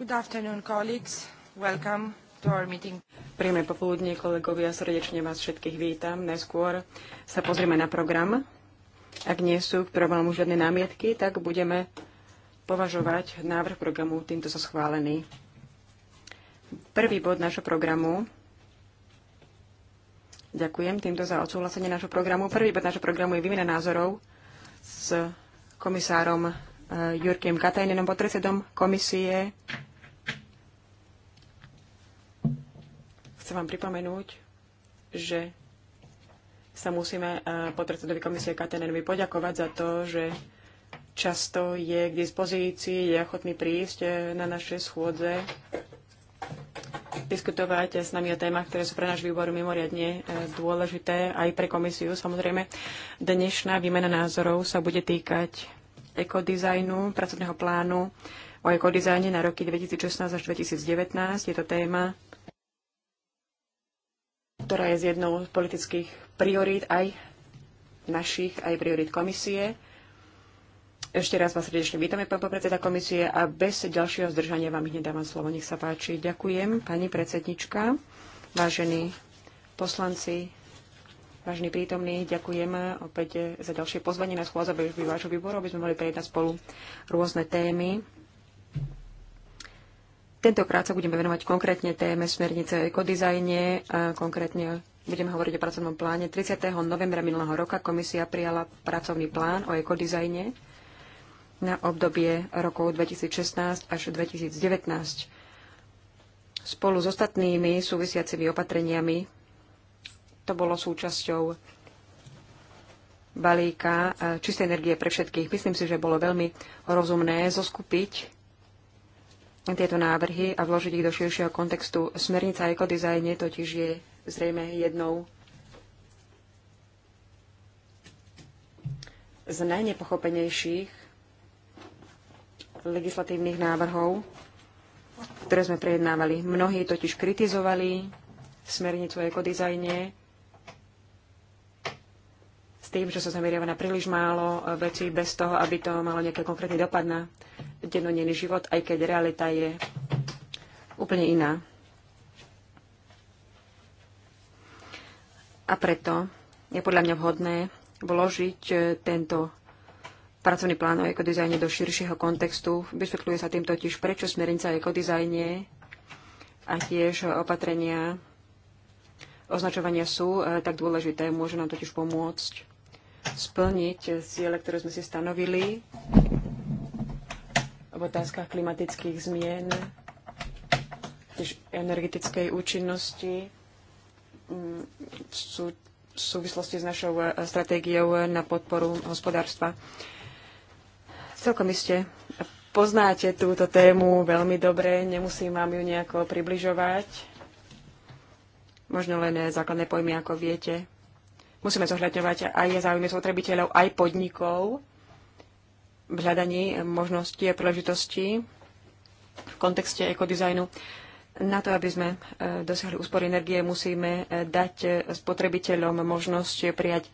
Good afternoon, colleagues. Welcome to our meeting. Príjemné popoludne, kolegovia, srdečne vás všetkých vítam. Najskôr sa pozrieme na program. Ak nie sú k programu žiadne námietky, tak budeme považovať návrh programu týmto sa schválený. Prvý bod nášho programu Ďakujem týmto za odsúhlasenie nášho programu. Prvý bod nášho programu je výmena názorov s komisárom eh, Jurkiem Katajnenom, podpredsedom komisie Chcem vám pripomenúť, že sa musíme eh, podpredsedovi komisie Katenenovi poďakovať za to, že často je k dispozícii, je ochotný prísť eh, na naše schôdze, diskutovať s nami o témach, ktoré sú pre náš výbor mimoriadne eh, dôležité, aj pre komisiu samozrejme. Dnešná výmena názorov sa bude týkať ekodizajnu, pracovného plánu o ekodizajne na roky 2016 až 2019. Je to téma, ktorá je z jednou z politických priorít aj našich, aj priorít komisie. Ešte raz vás srdečne vítame, pán predseda komisie, a bez ďalšieho zdržania vám hneď dávam slovo. Nech sa páči. Ďakujem, pani predsednička, vážení poslanci, vážení prítomní, ďakujem opäť za ďalšie pozvanie na schôdzu vášho výboru, aby sme mohli prejednať spolu rôzne témy Tentokrát sa budeme venovať konkrétne téme smernice o ekodizajne, a konkrétne budeme hovoriť o pracovnom pláne. 30. novembra minulého roka komisia prijala pracovný plán o ekodizajne na obdobie rokov 2016 až 2019. Spolu s ostatnými súvisiacimi opatreniami to bolo súčasťou balíka e, čistej energie pre všetkých. Myslím si, že bolo veľmi rozumné zoskupiť tieto návrhy a vložiť ich do širšieho kontextu. Smernica a ekodizajne totiž je zrejme jednou z najnepochopenejších legislatívnych návrhov, ktoré sme prejednávali. Mnohí totiž kritizovali smernicu o ekodizajne tým, že sa zameriava na príliš málo eh, vecí bez toho, aby to malo nejaký konkrétny dopad na dennodenný život, aj keď realita je úplne iná. A preto je podľa mňa vhodné vložiť eh, tento pracovný plán o ekodizajne do širšieho kontextu. Vysvetľuje sa tým totiž, prečo smernica o ekodizajne a tiež opatrenia označovania sú eh, tak dôležité, môže nám totiž pomôcť splniť ciele, ktoré sme si stanovili v otázkach klimatických zmien, tiež energetickej účinnosti mm, v, súvislosti s našou eh, stratégiou na podporu hospodárstva. Celkom iste poznáte túto tému veľmi dobre, nemusím vám ju nejako približovať. Možno len eh, základné pojmy, ako viete. Musíme zohľadňovať aj záujmy spotrebiteľov, aj podnikov v hľadaní možností a príležitostí v kontexte ekodizajnu. Na to, aby sme e, dosiahli úspory energie, musíme e, dať spotrebiteľom možnosť prijať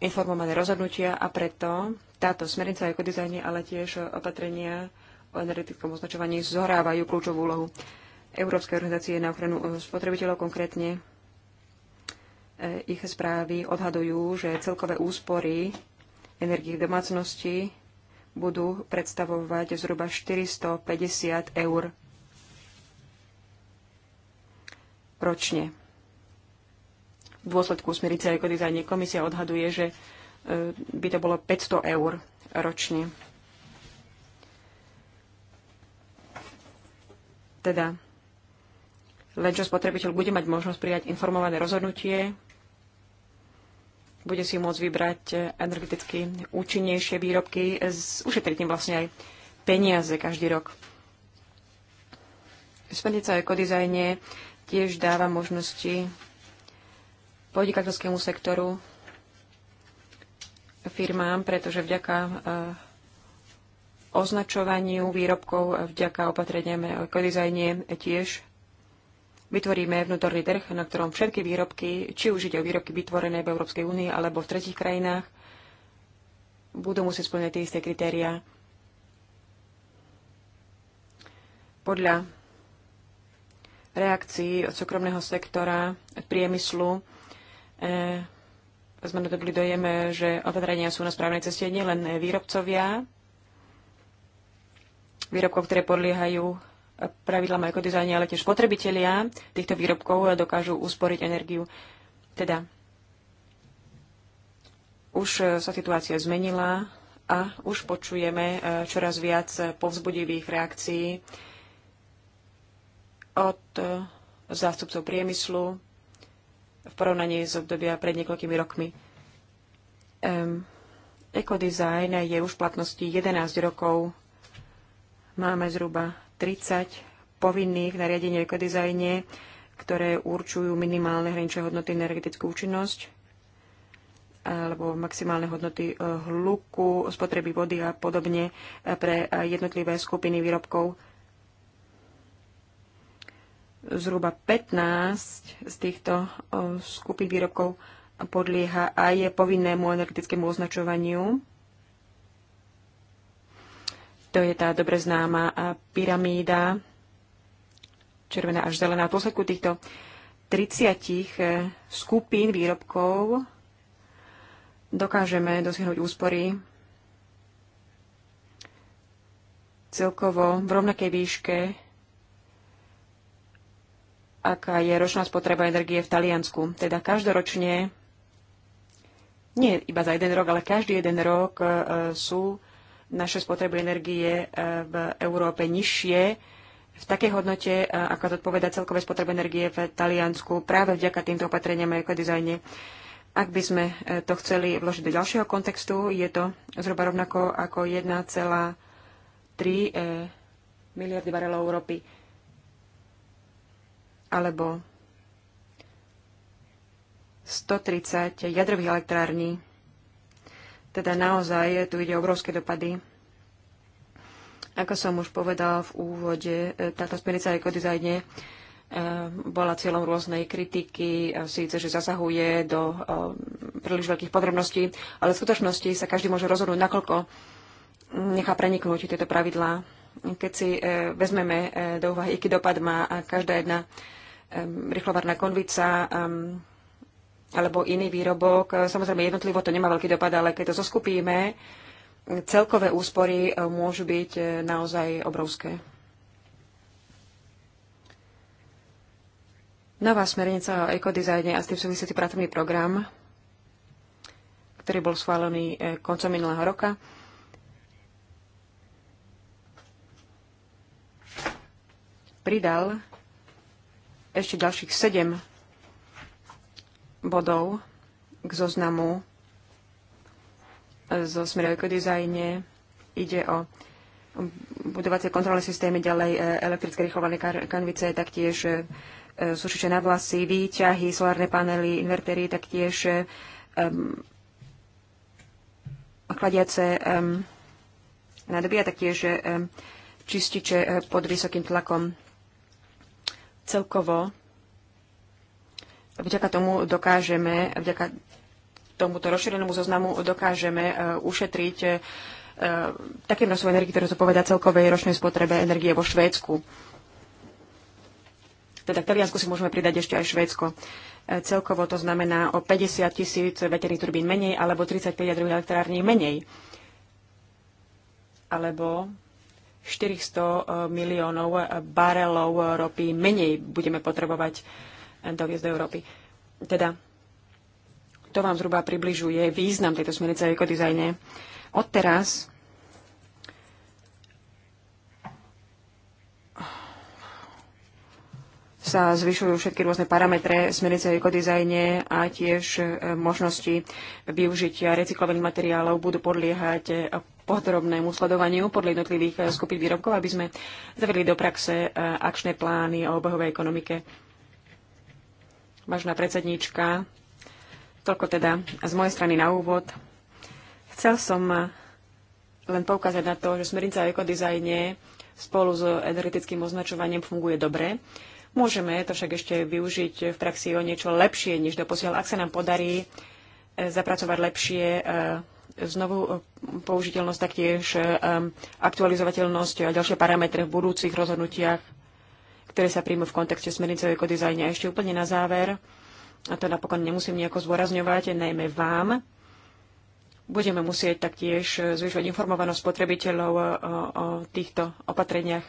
informované rozhodnutia a preto táto smernica o ekodizajne, ale tiež opatrenia o energetickom označovaní zohrávajú kľúčovú úlohu Európskej organizácie na ochranu e, spotrebiteľov, konkrétne ich správy odhadujú, že celkové úspory energie domácnosti budú predstavovať zhruba 450 eur ročne. V dôsledku smerice ekodizajne komisia odhaduje, že e, by to bolo 500 eur ročne. Teda len čo spotrebiteľ bude mať možnosť prijať informované rozhodnutie, bude si môcť vybrať energeticky účinnejšie výrobky, ušetriť im vlastne aj peniaze každý rok. Smernica ekodizajne tiež dáva možnosti podnikateľskému sektoru firmám, pretože vďaka eh, označovaniu výrobkov, eh, vďaka opatreniam ekodizajne tiež vytvoríme vnútorný trh, na ktorom všetky výrobky, či už ide o výrobky vytvorené v Európskej únii alebo v tretich krajinách, budú musieť splňať tie isté kritériá. Podľa reakcií od súkromného sektora, od priemyslu, e, sme nadobili dojem, že opatrenia sú na správnej ceste nielen výrobcovia, výrobkov, ktoré podliehajú pravidlám ekodizajne, ale tiež spotrebitelia týchto výrobkov dokážu usporiť energiu. Teda už e, sa situácia zmenila a už počujeme e, čoraz viac povzbudivých reakcií od e, zástupcov priemyslu v porovnaní s obdobia pred niekoľkými rokmi. ekodizajn je už v platnosti 11 rokov. Máme zhruba 30 povinných nariadení o ekodizajne, ktoré určujú minimálne hraničné hodnoty na energetickú účinnosť alebo maximálne hodnoty eh, hluku, spotreby vody a podobne eh, pre eh, jednotlivé skupiny výrobkov. Zhruba 15 z týchto skupín výrobkov podlieha aj povinnému energetickému označovaniu to je tá dobre známa pyramída, červená až zelená. V dôsledku týchto 30 e, skupín výrobkov dokážeme dosiahnuť úspory celkovo v rovnakej výške, aká je ročná spotreba energie v Taliansku. Teda každoročne, nie iba za jeden rok, ale každý jeden rok e, e, sú naše spotreby energie eh, v Európe nižšie v takej hodnote, eh, ako zodpoveda celkové spotreby energie v Taliansku práve vďaka týmto opatreniam a ekodizajne. Ak by sme eh, to chceli vložiť do ďalšieho kontextu, je to zhruba rovnako ako 1,3 miliardy barelov ropy alebo 130 jadrových elektrární teda naozaj tu ide obrovské dopady. Ako som už povedal v úvode, e, táto smernica kodizajne e, bola cieľom rôznej kritiky, e, síce, že zasahuje do príliš veľkých podrobností, ale v skutočnosti sa každý môže rozhodnúť, nakoľko nechá preniknúť tieto pravidlá. Keď si vezmeme do úvahy, aký dopad má každá jedna rýchlovarná konvica, alebo iný výrobok. E, samozrejme, jednotlivo to nemá veľký dopad, ale keď to zoskupíme, celkové úspory e, môžu byť e, naozaj obrovské. Nová smernica o ekodizajne a s tým súvisiaci pracovný program, ktorý bol schválený koncom minulého roka. Pridal ešte ďalších sedem bodov k zoznamu e, zo smeru ekodizajne. Ide o budovacie kontrolné systémy, ďalej e, elektrické rýchlované kanvice, taktiež e, sušiče na vlasy, výťahy, solárne panely, invertery, taktiež um, chladiace um, nádoby a taktiež um, čističe pod vysokým tlakom. Celkovo vďaka tomu dokážeme, vďaka tomuto rozšírenému zoznamu dokážeme e, ušetriť e, také množstvo energie, ktoré zodpoveda celkovej ročnej spotrebe energie vo Švédsku. Teda k Taliansku si môžeme pridať ešte aj Švédsko. E, celkovo to znamená o 50 tisíc veterných turbín menej, alebo 35 jadrových elektrární menej. Alebo 400 miliónov barelov ropy menej budeme potrebovať doviezť do Európy. Teda to vám zhruba približuje význam tejto smernice o ekodizajne. Odteraz sa zvyšujú všetky rôzne parametre smernice o ekodizajne a tiež e, možnosti využitia recyklovaných materiálov budú podliehať e, podrobnému sledovaniu podľa jednotlivých e, skupín výrobkov, aby sme zavedli do praxe akčné plány o obehovej ekonomike vážna predsedníčka. Toľko teda z mojej strany na úvod. Chcel som len poukázať na to, že smernica o ekodizajne spolu s energetickým označovaním funguje dobre. Môžeme to však ešte využiť v praxi o niečo lepšie, než doposiaľ, ak sa nám podarí e, zapracovať lepšie e, znovu e, použiteľnosť, taktiež aktualizovateľnosť a ďalšie parametre v budúcich rozhodnutiach ktoré sa príjmu v kontexte smernice o ekodizajne. A ešte úplne na záver, a to napokon nemusím nejako zvorazňovať, najmä vám, budeme musieť taktiež zvyšovať informovanosť spotrebiteľov o, o týchto opatreniach.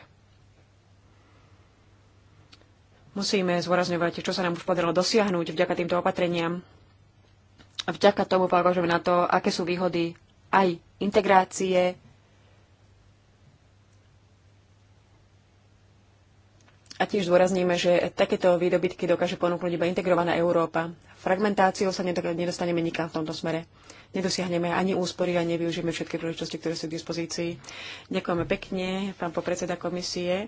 Musíme zvorazňovať, čo sa nám už podarilo dosiahnuť vďaka týmto opatreniam. Vďaka tomu poukážeme na to, aké sú výhody aj integrácie A tiež dôrazníme, že takéto výdobytky dokáže ponúknuť iba integrovaná Európa. Fragmentáciou sa nedostaneme nikam v tomto smere. Nedosiahneme ani úspory a nevyužijeme všetky príležitosti, ktoré sú k dispozícii. Ďakujeme pekne, pán popredseda komisie.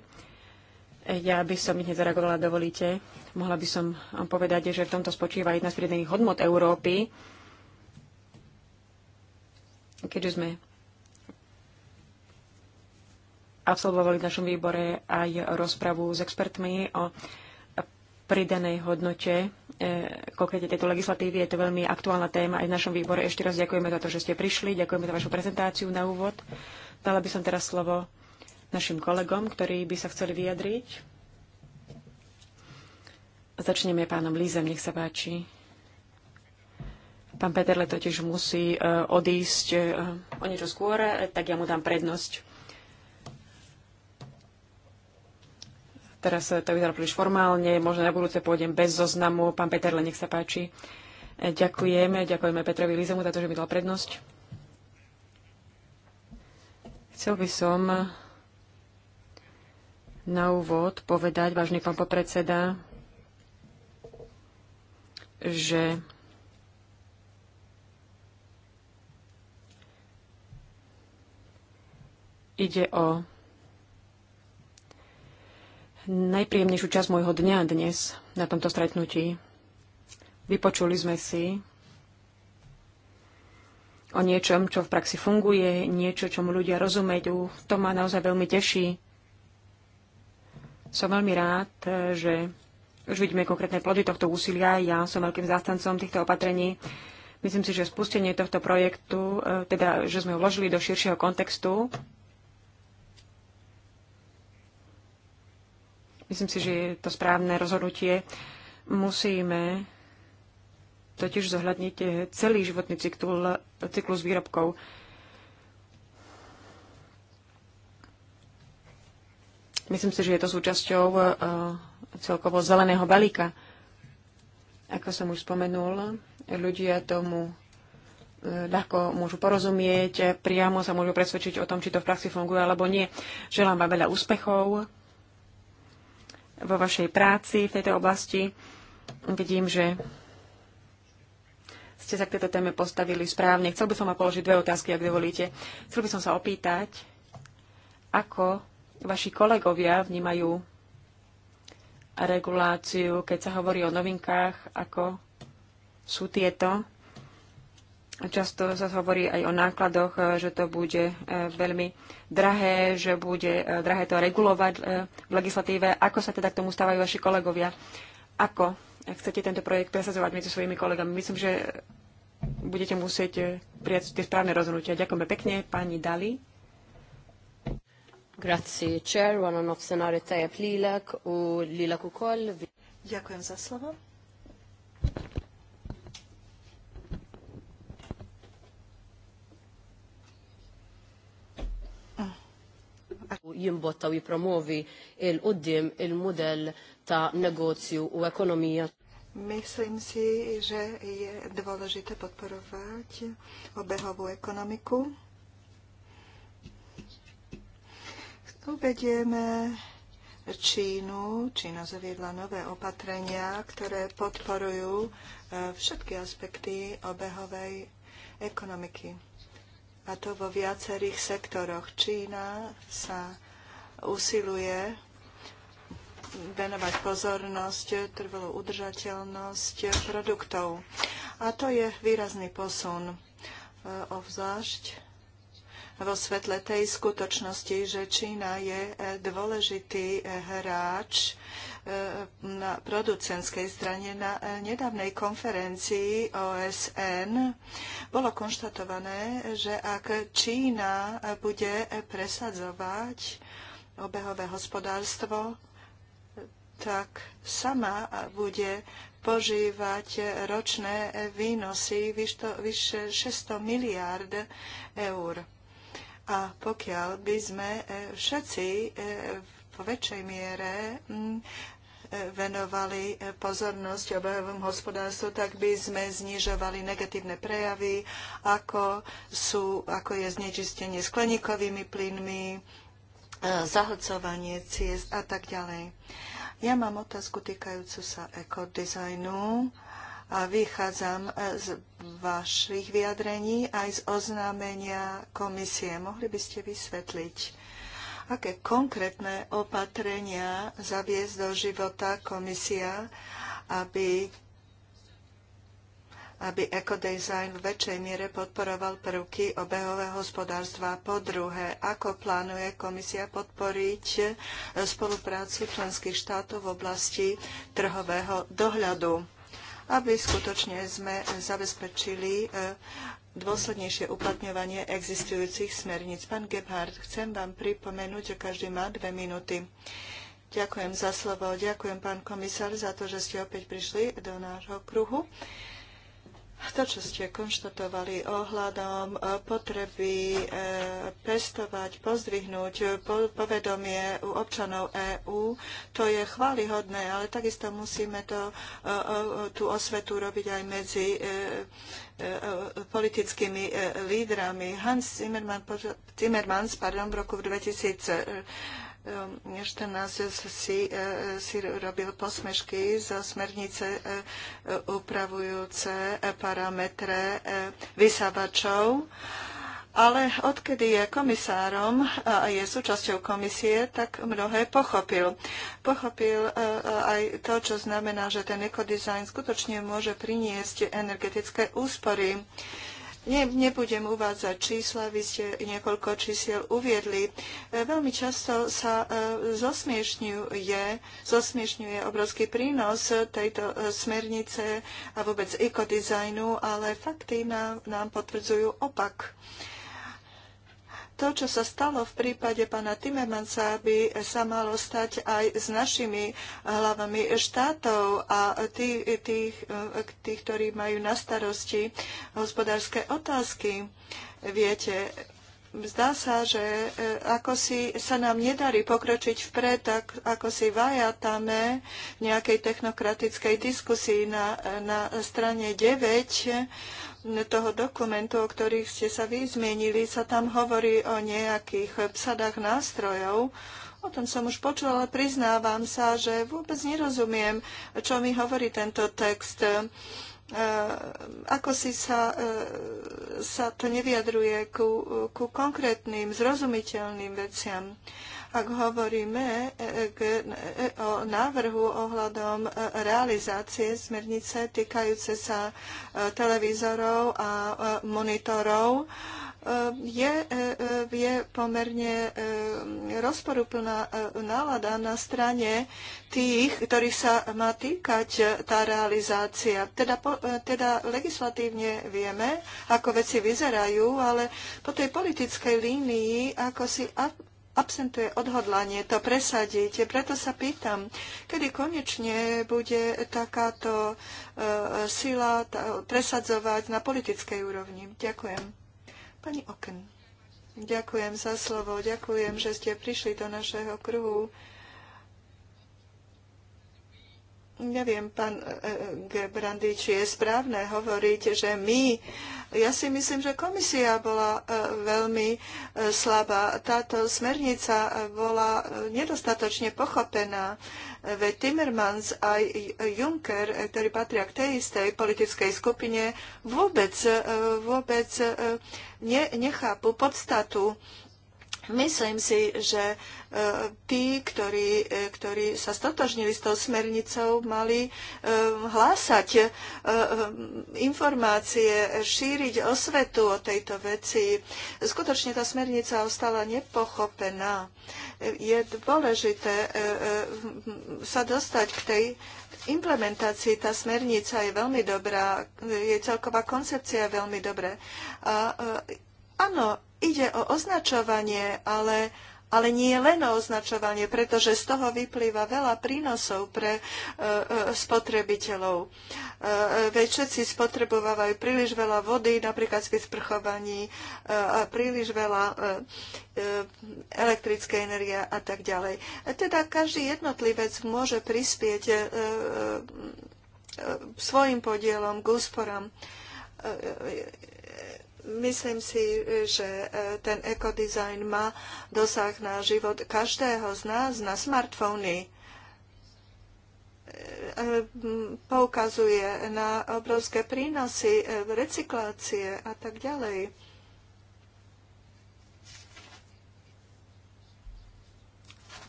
Ja by som ich nezareagovala, dovolíte. Mohla by som povedať, že v tomto spočíva jedna z prídených hodnot Európy, keďže sme absolvovali v našom výbore aj rozpravu s expertmi o pridanej hodnote e, konkrétne tejto legislatívy. Je to veľmi aktuálna téma aj v našom výbore. Ešte raz ďakujeme za to, že ste prišli. Ďakujeme za vašu prezentáciu na úvod. Dala by som teraz slovo našim kolegom, ktorí by sa chceli vyjadriť. Začneme pánom Lízem, nech sa páči. Pán Peterle totiž musí e, odísť e, o niečo skôr, tak ja mu dám prednosť. Teraz to vyzerá príliš formálne, možno na budúce pôjdem bez zoznamu. Pán len nech sa páči. E, ďakujeme, ďakujeme Petrovi Lizemu za to, že mi dal prednosť. Chcel by som na úvod povedať, vážny pán popredseda, že ide o najpríjemnejšiu časť môjho dňa dnes na tomto stretnutí. Vypočuli sme si o niečom, čo v praxi funguje, niečo, čomu ľudia rozumejú. To ma naozaj veľmi teší. Som veľmi rád, že už vidíme konkrétne plody tohto úsilia. Ja som veľkým zástancom týchto opatrení. Myslím si, že spustenie tohto projektu, eh, teda, že sme ho vložili do širšieho kontextu, Myslím si, že je to správne rozhodnutie. Musíme totiž zohľadniť eh, celý životný cyklus, cyklus výrobkov. Myslím si, že je to súčasťou eh, celkovo zeleného balíka. Ako som už spomenul, ľudia tomu eh, ľahko môžu porozumieť, priamo sa môžu presvedčiť o tom, či to v praxi funguje alebo nie. Želám vám veľa úspechov vo vašej práci v tejto oblasti. Vidím, že ste sa k tejto téme postavili správne. Chcel by som vám položiť dve otázky, ak dovolíte. Chcel by som sa opýtať, ako vaši kolegovia vnímajú reguláciu, keď sa hovorí o novinkách, ako sú tieto Často sa hovorí aj o nákladoch, e, že to bude e, veľmi drahé, že bude e, drahé to regulovať v legislatíve. Ako sa teda k tomu stávajú vaši kolegovia? Ako chcete tento projekt presadzovať medzi svojimi kolegami? Myslím, že budete musieť prijať tie správne rozhodnutia. Ďakujeme pekne, pani Dali. Ďakujem za slovo. jimbottaw jipromovi il-qoddim il model ta' negozju u ekonomija. Myslím si, že je dôležité podporovať obehovú ekonomiku. Uvedieme Čínu. Čína zaviedla nové opatrenia, ktoré podporujú eh, všetky aspekty obehovej ekonomiky a to vo viacerých sektoroch. Čína sa usiluje venovať pozornosť, trvalú udržateľnosť produktov. A to je výrazný posun, obzvlášť vo svetle tej skutočnosti, že Čína je dôležitý hráč na producenskej strane. Na e, nedávnej konferencii OSN bolo konštatované, že ak Čína bude presadzovať obehové hospodárstvo, tak sama bude požívať ročné výnosy vyššie 600 miliárd eur. A pokiaľ by sme e, všetci e, v väčšej miere venovali eh, pozornosť obehovému hospodárstvu, tak by sme znižovali negatívne prejavy, ako, sú, ako je znečistenie skleníkovými plynmi, eh, zahlcovanie ciest a tak ďalej. Ja mám otázku týkajúcu sa ekodizajnu a vychádzam eh, z vašich vyjadrení aj z oznámenia komisie. Mohli by ste vysvetliť, aké konkrétne opatrenia zaviesť do života komisia, aby aby ekodesign v väčšej miere podporoval prvky obehového hospodárstva. Po druhé, ako plánuje komisia podporiť spoluprácu členských štátov v oblasti trhového dohľadu aby skutočne sme zabezpečili dôslednejšie uplatňovanie existujúcich smerníc. Pán Gebhardt, chcem vám pripomenúť, že každý má dve minúty. Ďakujem za slovo. Ďakujem, pán komisár, za to, že ste opäť prišli do nášho kruhu. To, čo ste konštatovali ohľadom e, potreby e, pestovať, pozdvihnúť e, povedomie u občanov EÚ, to je chválihodné, ale takisto musíme to, tú osvetu robiť aj medzi E, e, politickými e, lídrami. Hans Zimmermans pardon, v roku 2000 si, si robil posmešky zo smernice upravujúce parametre vysávačov ale odkedy je komisárom a je súčasťou komisie, tak mnohé pochopil. Pochopil e, e, aj to, čo znamená, že ten ekodizajn skutočne môže priniesť energetické úspory. Ne, nebudem uvádzať čísla, vy ste niekoľko čísiel uviedli. E, veľmi často sa zosmiešňuje, zosmiešňuje obrovský prínos tejto smernice a vôbec ekodizajnu, ale fakty nám, nám potvrdzujú opak to, čo sa stalo v prípade pána Timmermansa, by sa malo stať aj s našimi hlavami štátov a tých, tých, eh, tých, ktorí majú na starosti hospodárske otázky. Viete, zdá sa, že e, ako si sa nám nedarí pokročiť vpred, tak ako si vajatame v nejakej technokratickej diskusii na, na strane 9 toho dokumentu, o ktorých ste sa vyzmienili, sa tam hovorí o nejakých psadách nástrojov, O tom som už počula, ale priznávam sa, že vôbec nerozumiem, čo mi hovorí tento text ako si sa, e, sa to nevyjadruje ku, ku konkrétnym, zrozumiteľným veciam. Ak hovoríme e, k, e, o návrhu ohľadom realizácie smernice týkajúce sa televízorov a monitorov, je, e, je pomerne e, rozporúplná e, nálada na strane tých, ktorých sa má týkať tá realizácia. Teda, teda legislatívne vieme, ako veci vyzerajú, ale po tej politickej línii, ako si absentuje odhodlanie to presadiť. Preto sa pýtam, kedy konečne bude takáto sila presadzovať na politickej úrovni. Ďakujem. Pani Oken. Ďakujem za slovo, ďakujem, že ste prišli do našeho kruhu. Neviem, pán eh, eh, Gebrandy, či je správne hovoriť, že my ja si myslím, že komisia bola e, veľmi e, slabá. Táto smernica e, bola nedostatočne pochopená. ve Timmermans aj Juncker, ktorí patria k tej istej politickej skupine, vôbec, vôbec ne, nechápu podstatu Myslím si, že e, tí, ktorí, e, ktorí sa stotožnili s tou smernicou, mali e, hlásať informácie, šíriť osvetu o tejto veci. Skutočne tá smernica ostala nepochopená. Je dôležité sa dostať k tej implementácii tá smernica je veľmi dobrá, je celková koncepcia veľmi dobrá. áno, ide o označovanie, ale ale nie len o označovanie, pretože z toho vyplýva veľa prínosov pre e, e, spotrebiteľov. E, veď všetci spotrebovávajú príliš veľa vody, napríklad pri sprchovaní, a príliš veľa elektrickej energie a tak ďalej. Teda každý jednotlivec môže prispieť svojim podielom k úsporám Myslím si, že e, ten ekodizajn má dosah na život každého z nás, na smartfóny e, e, poukazuje na obrovské prínosy recyklácie a tak ďalej.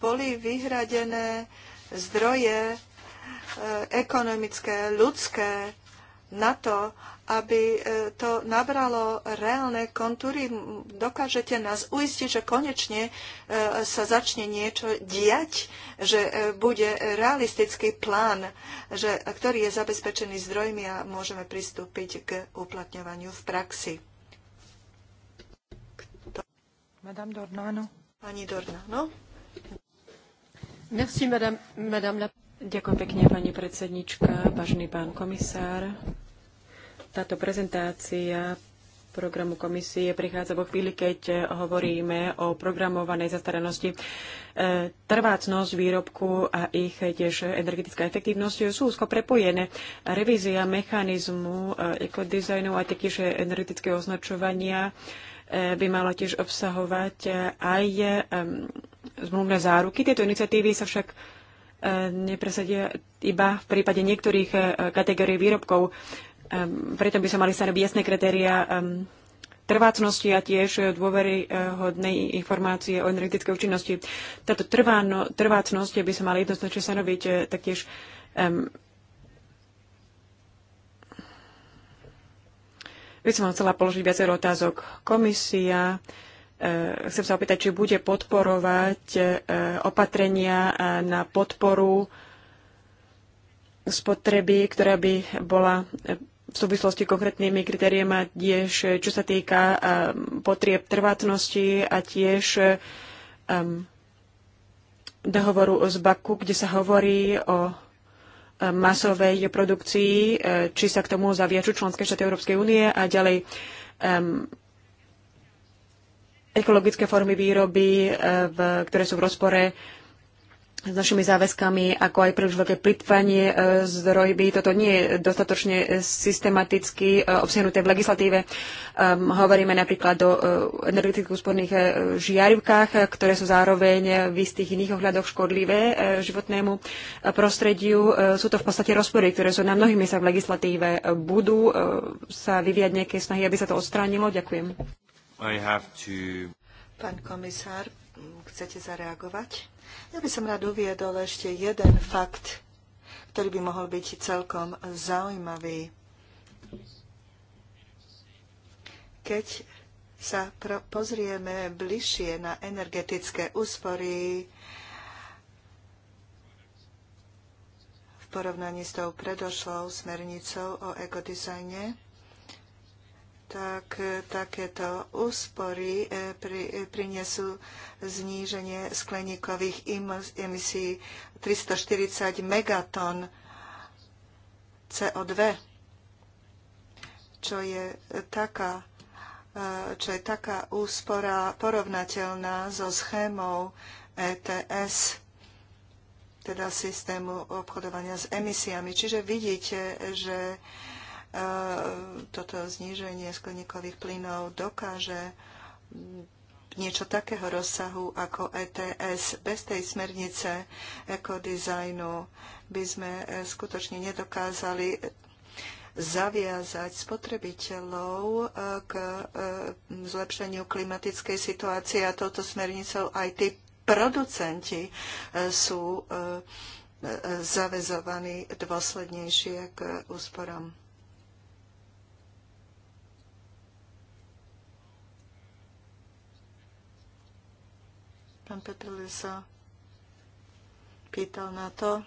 Boli vyhradené zdroje ekonomické, ľudské na to, aby e, to nabralo reálne kontúry. Dokážete nás uistiť, že konečne e, sa začne niečo diať, že e, bude realistický plán, že, ktorý je zabezpečený zdrojmi a môžeme pristúpiť k uplatňovaniu v praxi. Kto? Madame Dornano. Pani Dornano. Merci, madame, madame la... Ďakujem pekne, pani predsednička, vážený pán komisár. Táto prezentácia programu komisie prichádza vo chvíli, keď hovoríme o programovanej zastaranosti. E, trvácnosť výrobku a ich tiež energetická efektívnosť sú úzko prepojené. Revízia mechanizmu e, ekodizajnu a taktiež energetického označovania e, by mala tiež obsahovať aj zmluvné záruky. Tieto iniciatívy sa však nepresadia iba v prípade niektorých kategórií výrobkov. Ehm, preto by sa mali stanoviť jasné kritéria ehm, trvácnosti a tiež dôveryhodnej eh, informácie o energetickej účinnosti. Táto trváno, trvácnosť by sa mali jednoznačne stanoviť eh, taktiež um, by som vám chcela položiť viacero otázok. Komisia, eh, chcem sa opýtať, či bude podporovať opatrenia na podporu spotreby, ktorá by bola v súvislosti s konkrétnymi kritériami tiež, eh, čo sa týka eh, potrieb trvácnosti a tiež um, dohovoru o zbaku, kde sa hovorí o masovej produkcii, či sa k tomu zaviažu členské štáty Európskej únie a ďalej um, ekologické formy výroby, v, ktoré sú v rozpore s našimi záväzkami, ako aj príliš veľké plitvanie e, zdrojby. Toto nie je dostatočne systematicky e, obsiahnuté v legislatíve. Ehm, hovoríme napríklad o e, energeticky úsporných žiarivkách, ktoré sú zároveň v istých iných ohľadoch škodlivé životnému prostrediu. Sú to v podstate rozpory, ktoré sú na mnohých miestach v legislatíve. Budú sa vyvíjať nejaké snahy, aby sa to odstránilo? Ďakujem. I have to... Pán komisár, chcete zareagovať? Ja by som rád uviedol ešte jeden fakt, ktorý by mohol byť celkom zaujímavý. Keď sa pozrieme bližšie na energetické úspory, v porovnaní s tou predošlou smernicou o ekodizajne tak takéto úspory e, e, prinesú zníženie skleníkových emisí 340 megatón CO2, čo je taká e, čo je taká úspora porovnateľná so schémou ETS, teda systému obchodovania s emisiami. Čiže vidíte, že E, toto zníženie skleníkových plynov dokáže niečo takého rozsahu ako ETS. Bez tej smernice ekodizajnu by sme e, skutočne nedokázali zaviazať spotrebiteľov e, k zlepšeniu klimatickej situácie a touto smernicou aj tí producenti sú zavezovaní dôslednejšie k úsporám. Pán Petrle sa pýtal na to,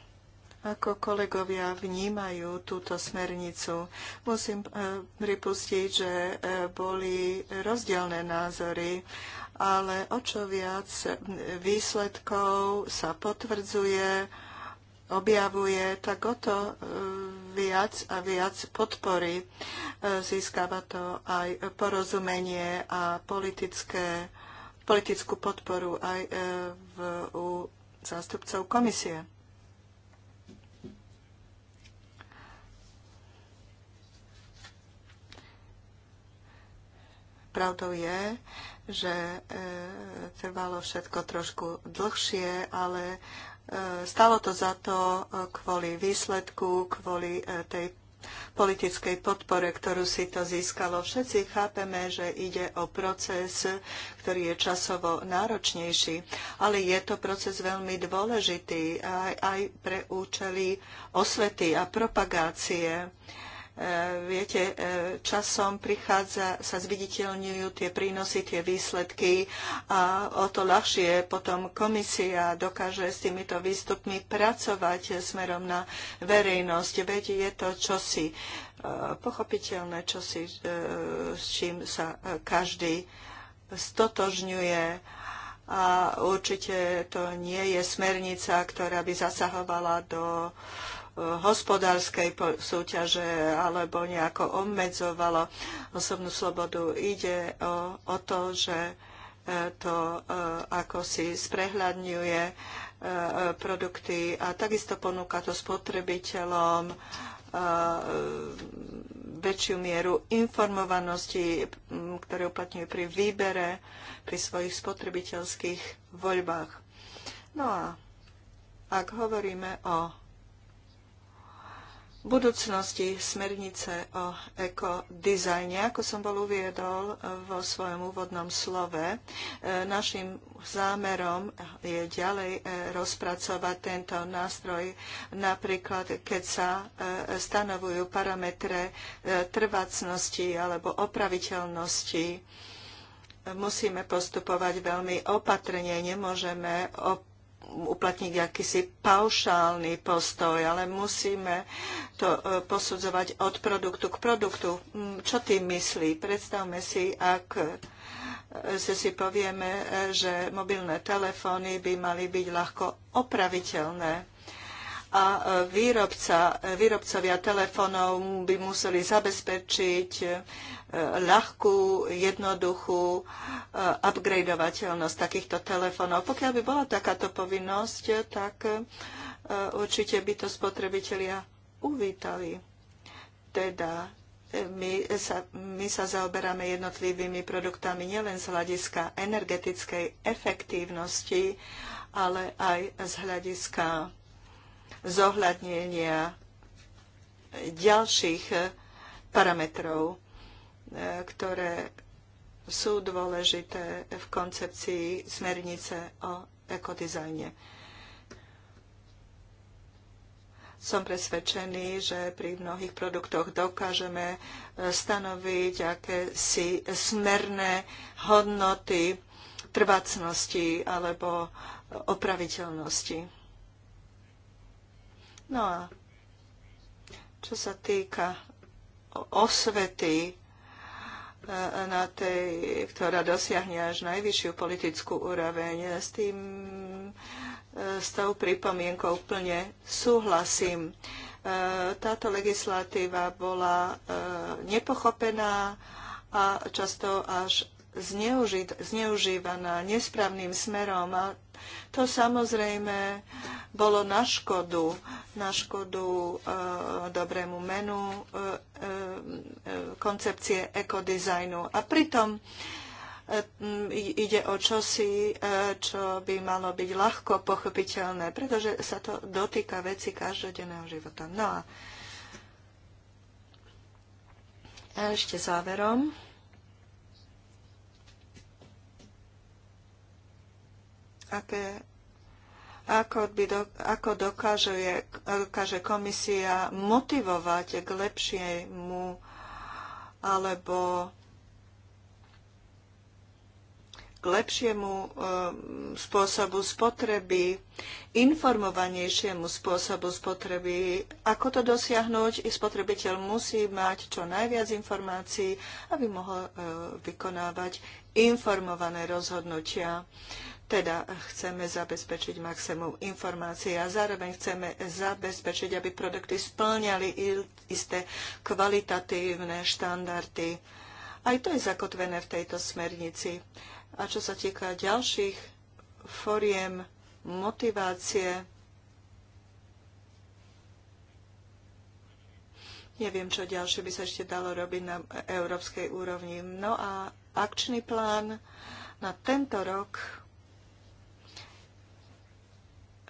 ako kolegovia vnímajú túto smernicu. Musím e, pripustiť, že e, boli rozdielne názory, ale o čo viac výsledkov sa potvrdzuje, objavuje, tak o to e, viac a viac podpory získava to aj porozumenie a politické politickú podporu aj e, v, u zástupcov komisie. Pravdou je, že e, trvalo všetko trošku dlhšie, ale e, stalo to za to e, kvôli výsledku, kvôli e, tej politickej podpore, ktorú si to získalo. Všetci chápeme, že ide o proces, ktorý je časovo náročnejší, ale je to proces veľmi dôležitý aj, aj pre účely osvety a propagácie viete, e, časom prichádza, sa zviditeľňujú tie prínosy, tie výsledky a o to ľahšie potom komisia dokáže s týmito výstupmi pracovať smerom na verejnosť. Veď je to čosi e, pochopiteľné, čosi, e, s čím sa každý stotožňuje a určite to nie je smernica, ktorá by zasahovala do uh, hospodárskej súťaže alebo nejako obmedzovalo osobnú slobodu. Ide o, o to, že e, to e, ako si sprehľadňuje e, produkty a takisto ponúka to spotrebiteľom väčšiu mieru informovanosti, ktoré uplatňujú pri výbere, pri svojich spotrebiteľských voľbách. No a ak hovoríme o budúcnosti smernice o ekodizajne. Ako som bol uviedol vo svojom úvodnom slove, e, našim zámerom je ďalej e, rozpracovať tento nástroj, napríklad keď sa e, stanovujú parametre trvácnosti alebo opraviteľnosti musíme postupovať veľmi opatrne, nemôžeme op- uplatniť akýsi paušálny postoj, ale musíme to e, posudzovať od produktu k produktu. Mm, čo tým myslí? Predstavme si, ak si, e, si povieme, e, že mobilné telefóny by mali byť ľahko opraviteľné a e, výrobca, e, výrobcovia telefónov by museli zabezpečiť e, ľahkú, jednoduchú upgradovateľnosť takýchto telefónov. Pokiaľ by bola takáto povinnosť, tak určite by to spotrebitelia uvítali. Teda my sa, my sa zaoberáme jednotlivými produktami nielen z hľadiska energetickej efektívnosti, ale aj z hľadiska zohľadnenia ďalších eh, parametrov, eh, ktoré sú dôležité v koncepcii smernice o ekodizajne. Som presvedčený, že pri mnohých produktoch dokážeme eh, stanoviť akési smerné hodnoty trvácnosti alebo opraviteľnosti No a čo sa týka osvety e, na tej, ktorá dosiahne až najvyššiu politickú úroveň, s tým e, s tou pripomienkou plne súhlasím. E, táto legislatíva bola nepochopená a často až zneuži- zneužívaná nesprávnym smerom a to samozrejme bolo na škodu, na škodu e, dobrému menu, e, e, koncepcie ekodizajnu. A pritom e, ide o čosi, e, čo by malo byť ľahko pochopiteľné, pretože sa to dotýka veci každodenného života. No a ešte záverom. aké, ako, by do, ako dokáže, dokáže komisia motivovať k lepšiemu alebo k lepšiemu ehm, spôsobu spotreby, informovanejšiemu spôsobu spotreby. Ako to dosiahnuť? I spotrebiteľ musí mať čo najviac informácií, aby mohol ehm, vykonávať informované rozhodnutia. Teda chceme zabezpečiť maximum informácií a zároveň chceme zabezpečiť, aby produkty splňali isté kvalitatívne štandardy. Aj to je zakotvené v tejto smernici. A čo sa týka ďalších foriem motivácie, Neviem, čo ďalšie by sa ešte dalo robiť na európskej úrovni. No a akčný plán na tento rok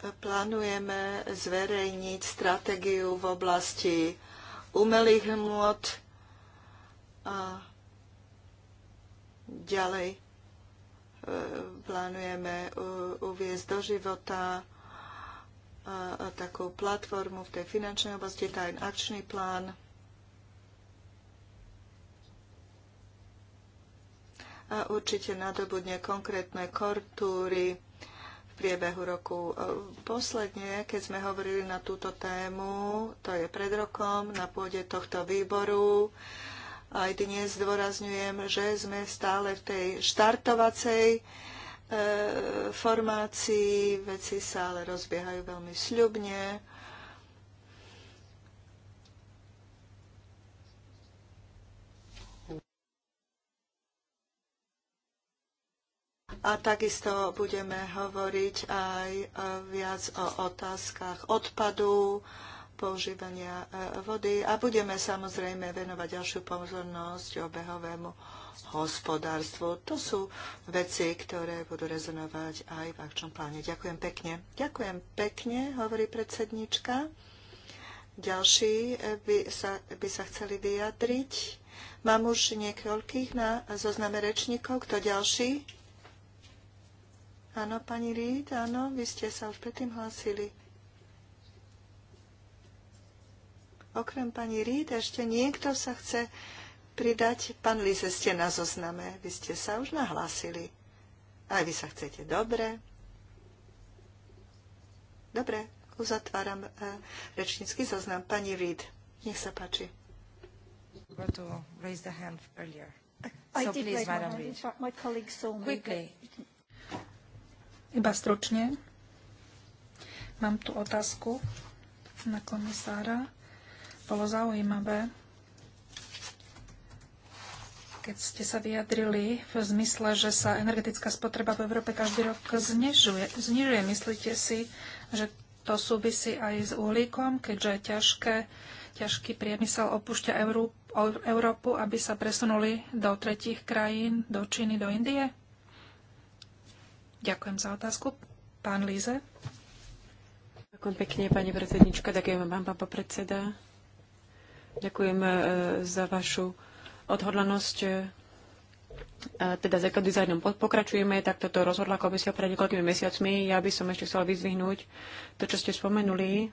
plánujeme zverejniť stratégiu v oblasti umelých hmôt a ďalej e, plánujeme e, uviezť do života takú platformu v tej finančnej oblasti, ten akčný plán. A určite nadobudne konkrétne kortúry priebehu roku. E, posledne, keď sme hovorili na túto tému, to je pred rokom, na pôde tohto výboru, aj dnes zdôrazňujem, že sme stále v tej štartovacej e, formácii, veci sa ale rozbiehajú veľmi sľubne A takisto budeme hovoriť aj e, viac o otázkach odpadu, používania e, vody a budeme samozrejme venovať ďalšiu pozornosť obehovému hospodárstvu. To sú veci, ktoré budú rezonovať aj v akčnom pláne. Ďakujem pekne. Ďakujem pekne, hovorí predsednička. Ďalší e, by sa, by sa chceli vyjadriť. Mám už niekoľkých na zozname rečníkov. Kto ďalší? Áno, pani Reed, áno, vy ste sa už predtým hlásili. Okrem pani Reid ešte niekto sa chce pridať. Pán Lise, ste na zozname. Vy ste sa už nahlásili. Aj vy sa chcete. Dobre. Dobre, uzatváram e, rečnícky zoznam. Pani Reed. nech sa páči. To raise the hand earlier. I did please, raise my My colleague saw me. Quickly. Iba stručne. Mám tu otázku na komisára. Bolo zaujímavé, keď ste sa vyjadrili v zmysle, že sa energetická spotreba v Európe každý rok znižuje. znižuje. Myslíte si, že to súvisí aj s uhlíkom, keďže ťažké, ťažký priemysel opúšťa Európu, aby sa presunuli do tretích krajín, do Číny, do Indie? Ďakujem za otázku. Pán Líze. Ďakujem pekne, pani predsednička. Ďakujem vám, pán popredseda. Ďakujem e, za vašu odhodlanosť. E, teda s ekodizajnom pokračujeme, tak toto rozhodla komisia pred niekoľkými mesiacmi. Ja by som ešte chcela vyzvihnúť to, čo ste spomenuli.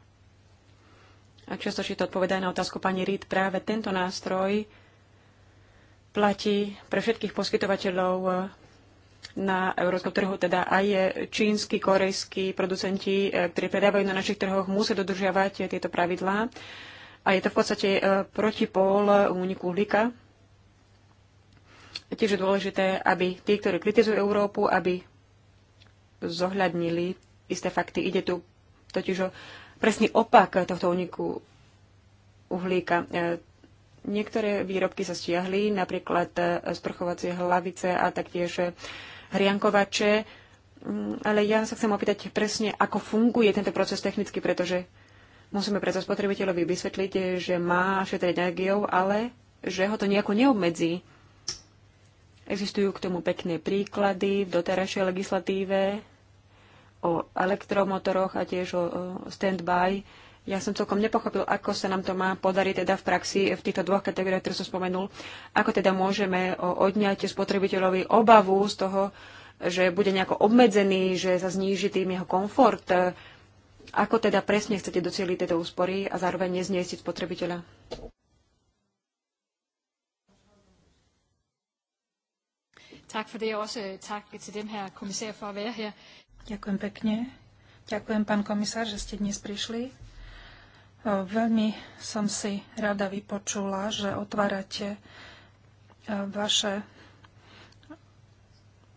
A často to odpovedá na otázku pani Reid. Práve tento nástroj platí pre všetkých poskytovateľov e, na európskom trhu, teda aj čínsky, korejskí producenti, e, ktorí predávajú na našich trhoch, musia dodržiavať e, tieto pravidlá. A je to v podstate e, protipol úniku uhlíka. Tiež je dôležité, aby tí, ktorí kritizujú Európu, aby zohľadnili isté fakty. Ide tu totiž o presný opak tohto úniku uhlíka. Niektoré výrobky sa stiahli, napríklad sprchovacie hlavice a taktiež hriankovače, mm, ale ja sa chcem opýtať presne, ako funguje tento proces technicky, pretože musíme preto spotrebiteľovi vysvetliť, že má šetriť energiou, ale že ho to nejako neobmedzí. Existujú k tomu pekné príklady v doterajšej legislatíve o elektromotoroch a tiež o stand-by ja som celkom nepochopil, ako sa nám to má podariť teda v praxi v týchto dvoch kategóriách, ktoré som spomenul. Ako teda môžeme odňať spotrebiteľovi obavu z toho, že bude nejako obmedzený, že sa zníži tým jeho komfort. Ako teda presne chcete docieliť tieto úspory a zároveň nezniesiť spotrebiteľa? Tak for det, er også øh, tak til her for at være her. Ďakujem pekne. Ďakujem, pán komisár, že ste dnes prišli. Veľmi som si rada vypočula, že otvárate e, vaše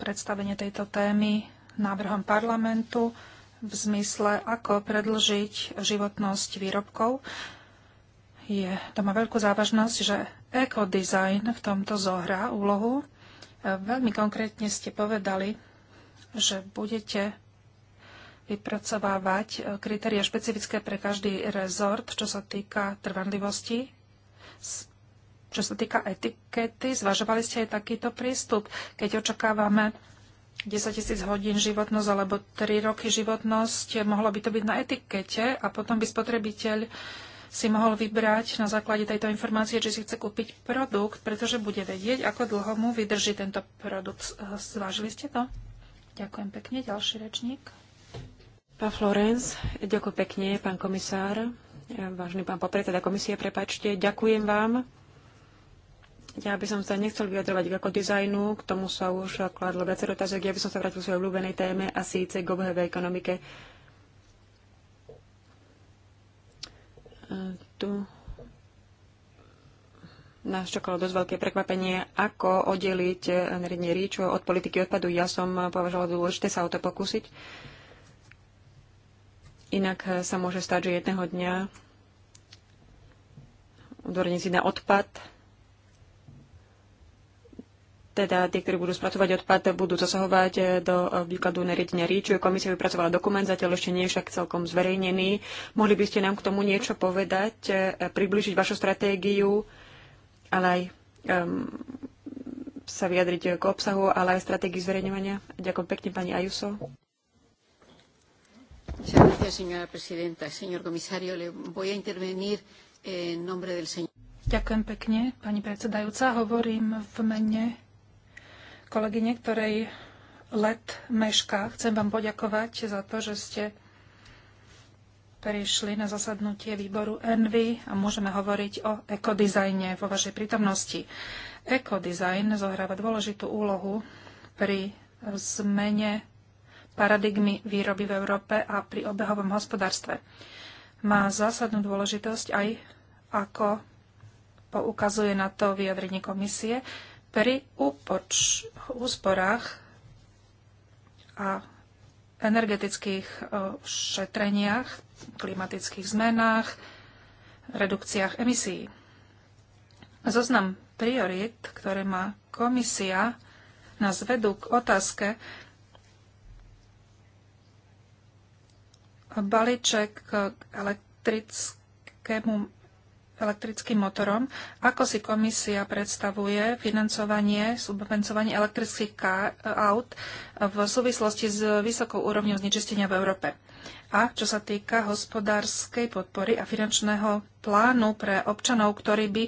predstavenie tejto témy návrhom parlamentu v zmysle, ako predlžiť životnosť výrobkov. Je, to má veľkú závažnosť, že ekodizajn v tomto zohrá úlohu. E, veľmi konkrétne ste povedali, že budete vypracovávať e, kritéria špecifické pre každý rezort, čo sa týka trvanlivosti, čo sa týka etikety. Zvažovali ste aj takýto prístup, keď očakávame 10 tisíc hodín životnosť alebo 3 roky životnosť, mohlo by to byť na etikete a potom by spotrebiteľ si mohol vybrať na základe tejto informácie, či si chce kúpiť produkt, pretože bude vedieť, ako dlho mu vydrží tento produkt. Zvážili ste to? Ďakujem pekne. Ďalší rečník. Pán ďakujem pekne, pán komisár, vážny pán popredseda komisie, prepačte, ďakujem vám. Ja by som sa nechcel vyjadrovať k ekodizajnu, k tomu sa už kladlo viacero otázok, ja by som sa vrátil k svojej obľúbenej téme a síce k obhevej ekonomike. Tu nás čakalo dosť veľké prekvapenie, ako oddeliť nariadenie ríču od politiky odpadu. Ja som považovala dôležité sa o to pokúsiť Inak eh, sa môže stať, že jedného dňa odborníci na odpad, teda tí, ktorí budú spracovať odpad, budú zasahovať eh, do eh, výkladu nariadenia ríču. Komisia vypracovala dokument, zatiaľ ešte nie je však celkom zverejnený. Mohli by ste nám k tomu niečo povedať, približiť vašu stratégiu, ale aj um, sa vyjadriť k obsahu, ale aj stratégii zverejňovania. Ďakujem pekne, pani Ajuso. Muchas gracias, señora presidenta. Señor le voy a intervenir en nombre del señor. Ďakujem pekne, pani predsedajúca. Hovorím v mene kolegyne, ktorej let meška. Chcem vám poďakovať za to, že ste prišli na zasadnutie výboru Envy a môžeme hovoriť o ekodizajne vo vašej prítomnosti. Ekodizajn zohráva dôležitú úlohu pri zmene paradigmy výroby v Európe a pri obehovom hospodárstve. Má zásadnú dôležitosť aj ako poukazuje na to vyjadrenie komisie pri úpoč, úsporách a energetických e, šetreniach, klimatických zmenách, redukciách emisí. Zoznam priorit, ktoré má komisia, nás vedú k otázke, balíček k elektrickému, elektrickým motorom. Ako si komisia predstavuje financovanie, subvencovanie elektrických aut v súvislosti s vysokou úrovňou znečistenia v Európe? A čo sa týka hospodárskej podpory a finančného plánu pre občanov, ktorí by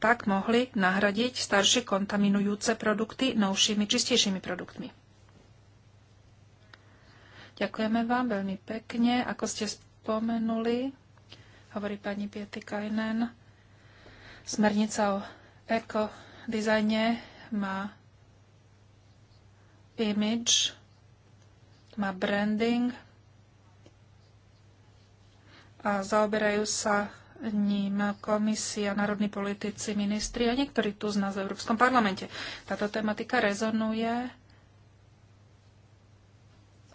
tak mohli nahradiť staršie kontaminujúce produkty novšími, čistejšími produktmi. Ďakujeme vám veľmi pekne. Ako ste spomenuli, hovorí pani Piety Kajnen, smernica o ekodizajne má image, má branding a zaoberajú sa ním komisia, národní politici, ministri a niektorí tu z nás v Európskom parlamente. Táto tematika rezonuje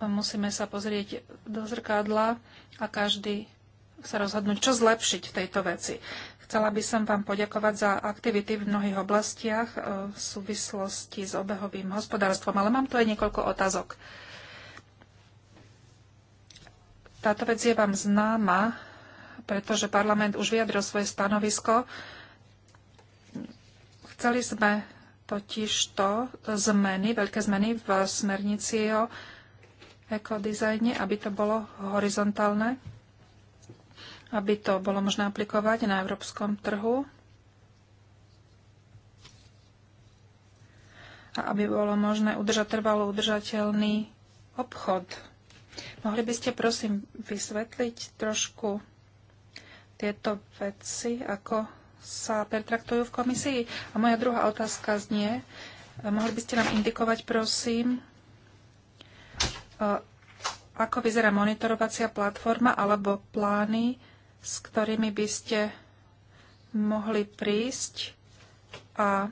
musíme sa pozrieť do zrkadla a každý sa rozhodnúť, čo zlepšiť v tejto veci. Chcela by som vám poďakovať za aktivity v mnohých oblastiach e, v súvislosti s obehovým hospodárstvom, ale mám tu aj niekoľko otázok. Táto vec je vám známa, pretože parlament už vyjadril svoje stanovisko. Chceli sme totiž to zmeny, veľké zmeny v smernici o ekodizajne, aby to bolo horizontálne, aby to bolo možné aplikovať na európskom trhu a aby bolo možné udržať trvalo udržateľný obchod. Mohli by ste prosím vysvetliť trošku tieto veci, ako sa pertraktujú v komisii? A moja druhá otázka znie, mohli by ste nám indikovať prosím, ako vyzerá monitorovacia platforma alebo plány, s ktorými by ste mohli prísť a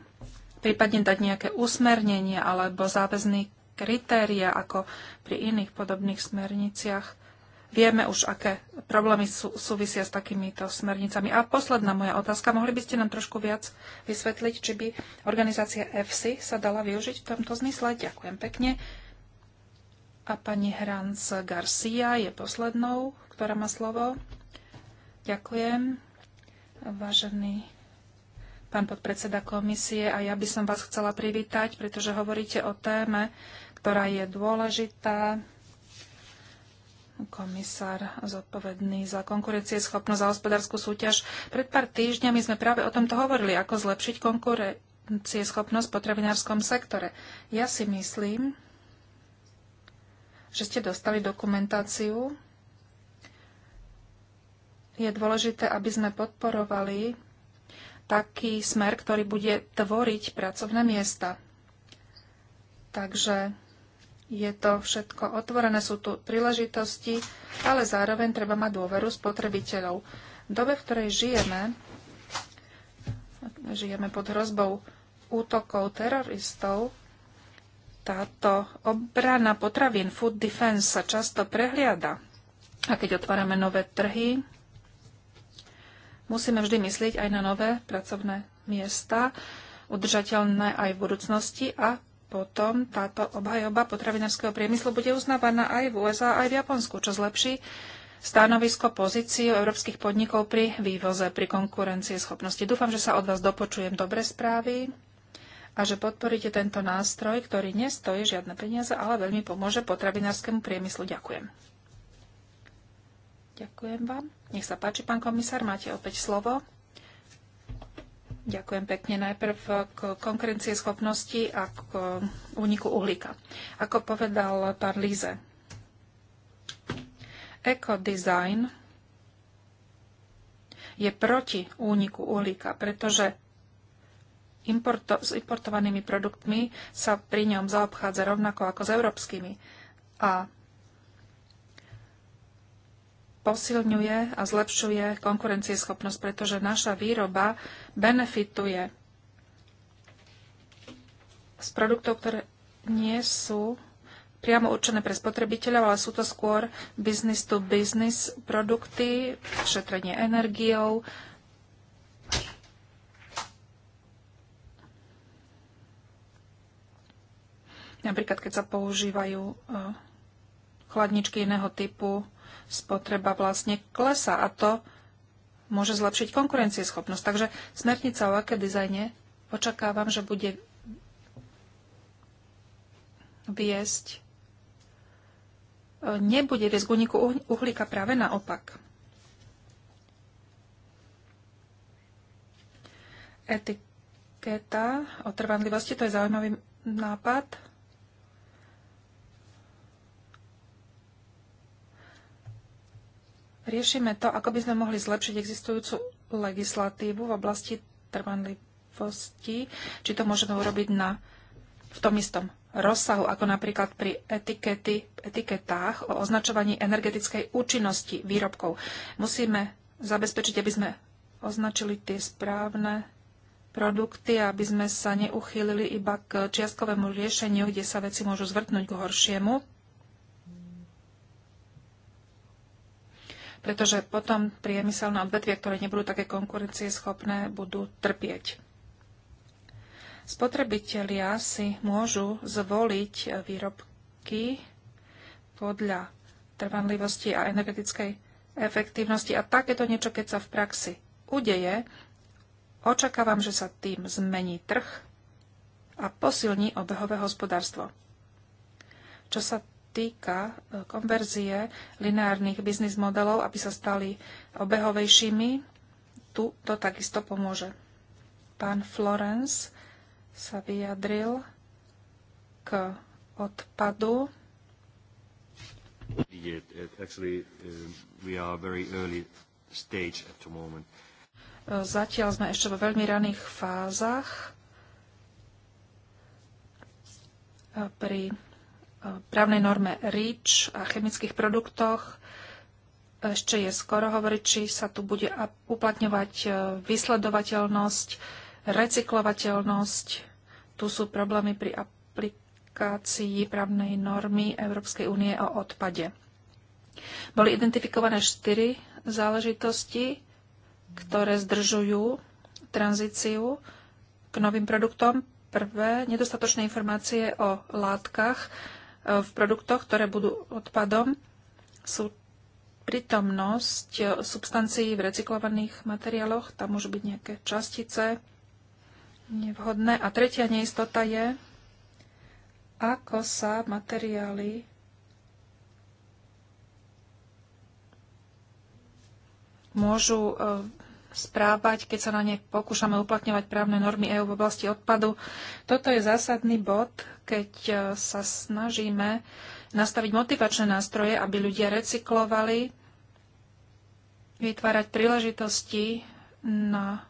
prípadne dať nejaké usmernenie alebo záväzný kritéria ako pri iných podobných smerniciach. Vieme už, aké problémy sú, súvisia s takýmito smernicami. A posledná moja otázka. Mohli by ste nám trošku viac vysvetliť, či by organizácia EFSI sa dala využiť v tomto zmysle? Ďakujem pekne. A pani Hranc Garcia je poslednou, ktorá má slovo. Ďakujem. Vážený pán podpredseda komisie, a ja by som vás chcela privítať, pretože hovoríte o téme, ktorá je dôležitá. Komisár zodpovedný za schopnosť a hospodárskú súťaž. Pred pár týždňami sme práve o tomto hovorili, ako zlepšiť schopnosť v potravinárskom sektore. Ja si myslím, že ste dostali dokumentáciu. Je dôležité, aby sme podporovali taký smer, ktorý bude tvoriť pracovné miesta. Takže je to všetko otvorené, sú tu príležitosti, ale zároveň treba mať dôveru spotrebiteľov. V dobe, v ktorej žijeme, žijeme pod hrozbou útokov teroristov, táto obrana potravín, food defense, sa často prehliada. A keď otvárame nové trhy, musíme vždy myslieť aj na nové pracovné miesta, udržateľné aj v budúcnosti a potom táto obhajoba potravinárskeho priemyslu bude uznávaná aj v USA, aj v Japonsku, čo zlepší stanovisko pozíciu európskych podnikov pri vývoze, pri konkurencie schopnosti. Dúfam, že sa od vás dopočujem dobre správy a že podporíte tento nástroj, ktorý nestojí žiadne peniaze, ale veľmi pomôže potravinárskému priemyslu. Ďakujem. Ďakujem vám. Nech sa páči, pán komisár, máte opäť slovo. Ďakujem pekne. Najprv k konkurencie schopnosti a k e, úniku uhlíka. Ako povedal pán Líze, ekodizajn je proti úniku uhlíka, pretože importo- s importovanými produktmi sa pri ňom zaobchádza rovnako ako s európskymi a posilňuje a zlepšuje konkurencieschopnosť, pretože naša výroba benefituje z produktov, ktoré nie sú priamo určené pre spotrebiteľov, ale sú to skôr business to business produkty, šetrenie energiou, Napríklad, keď sa používajú e, chladničky iného typu, spotreba vlastne klesa a to môže zlepšiť konkurencieschopnosť. Takže smernica o aké dizajne očakávam, že bude viesť e, nebude viesť k úniku uh-, uhlíka práve naopak. Etiketa o trvanlivosti, to je zaujímavý nápad. riešime to, ako by sme mohli zlepšiť existujúcu legislatívu v oblasti trvanlivosti, či to môžeme urobiť na, v tom istom rozsahu, ako napríklad pri etikety, etiketách o označovaní energetickej účinnosti výrobkov. Musíme zabezpečiť, aby sme označili tie správne produkty, aby sme sa neuchýlili iba k čiastkovému riešeniu, kde sa veci môžu zvrtnúť k horšiemu pretože potom priemyselné odvetvie, ktoré nebudú také konkurencieschopné, budú trpieť. Spotrebitelia si môžu zvoliť výrobky podľa trvanlivosti a energetickej efektívnosti a takéto niečo, keď sa v praxi udeje, očakávam, že sa tým zmení trh a posilní obehové hospodárstvo. Čo sa týka e, konverzie lineárnych biznis modelov, aby sa stali obehovejšími, tu to takisto pomôže. Pán Florence sa vyjadril k odpadu. Uh, e, zatiaľ sme ešte vo veľmi raných fázach e, pri právnej norme REACH a chemických produktoch ešte je skoro hovoriť, či sa tu bude uplatňovať e, vysledovateľnosť, recyklovateľnosť. Tu sú problémy pri aplikácii právnej normy Európskej únie o odpade. Boli identifikované štyri záležitosti, ktoré zdržujú tranzíciu k novým produktom. Prvé, nedostatočné informácie o látkach, v produktoch, ktoré budú odpadom, sú prítomnosť substancií v recyklovaných materiáloch, tam môžu byť nejaké častice nevhodné. A tretia neistota je, ako sa materiály môžu eh, správať, keď sa na ne pokúšame uplatňovať právne normy EÚ v oblasti odpadu. Toto je zásadný bod, keď e, sa snažíme nastaviť motivačné nástroje, aby ľudia recyklovali, vytvárať príležitosti na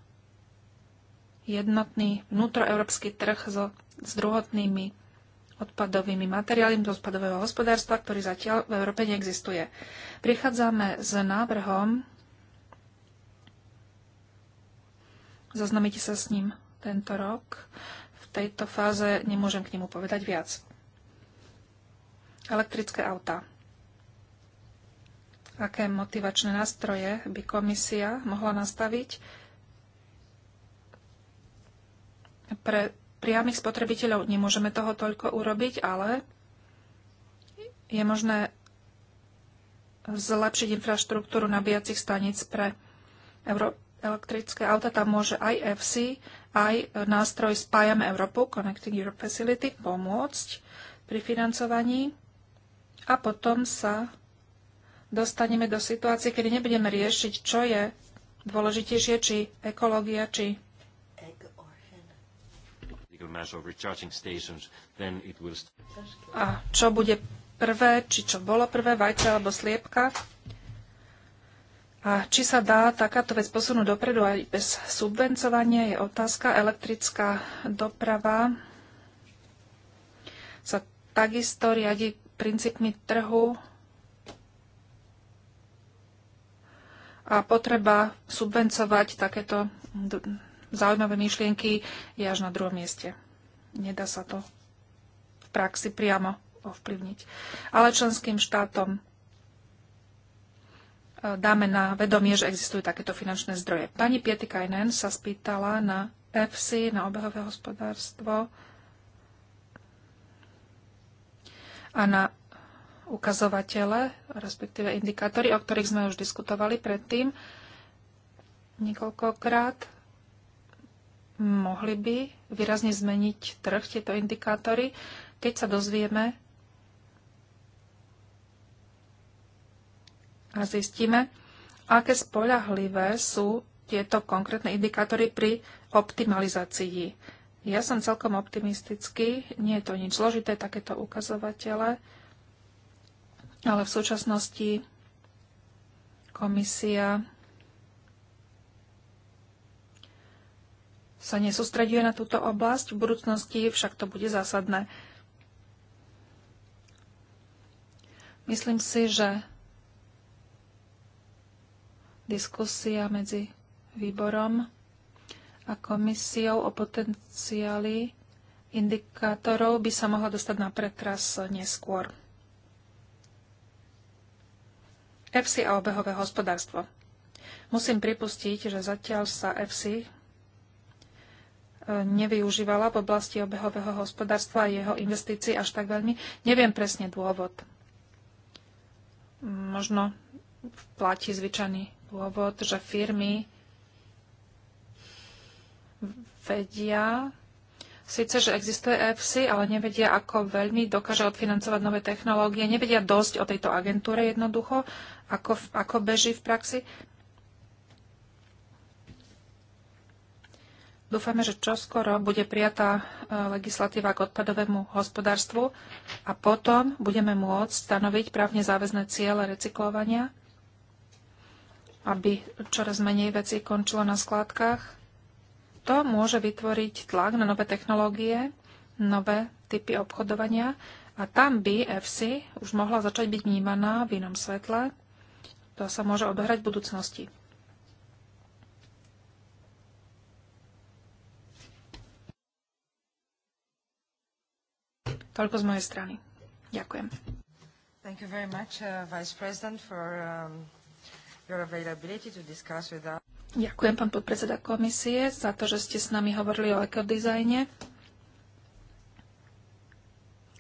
jednotný vnútroeurópsky trh so, s druhotnými odpadovými materiálmi do odpadového hospodárstva, ktorý zatiaľ v Európe neexistuje. Prichádzame s návrhom zaznamite sa s ním tento rok. V tejto fáze nemôžem k nemu povedať viac. Elektrické autá. Aké motivačné nástroje by komisia mohla nastaviť pre priamých spotrebiteľov? Nemôžeme toho toľko urobiť, ale je možné zlepšiť infraštruktúru nabíjacích staníc pre Európu elektrické auta, tam môže aj FC, aj nástroj Spájame Európu, Connecting Europe Facility, pomôcť pri financovaní. A potom sa dostaneme do situácie, kedy nebudeme riešiť, čo je dôležitejšie, či ekológia, či a čo bude prvé, či čo bolo prvé, vajce alebo sliepka? A či sa dá takáto vec posunúť dopredu aj bez subvencovania, je otázka. Elektrická doprava sa takisto riadi princípmi trhu a potreba subvencovať takéto zaujímavé myšlienky je až na druhom mieste. Nedá sa to v praxi priamo ovplyvniť. Ale členským štátom dáme na vedomie, že existujú takéto finančné zdroje. Pani Pietikajnen sa spýtala na FC, na obehové hospodárstvo a na ukazovatele, respektíve indikátory, o ktorých sme už diskutovali predtým niekoľkokrát. Mohli by výrazne zmeniť trh tieto indikátory, keď sa dozvieme, a zistíme, aké spoľahlivé sú tieto konkrétne indikátory pri optimalizácii. Ja som celkom optimistický, nie je to nič zložité, takéto ukazovatele, ale v súčasnosti komisia sa nesústreduje na túto oblasť, v budúcnosti však to bude zásadné. Myslím si, že diskusia medzi výborom a komisiou o potenciáli indikátorov by sa mohla dostať na pretras neskôr. EFSI a obehové hospodárstvo. Musím pripustiť, že zatiaľ sa EFSI nevyužívala v oblasti obehového hospodárstva a jeho investícií až tak veľmi. Neviem presne dôvod. Možno platí zvyčajný dôvod, že firmy vedia, síce, že existuje EFSI, ale nevedia, ako veľmi dokáže odfinancovať nové technológie, nevedia dosť o tejto agentúre jednoducho, ako, ako beží v praxi. Dúfame, že čoskoro bude prijatá e, legislatíva k odpadovému hospodárstvu a potom budeme môcť stanoviť právne záväzné ciele recyklovania aby čoraz menej vecí končilo na skládkach. To môže vytvoriť tlak na nové technológie, nové typy obchodovania a tam by FC už mohla začať byť vnímaná v inom svetle. To sa môže odohrať v budúcnosti. Toľko z mojej strany. Ďakujem. Thank you very much, uh, Vice President, for um, Ďakujem, pán podpredseda komisie, za to, že ste s nami hovorili o ekodizajne.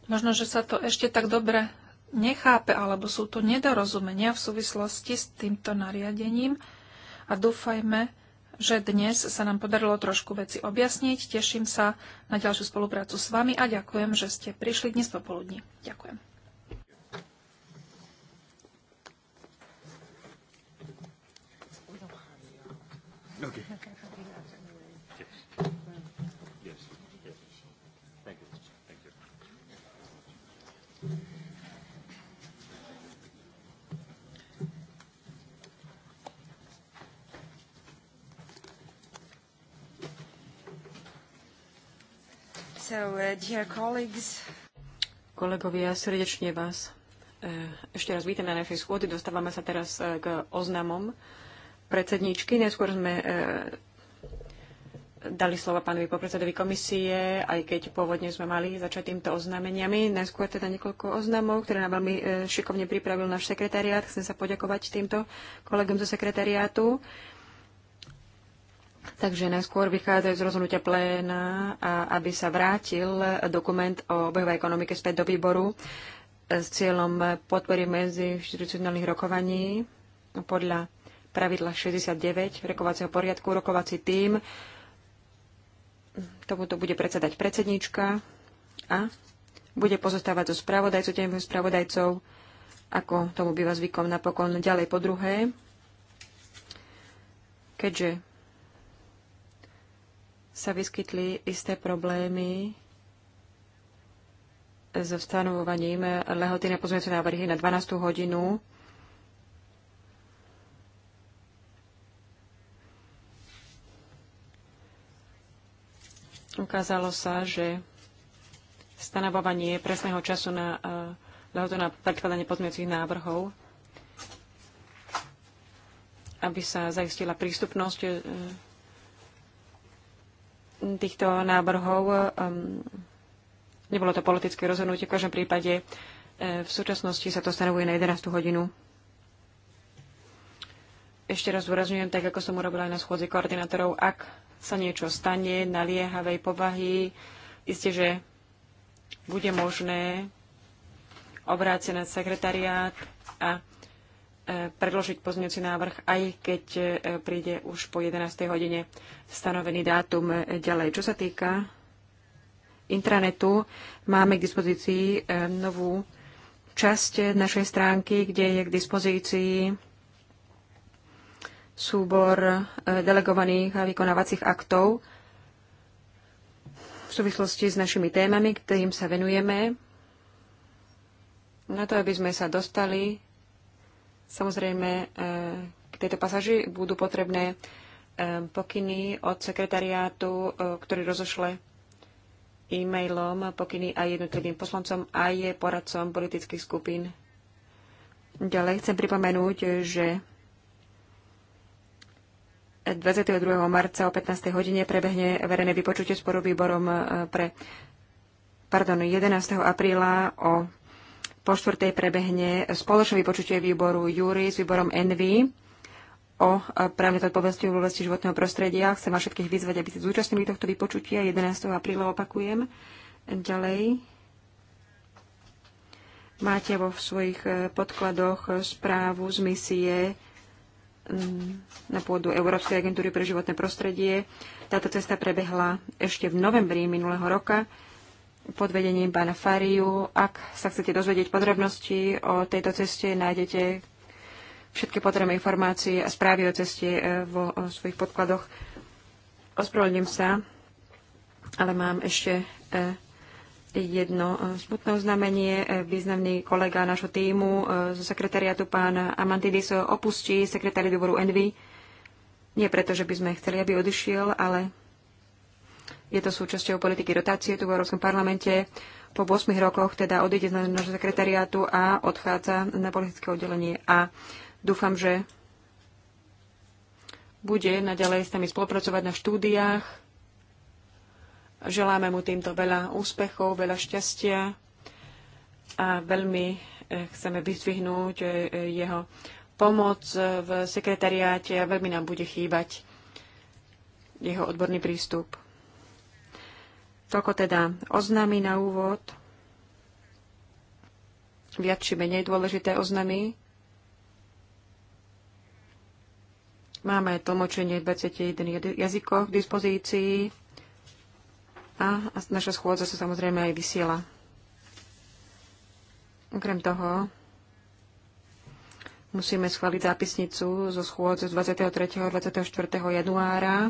Možno, že sa to ešte tak dobre nechápe, alebo sú tu nedorozumenia v súvislosti s týmto nariadením a dúfajme, že dnes sa nám podarilo trošku veci objasniť. Teším sa na ďalšiu spoluprácu s vami a ďakujem, že ste prišli dnes popoludní. Ďakujem. Okay. Yes. Yes. Yes. Thank you. Thank you. So, uh, dear colleagues, Kolegovia, srdečne vás eh, ešte raz vítam na našej schôdzi. Dostávame sa teraz eh, k oznamom predsedníčky. Neskôr sme e, dali slova pánovi popredsedovi komisie, aj keď pôvodne sme mali začať týmto oznámeniami. neskôr teda niekoľko oznamov, ktoré nám veľmi e, šikovne pripravil náš sekretariát. Chcem sa poďakovať týmto kolegom zo sekretariátu. Takže najskôr vychádzajú z rozhodnutia pléna, aby sa vrátil dokument o obehovej ekonomike späť do výboru e, s cieľom podpory medzi inštitucionálnych rokovaní podľa pravidla 69 rokovacieho poriadku. Rokovací tým tomuto bude predsedať predsednička a bude pozostávať zo so spravodajcov, tým spravodajcov, ako tomu býva zvykom napokon ďalej po druhé. Keďže sa vyskytli isté problémy so stanovovaním lehoty na pozmeňujúce návrhy na 12. hodinu, Ukázalo sa, že stanovovanie presného času na e, lehotu na predkladanie pozmeňujúcich návrhov, aby sa zaistila prístupnosť e, týchto návrhov. E, nebolo to politické rozhodnutie, v každom prípade v súčasnosti sa to stanovuje na 11. hodinu ešte raz zdôrazňujem, tak ako som urobila aj na schôdzi koordinátorov, ak sa niečo stane naliehavej povahy, isté, že bude možné obrátiť na sekretariát a e, predložiť pozmeňujúci návrh, aj keď e, príde už po 11. hodine stanovený dátum e, ďalej. Čo sa týka intranetu, máme k dispozícii novú časť našej stránky, kde je k dispozícii súbor e, delegovaných a vykonávacích aktov v súvislosti s našimi témami, ktorým sa venujeme, na to, aby sme sa dostali. Samozrejme, e, k tejto pasaži budú potrebné e, pokyny od sekretariátu, ktorý rozošle e-mailom pokyny aj jednotlivým poslancom, aj poradcom politických skupín. Ďalej chcem pripomenúť, že 22. marca o 15. hodine prebehne verejné vypočutie sporu výborom e, pre pardon, 11. apríla o po štvrtej prebehne spoločné vypočutie výboru Júry s výborom Envy o to e, zodpovednosti v oblasti životného prostredia. Chcem vás všetkých vyzvať, aby ste zúčastnili tohto vypočutia 11. apríla, opakujem. Ďalej. Máte vo svojich e, podkladoch správu z misie Mm, na pôdu Európskej agentúry pre životné prostredie. Táto cesta prebehla ešte v novembri minulého roka pod vedením pána Fariu. Ak sa chcete dozvedieť podrobnosti o tejto ceste, nájdete všetky potrebné informácie a správy o ceste e, vo o svojich podkladoch. Ospravedlňujem sa, ale mám ešte e, jedno smutné oznámenie. Významný kolega našho týmu e, zo sekretariatu, pán Amantidis, opustí sekretári výboru Envy. Nie preto, že by sme chceli, aby odišiel, ale je to súčasťou politiky rotácie tu v Európskom parlamente. Po 8 rokoch teda odíde z nášho sekretariátu a odchádza na politické oddelenie. A dúfam, že bude naďalej s nami spolupracovať na štúdiách, Želáme mu týmto veľa úspechov, veľa šťastia a veľmi eh, chceme vyzdvihnúť eh, eh, jeho pomoc v sekretariáte a veľmi nám bude chýbať jeho odborný prístup. Toľko teda oznámy na úvod, viac či menej dôležité oznámy. Máme tlmočenie 21 jazykov k dispozícii. A, naša schôdza sa samozrejme aj vysiela. Okrem toho musíme schváliť zápisnicu zo schôdze z 23. a 24. januára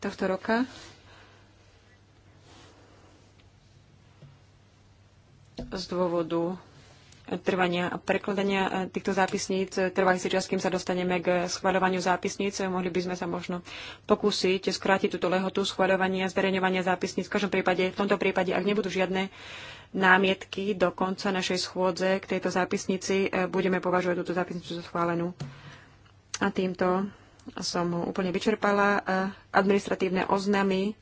tohto roka. Z dôvodu trvania a prekladania e, týchto zápisníc. E, Trvá si čas, kým sa dostaneme k schváľovaniu zápisníc. E, mohli by sme sa možno pokúsiť skrátiť túto lehotu schváľovania, zverejňovania zápisníc. V každom prípade, v tomto prípade, ak nebudú žiadne námietky do konca našej schôdze k tejto zápisnici, budeme považovať túto zápisnicu za schválenú. A týmto som úplne vyčerpala administratívne oznamy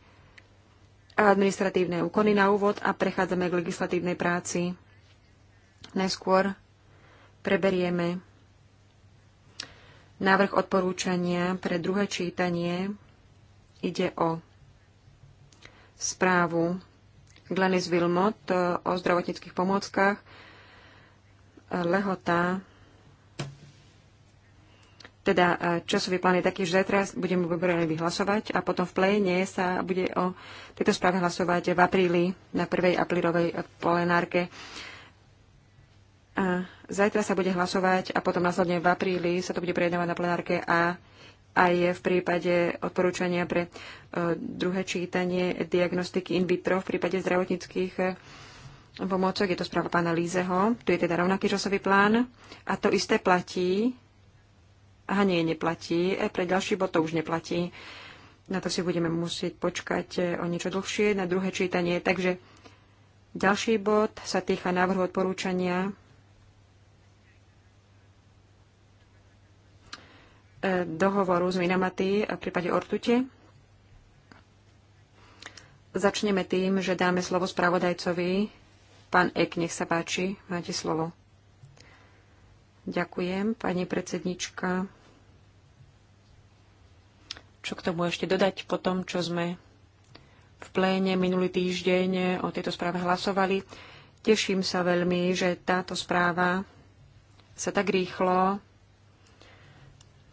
a administratívne úkony na úvod a prechádzame k legislatívnej práci. Najskôr preberieme návrh odporúčania pre druhé čítanie. Ide o správu Glenis Wilmot e, o zdravotníckých pomôckach. E, lehota teda e, časový plán je taký, že zajtra budeme vyberené hlasovať a potom v pléne sa bude o tejto správe hlasovať v apríli na prvej aprílovej polenárke zajtra sa bude hlasovať a potom následne v apríli sa to bude prejednávať na plenárke a aj v prípade odporúčania pre e, druhé čítanie diagnostiky in vitro v prípade zdravotníckých e, pomôcok. Je to správa pána Lízeho. Tu je teda rovnaký časový plán. A to isté platí. a nie, neplatí. E, pre ďalší bod to už neplatí. Na to si budeme musieť počkať o niečo dlhšie, na druhé čítanie. Takže ďalší bod sa týka návrhu odporúčania E, dohovoru s Minamaty v prípade Ortute. Začneme tým, že dáme slovo spravodajcovi. Pán Ek, nech sa páči, máte slovo. Ďakujem, pani predsednička. Čo k tomu ešte dodať po tom, čo sme v pléne minulý týždeň o tejto správe hlasovali. Teším sa veľmi, že táto správa sa tak rýchlo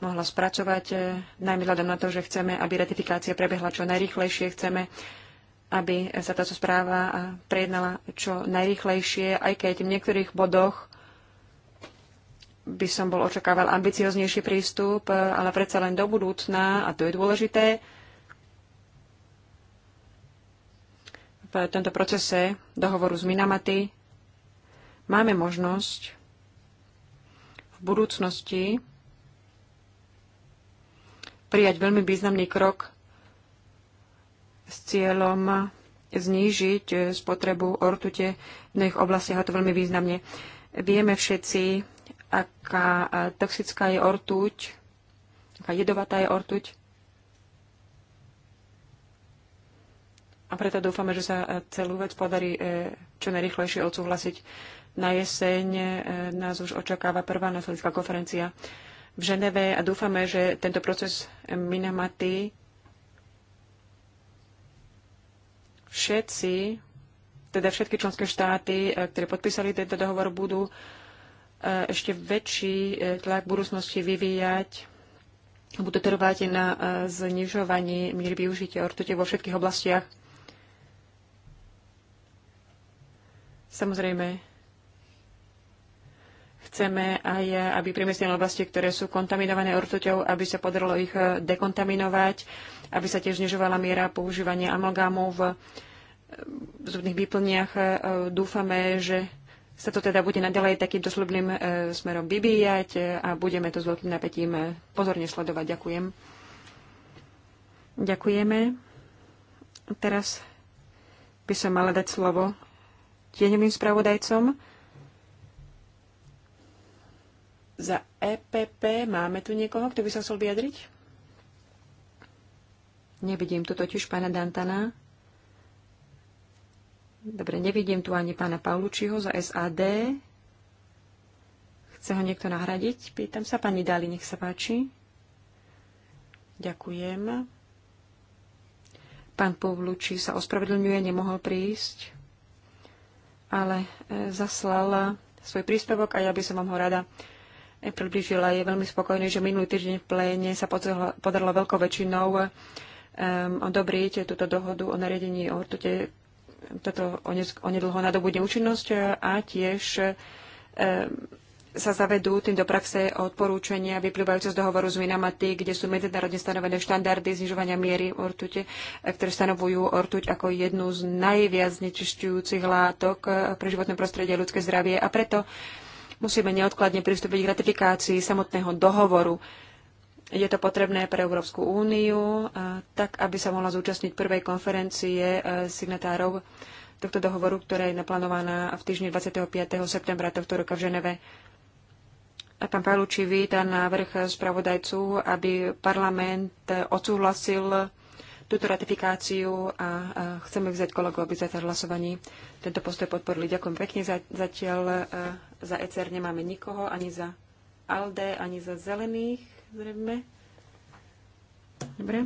mohla spracovať, eh, najmä vzhľadom na to, že chceme, aby ratifikácia prebehla čo najrychlejšie, chceme, aby sa táto správa eh, prejednala čo najrychlejšie, aj keď v niektorých bodoch by som bol očakával ambicioznejší prístup, eh, ale predsa len do budúcna, a to je dôležité, v tomto procese dohovoru s Minamaty máme možnosť v budúcnosti prijať veľmi významný krok s cieľom znížiť spotrebu ortute v mnohých oblastiach, a to veľmi významne. Vieme všetci, aká toxická je ortuť, aká jedovatá je ortuť. A preto dúfame, že sa celú vec podarí eh, čo najrychlejšie odsúhlasiť. Na jeseň eh, nás už očakáva prvá nasledská konferencia v Ženeve a dúfame, že tento proces Minamaty všetci, teda všetky členské štáty, e, ktoré podpísali tento dohovor, budú e, ešte väčší e, tlak v budúcnosti vyvíjať a budú trvať na znižovaní míry využitia ortute vo všetkých oblastiach. Samozrejme, Chceme aj, aby priemyselné oblasti, ktoré sú kontaminované ortuťou, aby sa podarilo ich eh, dekontaminovať, aby sa tiež znižovala miera používania amalgámu v eh, zubných výplniach. Eh, dúfame, že sa to teda bude naďalej takýmto slubným smerom vybíjať a budeme to s veľkým napätím pozorne sledovať. Ďakujem. Ďakujeme. Teraz by som mala dať slovo tieňovým spravodajcom. Za EPP máme tu niekoho, kto by sa chcel vyjadriť? Nevidím tu totiž pána Dantana. Dobre, nevidím tu ani pána Paulučiho za SAD. Chce ho niekto nahradiť? Pýtam sa pani Dali, nech sa páči. Ďakujem. Pán Povlučí sa ospravedlňuje, nemohol prísť, ale e, zaslala svoj príspevok a ja by som vám ho rada priblížila. Je veľmi spokojný, že minulý týždeň v pléne sa podarilo veľkou väčšinou um, odobriť túto dohodu o nariadení o hrtote. Toto onedlho nadobudne účinnosť a tiež um, sa zavedú tým do praxe odporúčania vyplývajúce z dohovoru s Minamaty, kde sú medzinárodne stanovené štandardy znižovania miery ortute, ktoré stanovujú ortuť ako jednu z najviac znečišťujúcich látok uh, pre životné prostredie a ľudské zdravie. A preto musíme neodkladne pristúpiť k ratifikácii samotného dohovoru. Je to potrebné pre Európsku úniu, tak aby sa mohla zúčastniť prvej konferencie e, signatárov tohto dohovoru, ktorá je naplánovaná v týždni 25. septembra tohto roka v Ženeve. A pán Paluči víta návrh spravodajcu, aby parlament odsúhlasil túto ratifikáciu a chceme vzať kolegov, aby za hlasovaní tento postoj podporili. Ďakujem pekne. Zatiaľ e, za ECR nemáme nikoho, ani za ALDE, ani za zelených, zrejme. Dobre.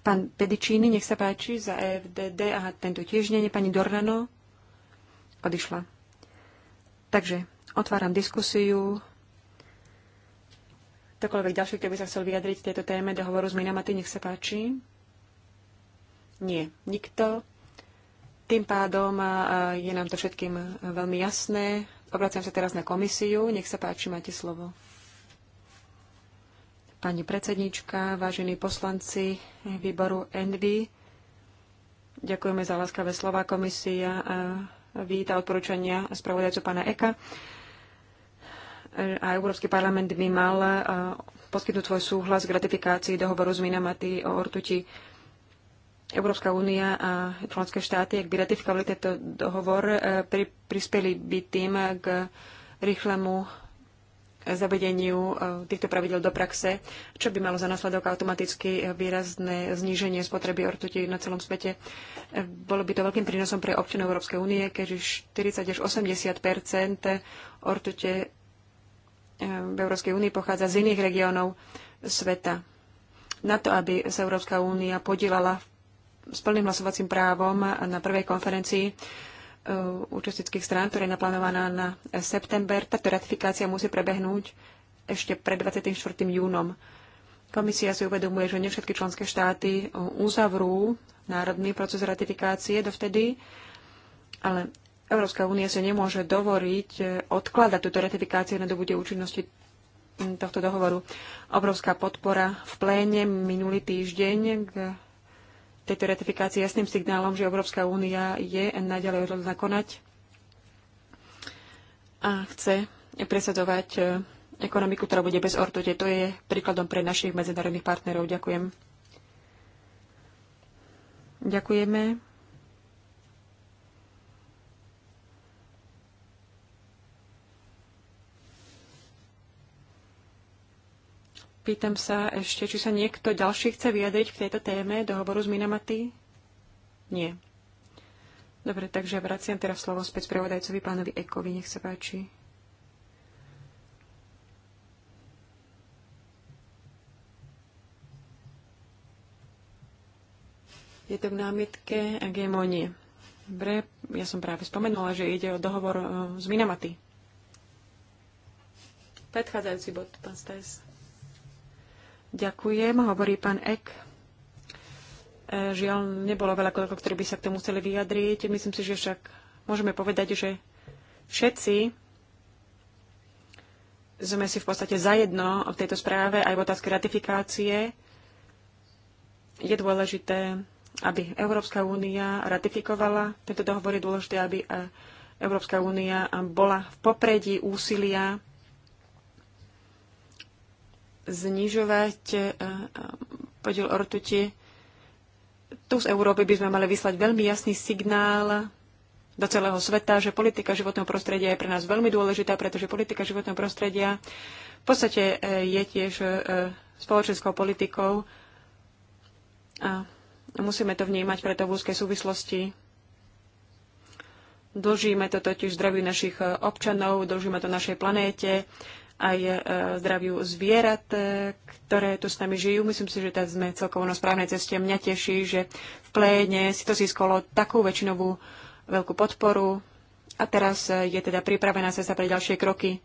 Pán Pedičíny, nech sa páči, za EFDD, aha, tento tiež nie, pani Dornano odišla. Takže otváram diskusiu. Ktokoľvek ďalší, kto by sa chcel vyjadriť tejto téme dohovoru s Minamaty, nech sa páči. Nie, nikto. Tým pádom je nám to všetkým veľmi jasné. Obraciam sa teraz na komisiu. Nech sa páči, máte slovo. Pani predsednička, vážení poslanci výboru ENVY, ďakujeme za láskavé slova. Komisia a víta odporúčania spravodajcu pána Eka a Európsky parlament by mal e, poskytnúť svoj súhlas k ratifikácii dohovoru z Minamaty o ortuti. Európska únia a členské štáty, ak by ratifikovali tento dohovor, e, pri, prispeli by tým k rýchlemu zavedeniu e, týchto pravidel do praxe, čo by malo za následok automaticky výrazné zníženie spotreby ortuti na celom svete. Bolo by to veľkým prínosom pre občanov Európskej únie, keďže 40 až 80 ortute v Európskej únii pochádza z iných regiónov sveta. Na to, aby sa Európska únia podielala s plným hlasovacím právom na prvej konferencii e, účastnických strán, ktorá je naplánovaná na september, táto ratifikácia musí prebehnúť ešte pred 24. júnom. Komisia si uvedomuje, že ne všetky členské štáty uzavrú národný proces ratifikácie dovtedy, ale Európska únia sa nemôže dovoriť e, odkladať túto ratifikáciu na dobude účinnosti tohto dohovoru. Obrovská podpora v pléne minulý týždeň k tejto ratifikácii jasným signálom, že Európska únia je naďalej odhodlaná konať a chce presadzovať e, ekonomiku, ktorá bude bez ortote. To je príkladom pre našich medzinárodných partnerov. Ďakujem. Ďakujeme. Pýtam sa ešte, či sa niekto ďalší chce vyjadriť k tejto téme dohovoru s Minamaty? Nie. Dobre, takže vraciam teraz slovo späť spravodajcovi pánovi Ekovi, nech sa páči. Je to v námietke a GMO Dobre, ja som práve spomenula, že ide o dohovor eh, s Minamaty. Predchádzajúci bod, pán Stajs. Ďakujem, hovorí pán Ek. E, žiaľ, nebolo veľa kolegov, ktorí by sa k tomu chceli vyjadriť. Myslím si, že však môžeme povedať, že všetci sme si v podstate zajedno v tejto správe aj v otázke ratifikácie. Je dôležité, aby Európska únia ratifikovala tento dohovor. Je dôležité, aby e, Európska únia bola v popredí úsilia znižovať e, e, podiel ortuti. Tu z Európy by sme mali vyslať veľmi jasný signál do celého sveta, že politika životného prostredia je pre nás veľmi dôležitá, pretože politika životného prostredia v podstate e, je tiež spoločenskou politikou a musíme to vnímať preto v úzkej súvislosti. Dlžíme to totiž zdraví našich občanov, dlžíme to našej planéte, aj e, zdraviu zvierat, e, ktoré tu s nami žijú. Myslím si, že teraz sme celkovo na správnej ceste. Mňa teší, že v pléne si to získalo takú väčšinovú veľkú podporu a teraz e, je teda pripravená sa pre ďalšie kroky.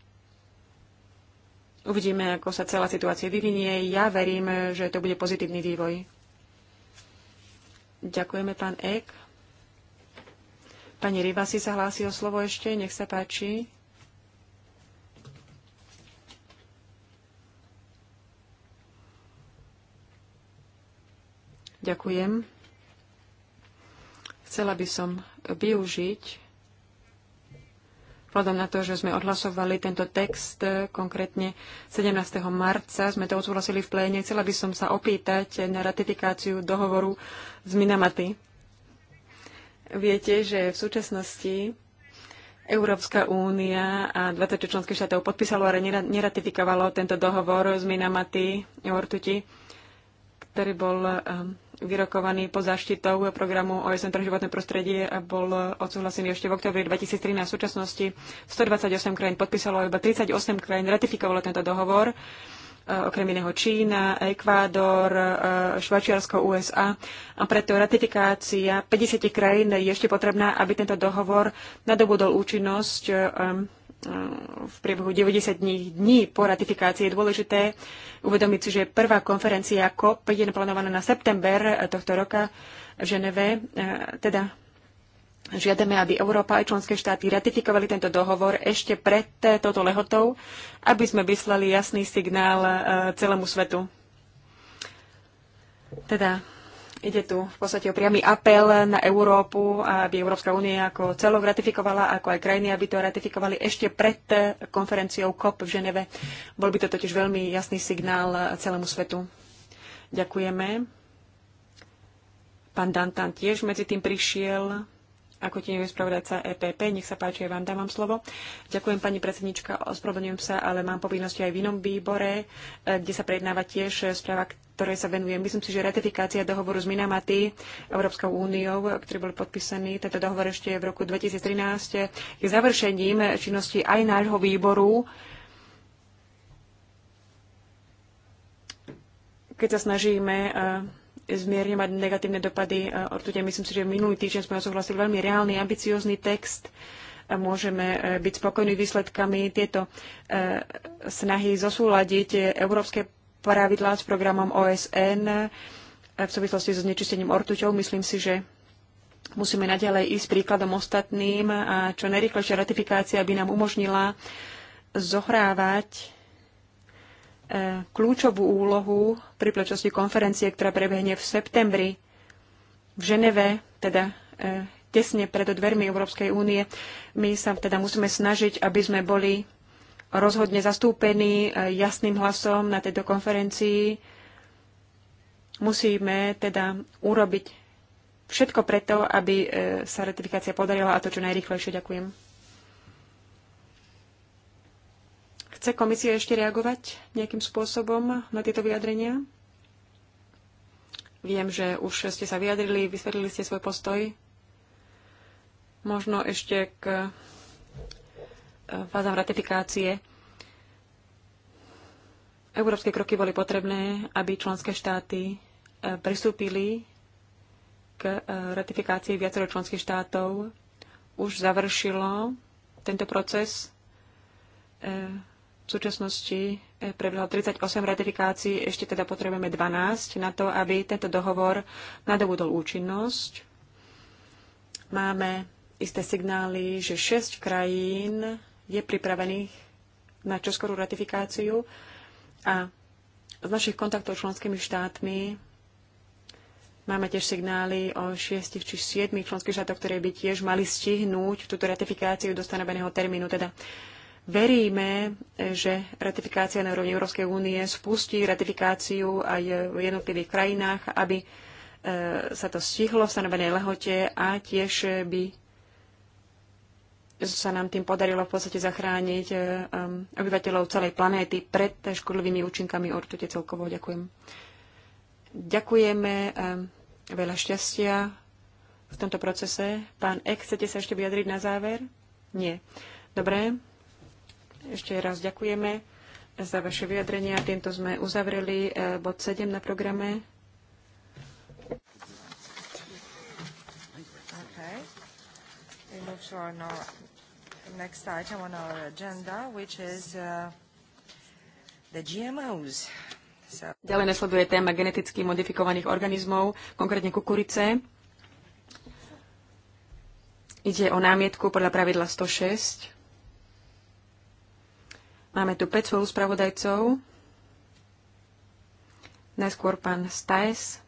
Uvidíme, ako sa celá situácia vyvinie. Ja verím, že to bude pozitívny vývoj. Ďakujeme, pán Ek. Pani si sa hlási o slovo ešte, nech sa páči. Ďakujem. Chcela by som využiť, vzhľadom na to, že sme odhlasovali tento text eh, konkrétne 17. marca, sme to odsúhlasili v pléne, chcela by som sa opýtať na ratifikáciu dohovoru z Minamaty. Viete, že v súčasnosti Európska únia a 20 členských štátov podpísalo a neratifikovalo tento dohovor z Minamaty ortuti, ktorý bol eh, vyrokovaný pod záštitou programu OSN pre životné prostredie a bol odsúhlasený ešte v oktobri 2013. V súčasnosti 128 krajín podpísalo, iba 38 krajín ratifikovalo tento dohovor, e, okrem iného Čína, Ekvádor, e, Švačiarsko, USA. A preto ratifikácia 50 krajín je ešte potrebná, aby tento dohovor nadobudol účinnosť e, Eh, v priebehu 90 dní, dní po ratifikácii je dôležité uvedomiť si, že prvá konferencia COP je naplánovaná na september tohto roka v Ženeve. Eh, teda žiadame, aby Európa aj členské štáty ratifikovali tento dohovor ešte pred eh, touto lehotou, aby sme vyslali jasný signál celému svetu. Teda Ide tu v podstate o priamy apel na Európu, aby Európska únia ako celok ratifikovala, ako aj krajiny, aby to ratifikovali ešte pred konferenciou COP v Ženeve. Bol by to totiž veľmi jasný signál celému svetu. Ďakujeme. Pán Dantan tiež medzi tým prišiel ako tieňový spravodajca EPP. Nech sa páči, ja vám dávam slovo. Ďakujem, pani predsednička, ospravedlňujem sa, ale mám povinnosti aj v inom výbore, e, kde sa prejednáva tiež správa, ktoré sa venujem. Myslím si, že ratifikácia dohovoru s Minamaty Európskou úniou, ktorý bol podpísaný, tento dohovor ešte v roku 2013, je završením činnosti aj nášho výboru. Keď sa snažíme e, mať negatívne dopady e, ortute. Myslím si, že minulý týždeň sme súhlasili veľmi reálny, ambiciózny text a môžeme e, byť spokojní výsledkami tieto e, snahy zosúľadiť európske pravidlá s programom OSN v súvislosti so znečistením ortuťou. Myslím si, že musíme naďalej ísť príkladom ostatným a čo najrychlejšia ratifikácia by nám umožnila zohrávať E, kľúčovú úlohu pri plečosti konferencie, ktorá prebehne v septembri v Ženeve, teda e, tesne pred dvermi Európskej únie. My sa teda musíme snažiť, aby sme boli rozhodne zastúpení e, jasným hlasom na tejto konferencii. Musíme teda urobiť všetko preto, aby sa ratifikácia podarila a to čo najrychlejšie. Ďakujem. Chce komisia ešte reagovať nejakým spôsobom na tieto vyjadrenia? Viem, že už ste sa vyjadrili, vysvetlili ste svoj postoj. Možno ešte k eh, fázam ratifikácie. Európske kroky boli potrebné, aby členské štáty eh, pristúpili k eh, ratifikácii viacero členských štátov. Už završilo tento proces v súčasnosti eh, prebehlo 38 ratifikácií, ešte teda potrebujeme 12 na to, aby tento dohovor nadobudol účinnosť. Máme isté signály, že 6 krajín je pripravených na čoskorú ratifikáciu a z našich kontaktov s členskými štátmi Máme tiež signály o 6 či 7 členských štátoch, ktoré by tiež mali stihnúť túto ratifikáciu do stanoveného termínu. Teda Veríme, že ratifikácia na úrovni Európskej únie spustí ratifikáciu aj v jednotlivých krajinách, aby e, sa to stihlo v stanovenej lehote a tiež by sa nám tým podarilo v podstate zachrániť e, e, obyvateľov celej planéty pred škodlivými účinkami ortute celkovo. Ďakujem. Ďakujeme. Veľa šťastia v tomto procese. Pán Ek, chcete sa ešte vyjadriť na záver? Nie. Dobre. Ešte raz ďakujeme za vaše vyjadrenia. Týmto sme uzavreli e, bod 7 na programe. No- uh, Ďalej nasleduje téma geneticky modifikovaných organizmov, konkrétne kukurice. Ide o námietku podľa pravidla 106 Máme tu 5 spoluspravodajcov. Najskôr pán Stajs.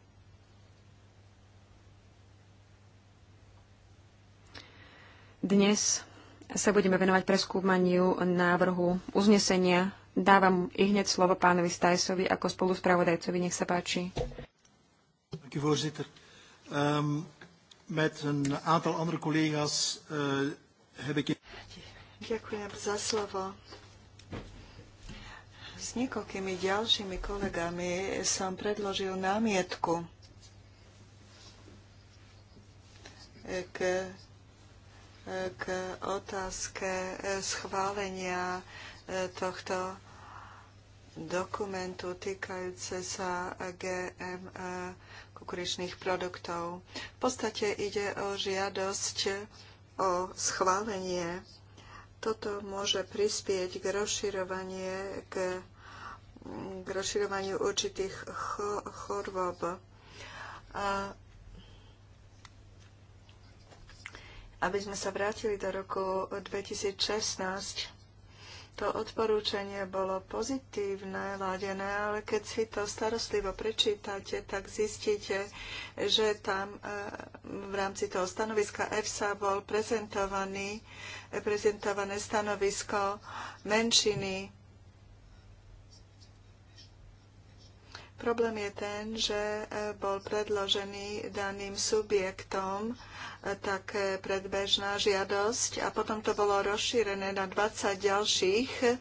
Dnes sa budeme venovať preskúmaniu návrhu uznesenia. Dávam i hneď slovo pánovi Stajsovi ako spoluspravodajcovi. Nech sa páči. Ehm, met een aantal andere collega's uh, heb ik... Ďakujem za slovo s niekoľkými ďalšími kolegami som predložil námietku k, k otázke schválenia e, tohto dokumentu týkajúce sa GM e, kukuričných produktov. V podstate ide o žiadosť o schválenie toto môže prispieť k rozširovanie, k, k rozširovaniu určitých cho, chorôb. A aby sme sa vrátili do roku 2016, to odporúčanie bolo pozitívne, ladené, ale keď si to starostlivo prečítate, tak zistíte, že tam e, v rámci toho stanoviska EFSA bol prezentovaný, e, prezentované stanovisko menšiny Problém je ten, že e, bol predložený daným subjektom e, tak predbežná žiadosť a potom to bolo rozšírené na 20 ďalších e,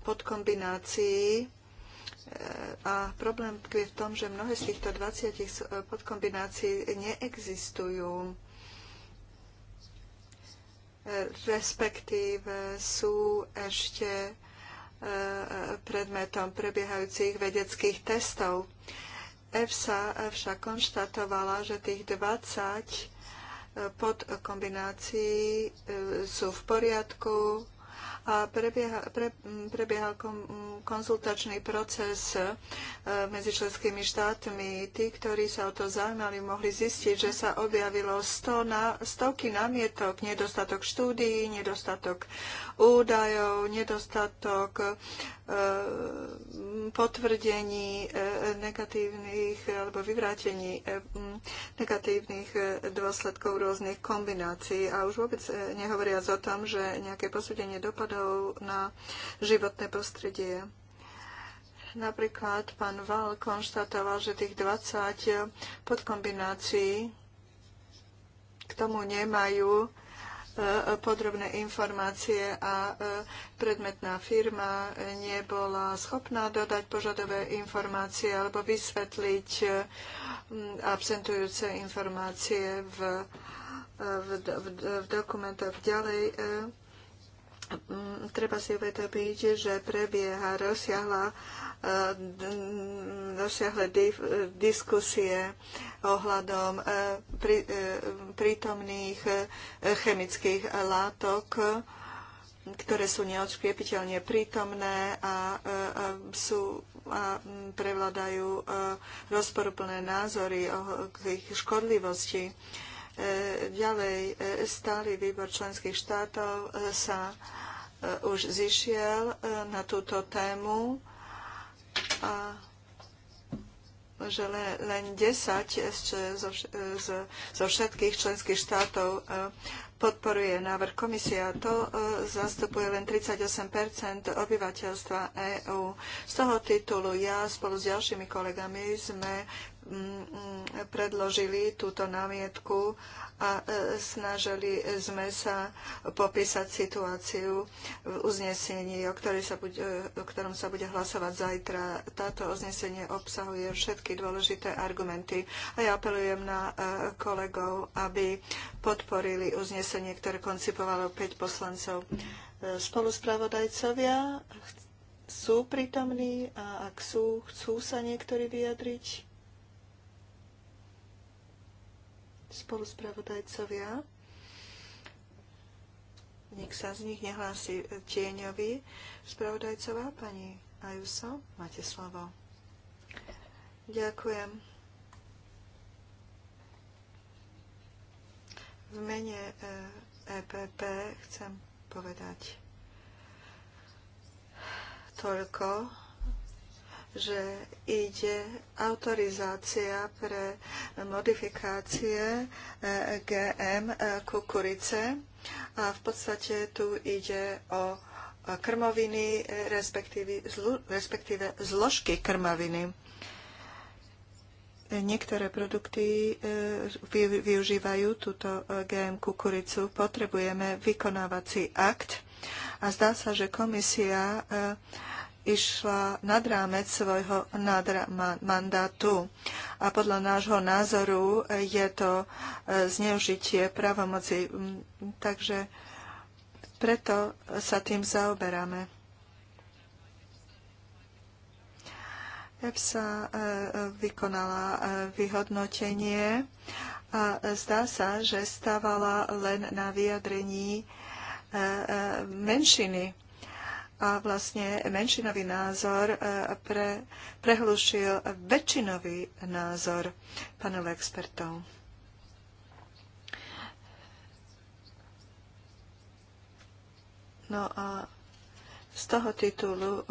podkombinácií. A problém je v tom, že mnohé z týchto 20 podkombinácií neexistujú respektíve sú ešte predmetom prebiehajúcich vedeckých testov. EFSA však konštatovala, že tých 20 eh, podkombinácií eh, sú v poriadku a prebieha, pre, prebiehal konzultačný proces eh, medzi členskými štátmi. Tí, ktorí sa o to zaujímali, mohli zistiť, že sa objavilo sto na, stovky namietok, nedostatok štúdií, nedostatok údajov, nedostatok Eh, potvrdení eh, negatívnych alebo vyvrátení eh, mm, negatívnych dôsledkov rôznych kombinácií. A už vôbec nehovoriac o tom, že nejaké posúdenie dopadov na životné prostredie. Napríklad pán Val konštatoval, že tých 20 podkombinácií k tomu nemajú E, podrobné informácie a e, predmetná firma nebola schopná dodať požadové informácie alebo vysvetliť e, absentujúce informácie v, v, v, v dokumentoch ďalej treba si uvedomiť, že prebieha rozsiahla Eh, dosiahle diskusie ohľadom eh, eh, prítomných chemických látok, ktoré sú neodškriepiteľne prítomné a, sú a mm, prevladajú rozporuplné názory o ich škodlivosti. Ďalej, stály výbor členských štátov sa už zišiel na túto tému a že len, len 10 zo, zo všetkých členských štátov e, podporuje návrh komisia. To e, zastupuje len 38 obyvateľstva EÚ. Z toho titulu ja spolu s ďalšími kolegami sme Mm, predložili túto námietku a e, snažili sme sa popísať situáciu v uznesení, o, sa bude, o ktorom sa bude hlasovať zajtra. Táto uznesenie obsahuje všetky dôležité argumenty a ja apelujem na e, kolegov, aby podporili uznesenie, ktoré koncipovalo 5 poslancov. E, spoluspravodajcovia sú prítomní a ak sú, chcú sa niektorí vyjadriť? spoluspravodajcovia. Nik sa z nich nehlási tieňovi. Spravodajcová pani Ajuso, máte slovo. Ďakujem. V mene EPP e chcem povedať toľko, že ide autorizácia pre modifikácie e, GM e, kukurice a v podstate tu ide o e, krmoviny, respektíve, zlo, respektíve zložky krmoviny. Niektoré produkty využívajú túto GM kukuricu. Potrebujeme vykonávací akt a zdá sa, že komisia išla nad rámec svojho nadra- mandátu. A podľa nášho názoru je to e, zneužitie právomoci. Mm, takže preto sa tým zaoberáme. EPSA e, vykonala e, vyhodnotenie a zdá sa, že stávala len na vyjadrení menšiny a vlastne menšinový názor e, pre, prehlušil väčšinový názor panelu expertov. No a z toho titulu e,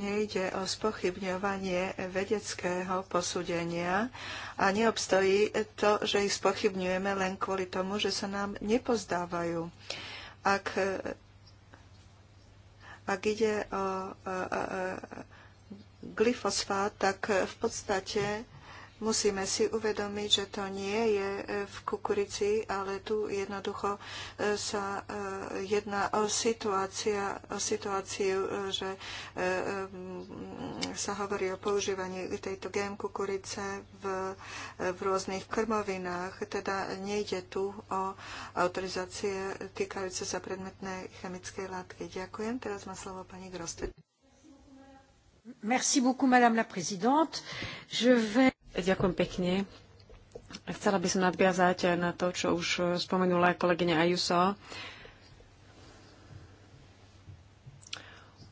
nejde o spochybňovanie vedeckého posúdenia a neobstojí to, že ich spochybňujeme len kvôli tomu, že sa nám nepozdávajú. Ak ak ide o glyfosfát, tak v podstate Musíme si uvedomiť, že to nie je e, v kukurici, ale tu jednoducho e, sa e, jedná o, situácia, o situáciu, že sa hovorí o používaní tejto gém kukurice v, v rôznych krmovinách. Teda nejde tu o autorizácie týkajúce sa predmetnej chemickej látky. Ďakujem. Teraz má slovo pani Grosted. Ďakujem pekne. Chcela by som nadviazať na to, čo už spomenula kolegyňa Ayuso.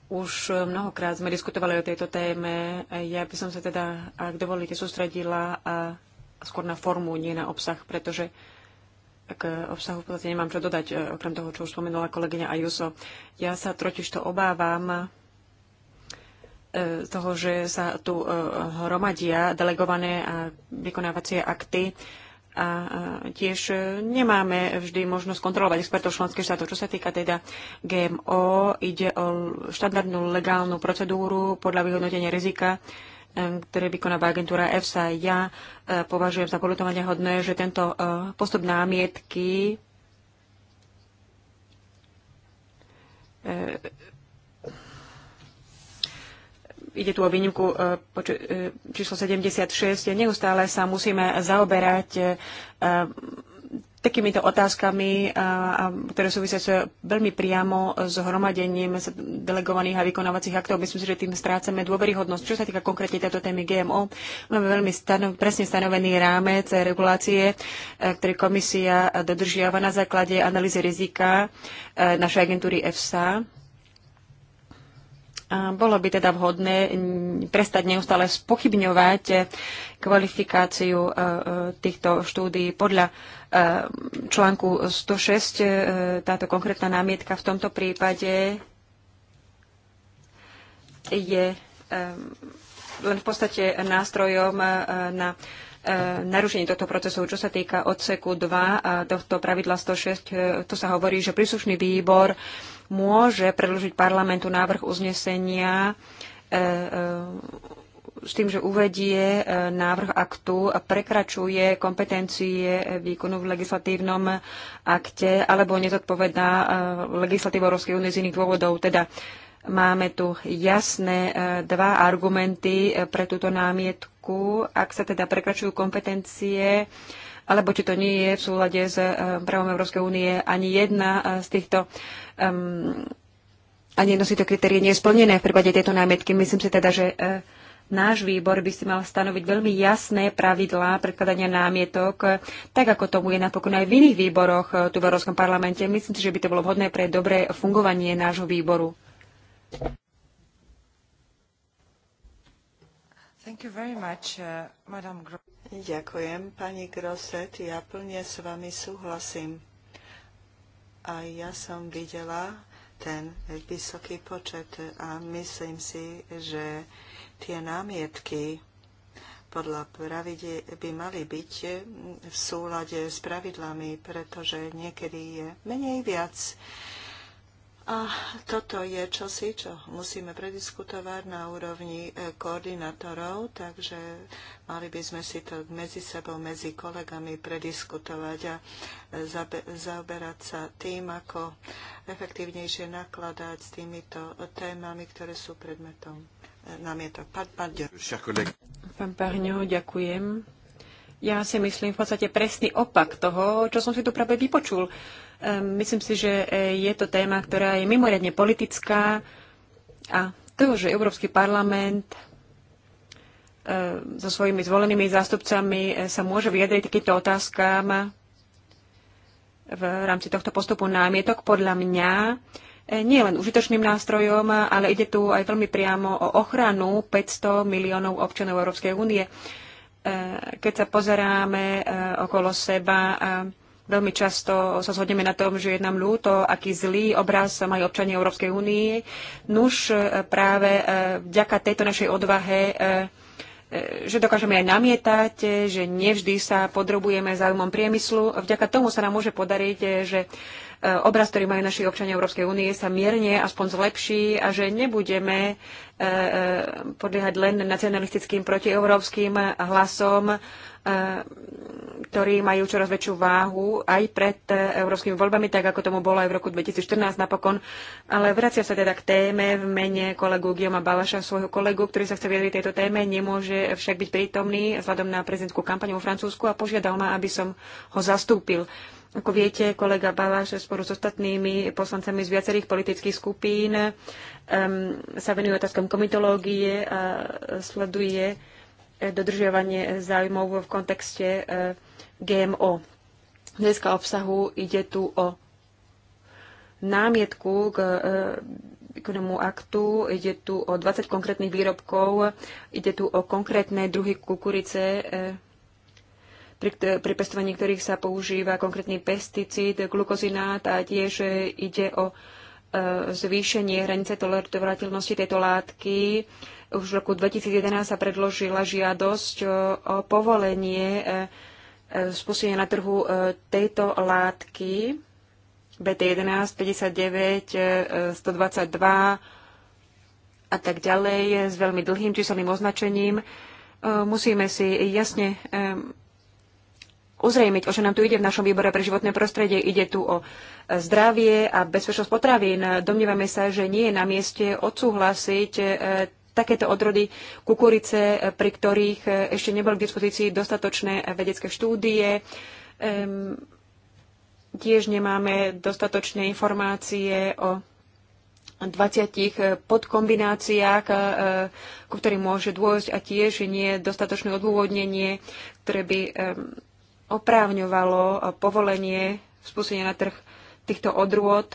Už mnohokrát sme diskutovali o tejto téme. Ja by som sa teda, ak dovolíte, sústredila a skôr na formu, nie na obsah, pretože k obsahu v podstate nemám čo dodať, okrem toho, čo už spomenula kolegyňa Ayuso. Ja sa totiž to obávam E, toho, že sa tu e, hromadia delegované a vykonávacie akty a e, tiež nemáme vždy možnosť kontrolovať expertov členských štátov. Čo sa týka teda GMO, ide o štandardnú legálnu procedúru podľa vyhodnotenia rizika, ktoré vykonáva agentúra EFSA. Ja považujem za polutovania hodné, že tento postup námietky ide tu o výnimku e, e, číslo 76. Neustále sa musíme zaoberať e, takýmito otázkami, ktoré súvisia s veľmi priamo s hromadením delegovaných a vykonávacích aktov. Myslím si, že tým strácame dôveryhodnosť. Čo sa týka konkrétne tejto témy GMO, máme veľmi stano- presne stanovený rámec regulácie, ktorý komisia dodržiava na základe analýzy rizika našej agentúry EFSA bolo by teda vhodné mm, prestať neustále spochybňovať eh, kvalifikáciu eh, eh, týchto štúdií. Podľa článku 106 táto konkrétna námietka v tomto prípade je len v podstate nástrojom na narušenie tohto procesu. Čo sa týka odseku 2 a tohto pravidla 106, tu sa hovorí, že príslušný výbor môže predložiť parlamentu návrh uznesenia e, e, s tým, že uvedie e, návrh aktu a prekračuje kompetencie výkonu v legislatívnom akte alebo nezodpovedá legislatívu Európskej únie z iných dôvodov. Teda máme tu jasné dva argumenty pre túto námietku. Ak sa teda prekračujú kompetencie, alebo či to nie je v súlade s eh, právom Európskej únie. Ani jedna eh, z týchto um, ani jedno z týchto kritérií nie je splnené v prípade tejto námietky. Myslím si teda, že eh, náš výbor by si mal stanoviť veľmi jasné pravidlá predkladania námietok, tak ako tomu je napokon aj v iných výboroch tu v Európskom parlamente. Myslím si, že by to bolo vhodné pre dobré fungovanie nášho výboru. Thank you very much, uh, Madam Gro- Ďakujem, pani Groset. Ja plne s vami súhlasím. A ja som videla ten vysoký počet a myslím si, že tie námietky podľa pravidie by mali byť v súlade s pravidlami, pretože niekedy je menej viac. A toto je čosi, čo musíme prediskutovať na úrovni e, koordinátorov, takže mali by sme si to medzi sebou, medzi kolegami prediskutovať a e, zaoberať sa tým, ako efektívnejšie nakladať s týmito témami, ktoré sú predmetom e, námietok. Pán, pán, pán Parňo, ďakujem. Ja si myslím v podstate presný opak toho, čo som si tu práve vypočul. Uh, Ehm, myslím si, že e, je to téma, ktorá je mimoriadne politická a to, že Európsky parlament e, so svojimi zvolenými zástupcami e, sa môže vyjadriť takýmto otázkám v rámci tohto postupu námietok, podľa mňa nie len užitočným nástrojom, ale ide tu aj veľmi priamo o ochranu 500 miliónov občanov Európskej únie. Keď sa pozeráme okolo seba, Veľmi často sa zhodneme na tom, že je nám ľúto, aký zlý obraz majú občania Európskej únie. Nuž e, práve e, vďaka tejto našej odvahe e, že dokážeme aj namietať, že nevždy sa podrobujeme záujmom priemyslu. Vďaka tomu sa nám môže podariť, že obraz, ktorý majú naši občania Európskej únie, sa mierne aspoň zlepší a že nebudeme podliehať len nacionalistickým protieurópskym hlasom ktorí majú čoraz väčšiu váhu aj pred e, európskymi voľbami, tak ako tomu bolo aj v roku 2014 napokon. Ale vracia sa teda k téme v mene kolegu Guillaume Balaša, svojho kolegu, ktorý sa chce vyjadriť tejto téme, nemôže však byť prítomný vzhľadom na prezidentskú kampaň vo Francúzsku a požiadal ma, aby som ho zastúpil. Ako viete, kolega Baláš spolu s ostatnými poslancami z viacerých politických skupín um, sa venuje otázkom komitológie a sleduje dodržiavanie záujmov v kontexte eh, GMO. Dneska obsahu ide tu o námietku k eh, výkonnému aktu, ide tu o 20 konkrétnych výrobkov, ide tu o konkrétne druhy kukurice, eh, pri, pri pestovaní ktorých sa používa konkrétny pesticíd, glukozinát a tiež ide o zvýšenie hranice tolerovateľnosti tejto látky už v roku 2011 sa predložila žiadosť e, o povolenie e, e, spustenia na trhu tejto látky BT11, 59, 122 a tak ďalej s veľmi dlhým číselným označením. Musíme si jasne uzrejmiť, o čo nám tu ide v našom výbore pre životné prostredie. Ide tu o zdravie a bezpečnosť potravín. Domnievame sa, že nie je na mieste odsúhlasiť takéto odrody kukurice, eh, pri ktorých eh, ešte neboli k dispozícii dostatočné eh, vedecké štúdie. Ehm, tiež nemáme dostatočné informácie o 20 podkombináciách, ku ktorým môže dôjsť a tiež nie je dostatočné odôvodnenie, ktoré by ehm, oprávňovalo povolenie spustenia na trh týchto odrôd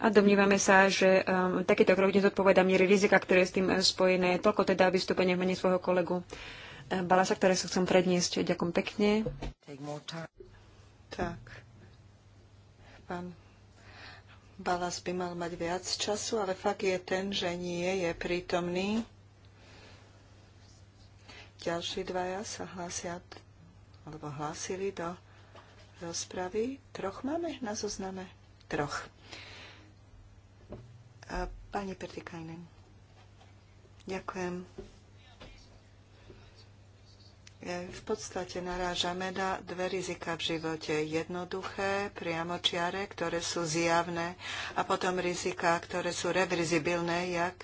a domnívame sa, že um, takýto krok nezodpoveda miery rizika, ktoré je s tým uh, spojené. Toľko teda vystúpenie v mene svojho kolegu uh, Balasa, ktoré sa chcem predniesť. Ďakujem pekne. Tak. Pán Balas by mal mať viac času, ale fakt je ten, že nie je prítomný. Ďalší dvaja sa hlásia, alebo hlásili do rozpravy. Troch máme na zozname? Troch. Pani Pertikajnen. Ďakujem. E, v podstate narážame na dve rizika v živote. Jednoduché, priamočiare, ktoré sú zjavné a potom rizika, ktoré sú reverzibilné, jak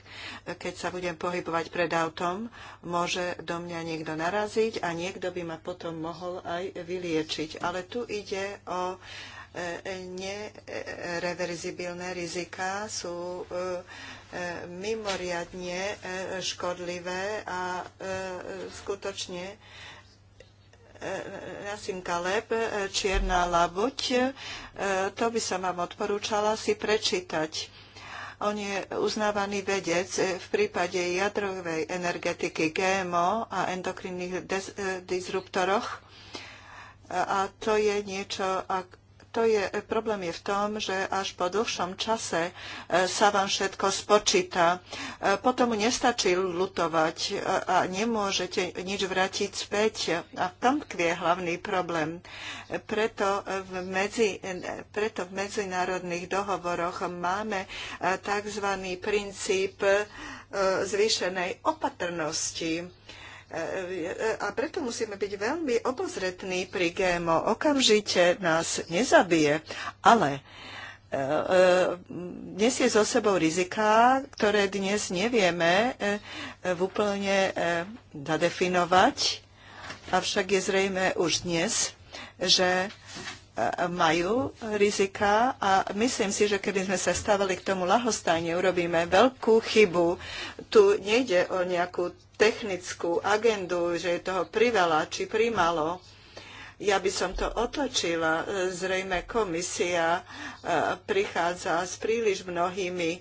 keď sa budem pohybovať pred autom, môže do mňa niekto naraziť a niekto by ma potom mohol aj vyliečiť. Ale tu ide o nereverzibilné riziká sú e, e, mimoriadne e, škodlivé a skutočne Nasim Kaleb, Čierna labuť, to by som vám odporúčala si prečítať. On je uznávaný vedec v prípade jadrovej energetiky GMO a endokrinných disruptoroch. A to je niečo to je, e, problém je v tom, že až po dlhšom čase e, sa vám všetko spočíta. E, potom nestačí lutovať a nemôžete nič vrátiť späť. A v tom kvie hlavný problém. Preto v, medzi, preto v medzinárodných dohovoroch máme tzv. princíp zvýšenej opatrnosti a preto musíme byť veľmi obozretní pri GMO. Okamžite nás nezabije, ale dnes e, e, je so sebou riziká, ktoré dnes nevieme e, úplne zadefinovať, avšak je zrejme už dnes, že majú rizika a myslím si, že keby sme sa stávali k tomu lahostajne, urobíme veľkú chybu. Tu nejde o nejakú technickú agendu, že je toho priveľa či primalo. Ja by som to otočila. E, Zrejme komisia e, prichádza s príliš mnohými e,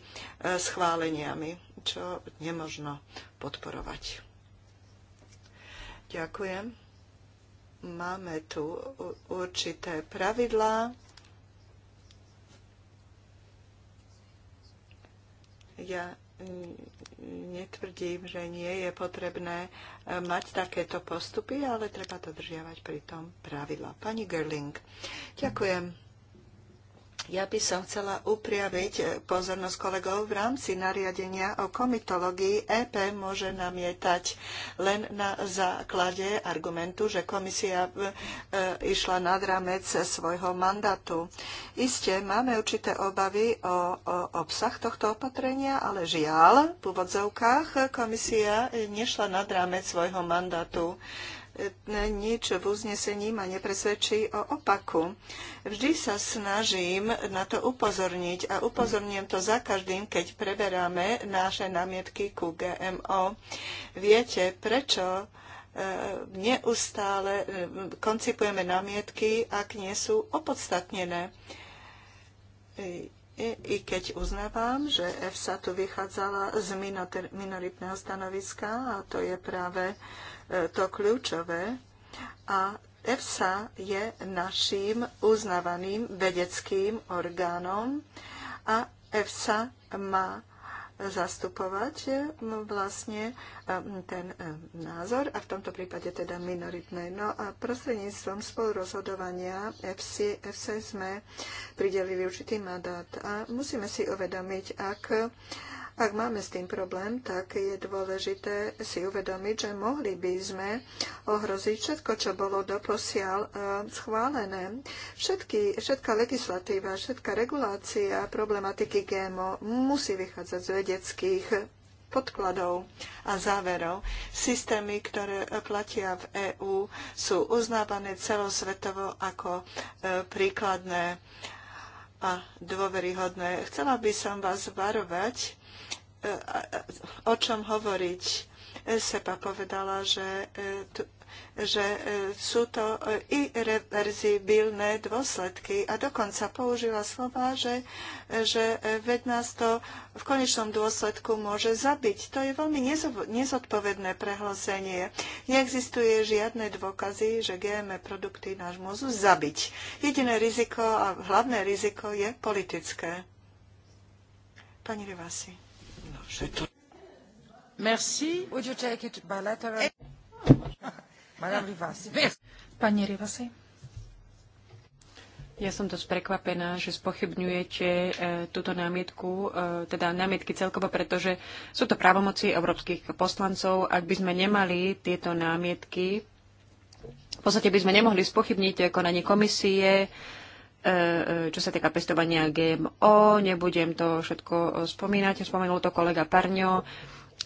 schváleniami, čo nemožno podporovať. Ďakujem. Máme tu určité pravidlá. Ja netvrdím, že nie je potrebné e, mať takéto postupy, ale treba dodržiavať tom pravidla. Pani Gerling, ďakujem. Ja by som chcela upriaviť eh, pozornosť kolegov v rámci nariadenia o komitológii. EP môže namietať len na základe argumentu, že komisia eh, eh, išla nad ramec svojho mandátu. Isté, máme určité obavy o, o obsah tohto opatrenia, ale žiaľ, v úvodzovkách komisia nešla nad rámec svojho mandátu nič v uznesení ma nepresvedčí o opaku. Vždy sa snažím na to upozorniť a upozorňujem to za každým, keď preberáme naše námietky ku GMO. Viete, prečo e, neustále e, koncipujeme námietky, ak nie sú opodstatnené. I keď uznávam, že EFSA tu vychádzala z minoritného stanoviska, a to je práve E, to kľúčové. A EFSA je naším uznávaným vedeckým orgánom a EFSA má zastupovať e, vlastne e, ten názor a v tomto prípade teda minoritné. No a prostredníctvom spolurozhodovania FC, FC sme pridelili určitý mandát a musíme si uvedomiť, ak ak máme s tým problém, tak je dôležité si uvedomiť, že mohli by sme ohroziť všetko, čo bolo doposiaľ e, schválené. Všetky, všetká legislatíva, všetká regulácia problematiky GMO musí vychádzať z vedeckých podkladov a záverov. Systémy, ktoré platia v EÚ, sú uznávané celosvetovo ako e, príkladné a dôveryhodné. Chcela by som vás varovať o čom hovoriť. Sepa povedala, že, že sú to irreverzibilné dôsledky a dokonca použila slova, že, že ved nás to v konečnom dôsledku môže zabiť. To je veľmi nezodpovedné prehlásenie. Neexistuje žiadne dôkazy, že GM produkty náš môžu zabiť. Jediné riziko a hlavné riziko je politické. Pani Rivasi. Eh. Pani Rivasi. Ja som dosť prekvapená, že spochybňujete e, túto námietku, e, teda námietky celkovo, pretože sú to právomoci európskych poslancov. Ak by sme nemali tieto námietky, v podstate by sme nemohli spochybniť konanie komisie, e, E, e, čo sa týka pestovania GMO. Nebudem to všetko e, spomínať, spomenul to kolega Parňo.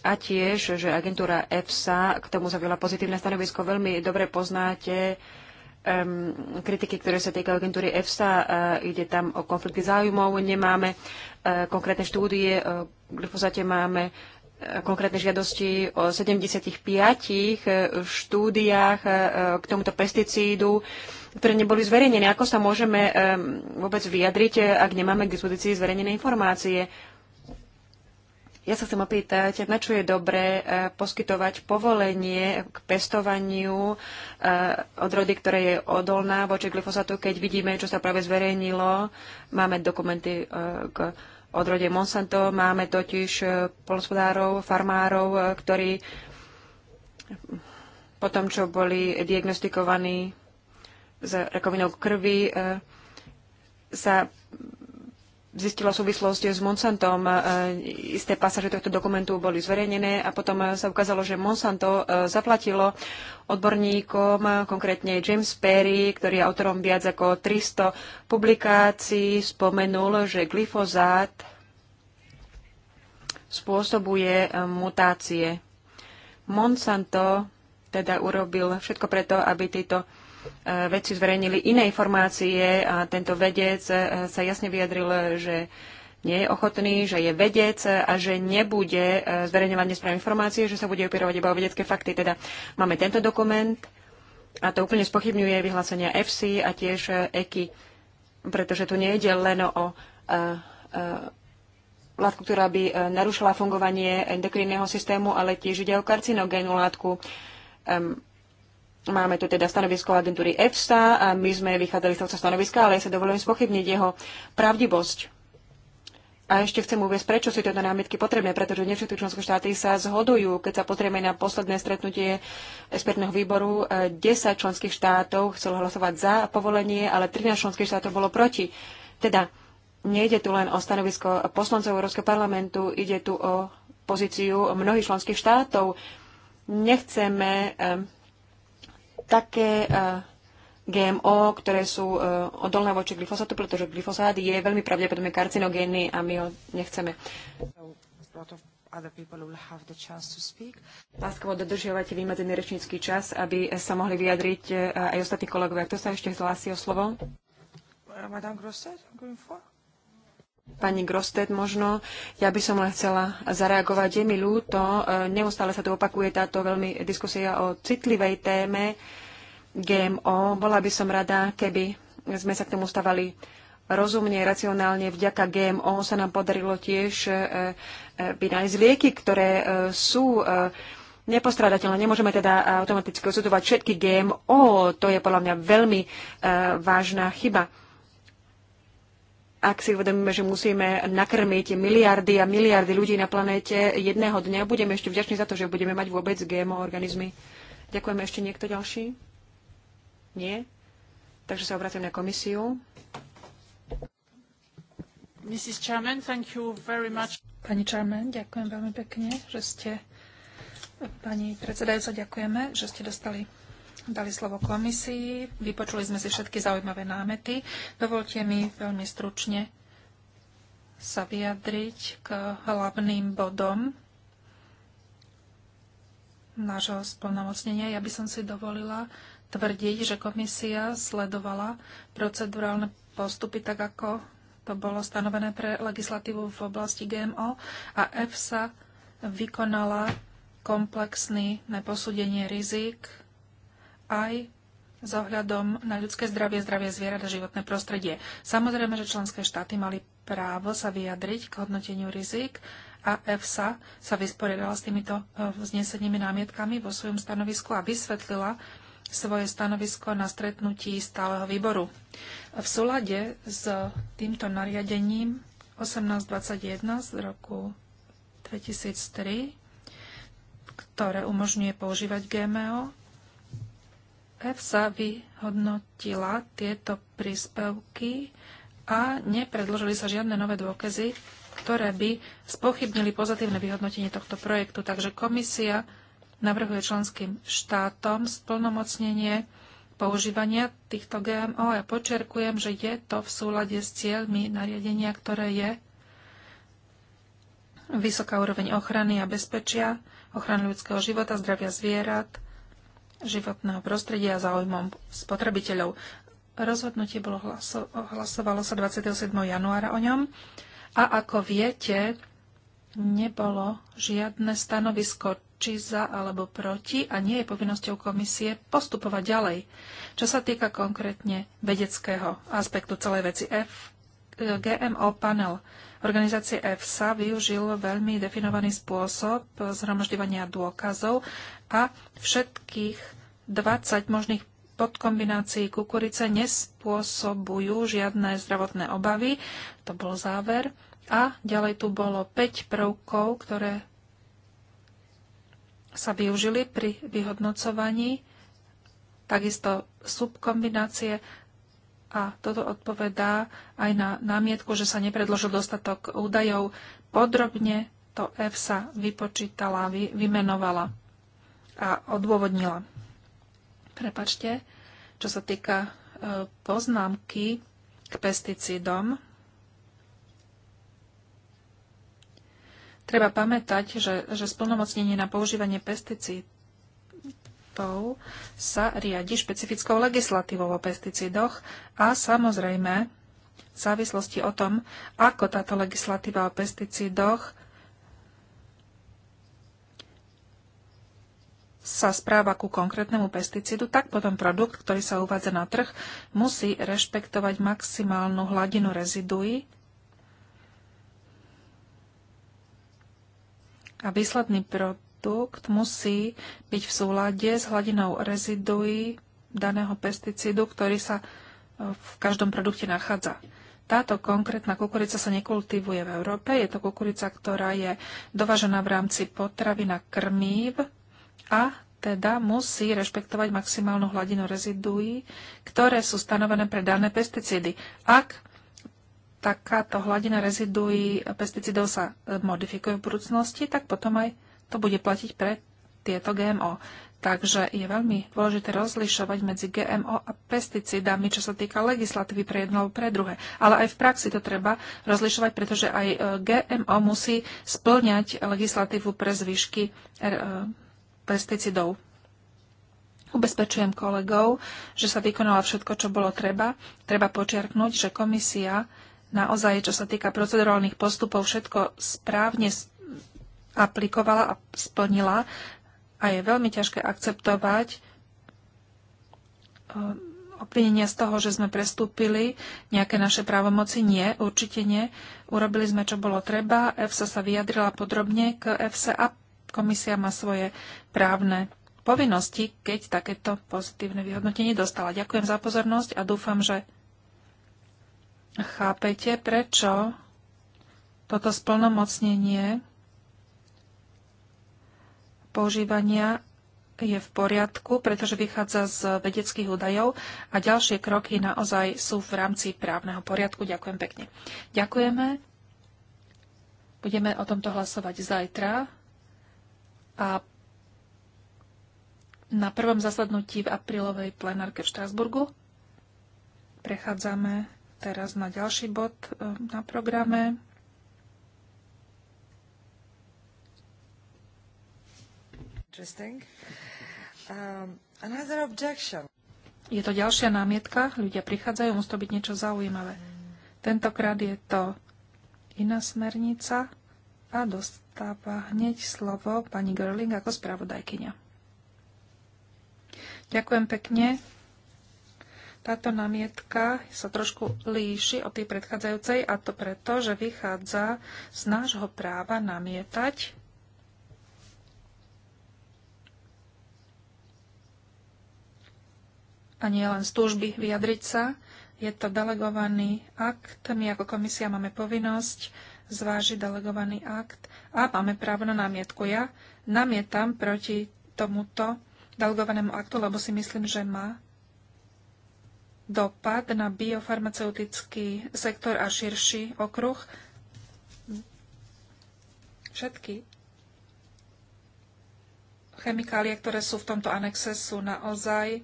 A tiež, že agentúra EFSA k tomu zaujala pozitívne stanovisko. Veľmi dobre poznáte um, kritiky, ktoré sa týkajú agentúry EFSA. Uh, ide tam o konflikty záujmov. Nemáme uh, konkrétne štúdie. Uh, glyfozate máme uh, konkrétne žiadosti o 75 štúdiách e, k tomuto pesticídu, ktoré neboli zverejnené. Ako sa môžeme e, vôbec vyjadriť, ak nemáme k dispozícii zverejnené informácie? Ja sa chcem opýtať, na čo je dobré e, poskytovať povolenie k pestovaniu odrody, ktoré je odolná voči glyfosátu, keď vidíme, čo sa práve zverejnilo. Máme dokumenty k odrode Monsanto. Máme totiž e, polospodárov, farmárov, e, ktorí po tom, čo boli diagnostikovaní s rakovinou krvi, e, sa zistila súvislosť s Monsantom. E, isté pasaže tohto dokumentu boli zverejnené a potom e, sa ukázalo, že Monsanto e, zaplatilo odborníkom, konkrétne James Perry, ktorý je autorom viac ako 300 publikácií, spomenul, že glyfozát spôsobuje mutácie. Monsanto teda urobil všetko preto, aby tieto E, vedci zverejnili iné informácie a tento vedec e, sa jasne vyjadril, že nie je ochotný, že je vedec a že nebude e, zverejňovať nesprávne informácie, že sa bude opierovať iba o vedecké fakty. Teda máme tento dokument a to úplne spochybňuje vyhlásenia FC a tiež EKI, pretože tu nejde len o látku, ktorá by narušila fungovanie endokrinného systému, ale tiež ide o karcinogénu látku. Um, Máme tu teda stanovisko agentúry EFSA a my sme vychádzali z tohto stanoviska, ale ja sa dovolím spochybniť jeho pravdivosť. A ešte chcem uvieť, prečo sú tieto námietky potrebné, pretože nie všetky členské štáty sa zhodujú. Keď sa pozrieme na posledné stretnutie expertného výboru, 10 členských štátov chcelo hlasovať za povolenie, ale 13 členských štátov bolo proti. Teda nejde tu len o stanovisko poslancov Európskeho parlamentu, ide tu o pozíciu mnohých členských štátov. Nechceme také e, GMO, ktoré sú e, odolné voči glyfosátu, pretože glyfosát je veľmi pravdepodobne karcinogénny a my ho nechceme. Láskovo dodržiavate vymedzený rečnícky čas, aby sa mohli vyjadriť e, aj ostatní kolegovia. Kto sa ešte zhlási o slovo? Madame Grosset, going for? pani Grosted možno. Ja by som len chcela zareagovať. Je mi ľúto, e, neustále sa tu opakuje táto veľmi diskusia o citlivej téme GMO. Bola by som rada, keby sme sa k tomu stavali rozumne, racionálne. Vďaka GMO sa nám podarilo tiež e, e, vynájsť lieky, ktoré sú nepostradateľné. Nemôžeme teda automaticky odsudovať všetky GMO. To je podľa mňa veľmi vážna chyba ak si uvedomíme, že musíme nakrmiť miliardy a miliardy ľudí na planéte jedného dňa, budeme ešte vďační za to, že budeme mať vôbec GMO organizmy. Ďakujeme ešte niekto ďalší? Nie? Takže sa obraciam na komisiu. Mrs. Chairman, thank you very much. Pani Chairman, ďakujem veľmi pekne, že ste, pani predsedajúca, ďakujeme, že ste dostali dali slovo komisii, vypočuli sme si všetky zaujímavé námety. Dovolte mi veľmi stručne sa vyjadriť k hlavným bodom nášho splnomocnenia. Ja by som si dovolila tvrdiť, že komisia sledovala procedurálne postupy tak, ako to bolo stanovené pre legislatívu v oblasti GMO a EFSA vykonala komplexné posúdenie rizik aj s ohľadom na ľudské zdravie, zdravie zvierat a životné prostredie. Samozrejme, že členské štáty mali právo sa vyjadriť k hodnoteniu rizik a EFSA sa vysporiadala s týmito e, vznesenými námietkami vo svojom stanovisku a vysvetlila svoje stanovisko na stretnutí stáleho výboru. V súlade s týmto nariadením 1821 z roku 2003, ktoré umožňuje používať GMO, EFSA vyhodnotila tieto príspevky a nepredložili sa žiadne nové dôkazy, ktoré by spochybnili pozitívne vyhodnotenie tohto projektu. Takže komisia navrhuje členským štátom splnomocnenie používania týchto GMO. Ja počerkujem, že je to v súlade s cieľmi nariadenia, ktoré je vysoká úroveň ochrany a bezpečia, ochrany ľudského života, zdravia zvierat, životného prostredia a záujmom spotrebiteľov. Rozhodnutie bolo hlaso- hlasovalo sa 27. januára o ňom a ako viete, nebolo žiadne stanovisko či za alebo proti a nie je povinnosťou komisie postupovať ďalej. Čo sa týka konkrétne vedeckého aspektu celej veci F, GMO panel organizácie EFSA využil veľmi definovaný spôsob zhromažďovania dôkazov a všetkých 20 možných podkombinácií kukurice nespôsobujú žiadne zdravotné obavy. To bol záver. A ďalej tu bolo 5 prvkov, ktoré sa využili pri vyhodnocovaní, takisto subkombinácie a toto odpovedá aj na námietku, že sa nepredložil dostatok údajov. Podrobne to EFSA vypočítala, vy, vymenovala a odôvodnila. Prepačte, čo sa týka e, poznámky k pesticídom. Treba pamätať, že, že splnomocnenie na používanie pesticíd princípov sa riadi špecifickou legislatívou o pesticídoch a samozrejme v závislosti o tom, ako táto legislatíva o pesticídoch sa správa ku konkrétnemu pesticídu, tak potom produkt, ktorý sa uvádza na trh, musí rešpektovať maximálnu hladinu reziduí a výsledný produkt produkt musí byť v súlade s hladinou reziduí daného pesticídu, ktorý sa e, v každom produkte nachádza. Táto konkrétna kukurica sa nekultivuje v Európe. Je to kukurica, ktorá je dovažená v rámci potravina krmív a teda musí rešpektovať maximálnu hladinu reziduí, ktoré sú stanovené pre dané pesticídy. Ak takáto hladina reziduí pesticidov sa e, modifikuje v budúcnosti, tak potom aj to bude platiť pre tieto GMO. Takže je veľmi dôležité rozlišovať medzi GMO a pesticidami, čo sa týka legislatívy pre jedno alebo pre druhé. Ale aj v praxi to treba rozlišovať, pretože aj e, GMO musí splňať legislatívu pre zvyšky er, e, pesticidov. Ubezpečujem kolegov, že sa vykonalo všetko, čo bolo treba. Treba počiarknúť, že komisia naozaj, čo sa týka procedurálnych postupov, všetko správne aplikovala a splnila a je veľmi ťažké akceptovať eh, obvinenia z toho, že sme prestúpili nejaké naše právomoci. Nie, určite nie. Urobili sme, čo bolo treba. EFSA sa vyjadrila podrobne k EFSA a komisia má svoje právne povinnosti, keď takéto pozitívne vyhodnotenie dostala. Ďakujem za pozornosť a dúfam, že chápete, prečo toto splnomocnenie používania je v poriadku, pretože vychádza z vedeckých údajov a ďalšie kroky naozaj sú v rámci právneho poriadku. Ďakujem pekne. Ďakujeme. Budeme o tomto hlasovať zajtra a na prvom zasadnutí v aprílovej plenárke v Štrasburgu Prechádzame teraz na ďalší bod e, na programe. Interesting. Um, another objection. Je to ďalšia námietka, ľudia prichádzajú, musí to byť niečo zaujímavé. Tentokrát je to iná smernica a dostáva hneď slovo pani Görling ako spravodajkyňa. Ďakujem pekne. Táto námietka sa trošku líši od tej predchádzajúcej a to preto, že vychádza z nášho práva namietať a nie len z túžby vyjadriť sa. Je to delegovaný akt. My ako komisia máme povinnosť zvážiť delegovaný akt a máme právo na námietku. Ja namietam proti tomuto delegovanému aktu, lebo si myslím, že má dopad na biofarmaceutický sektor a širší okruh. Všetky chemikálie, ktoré sú v tomto anexe, sú naozaj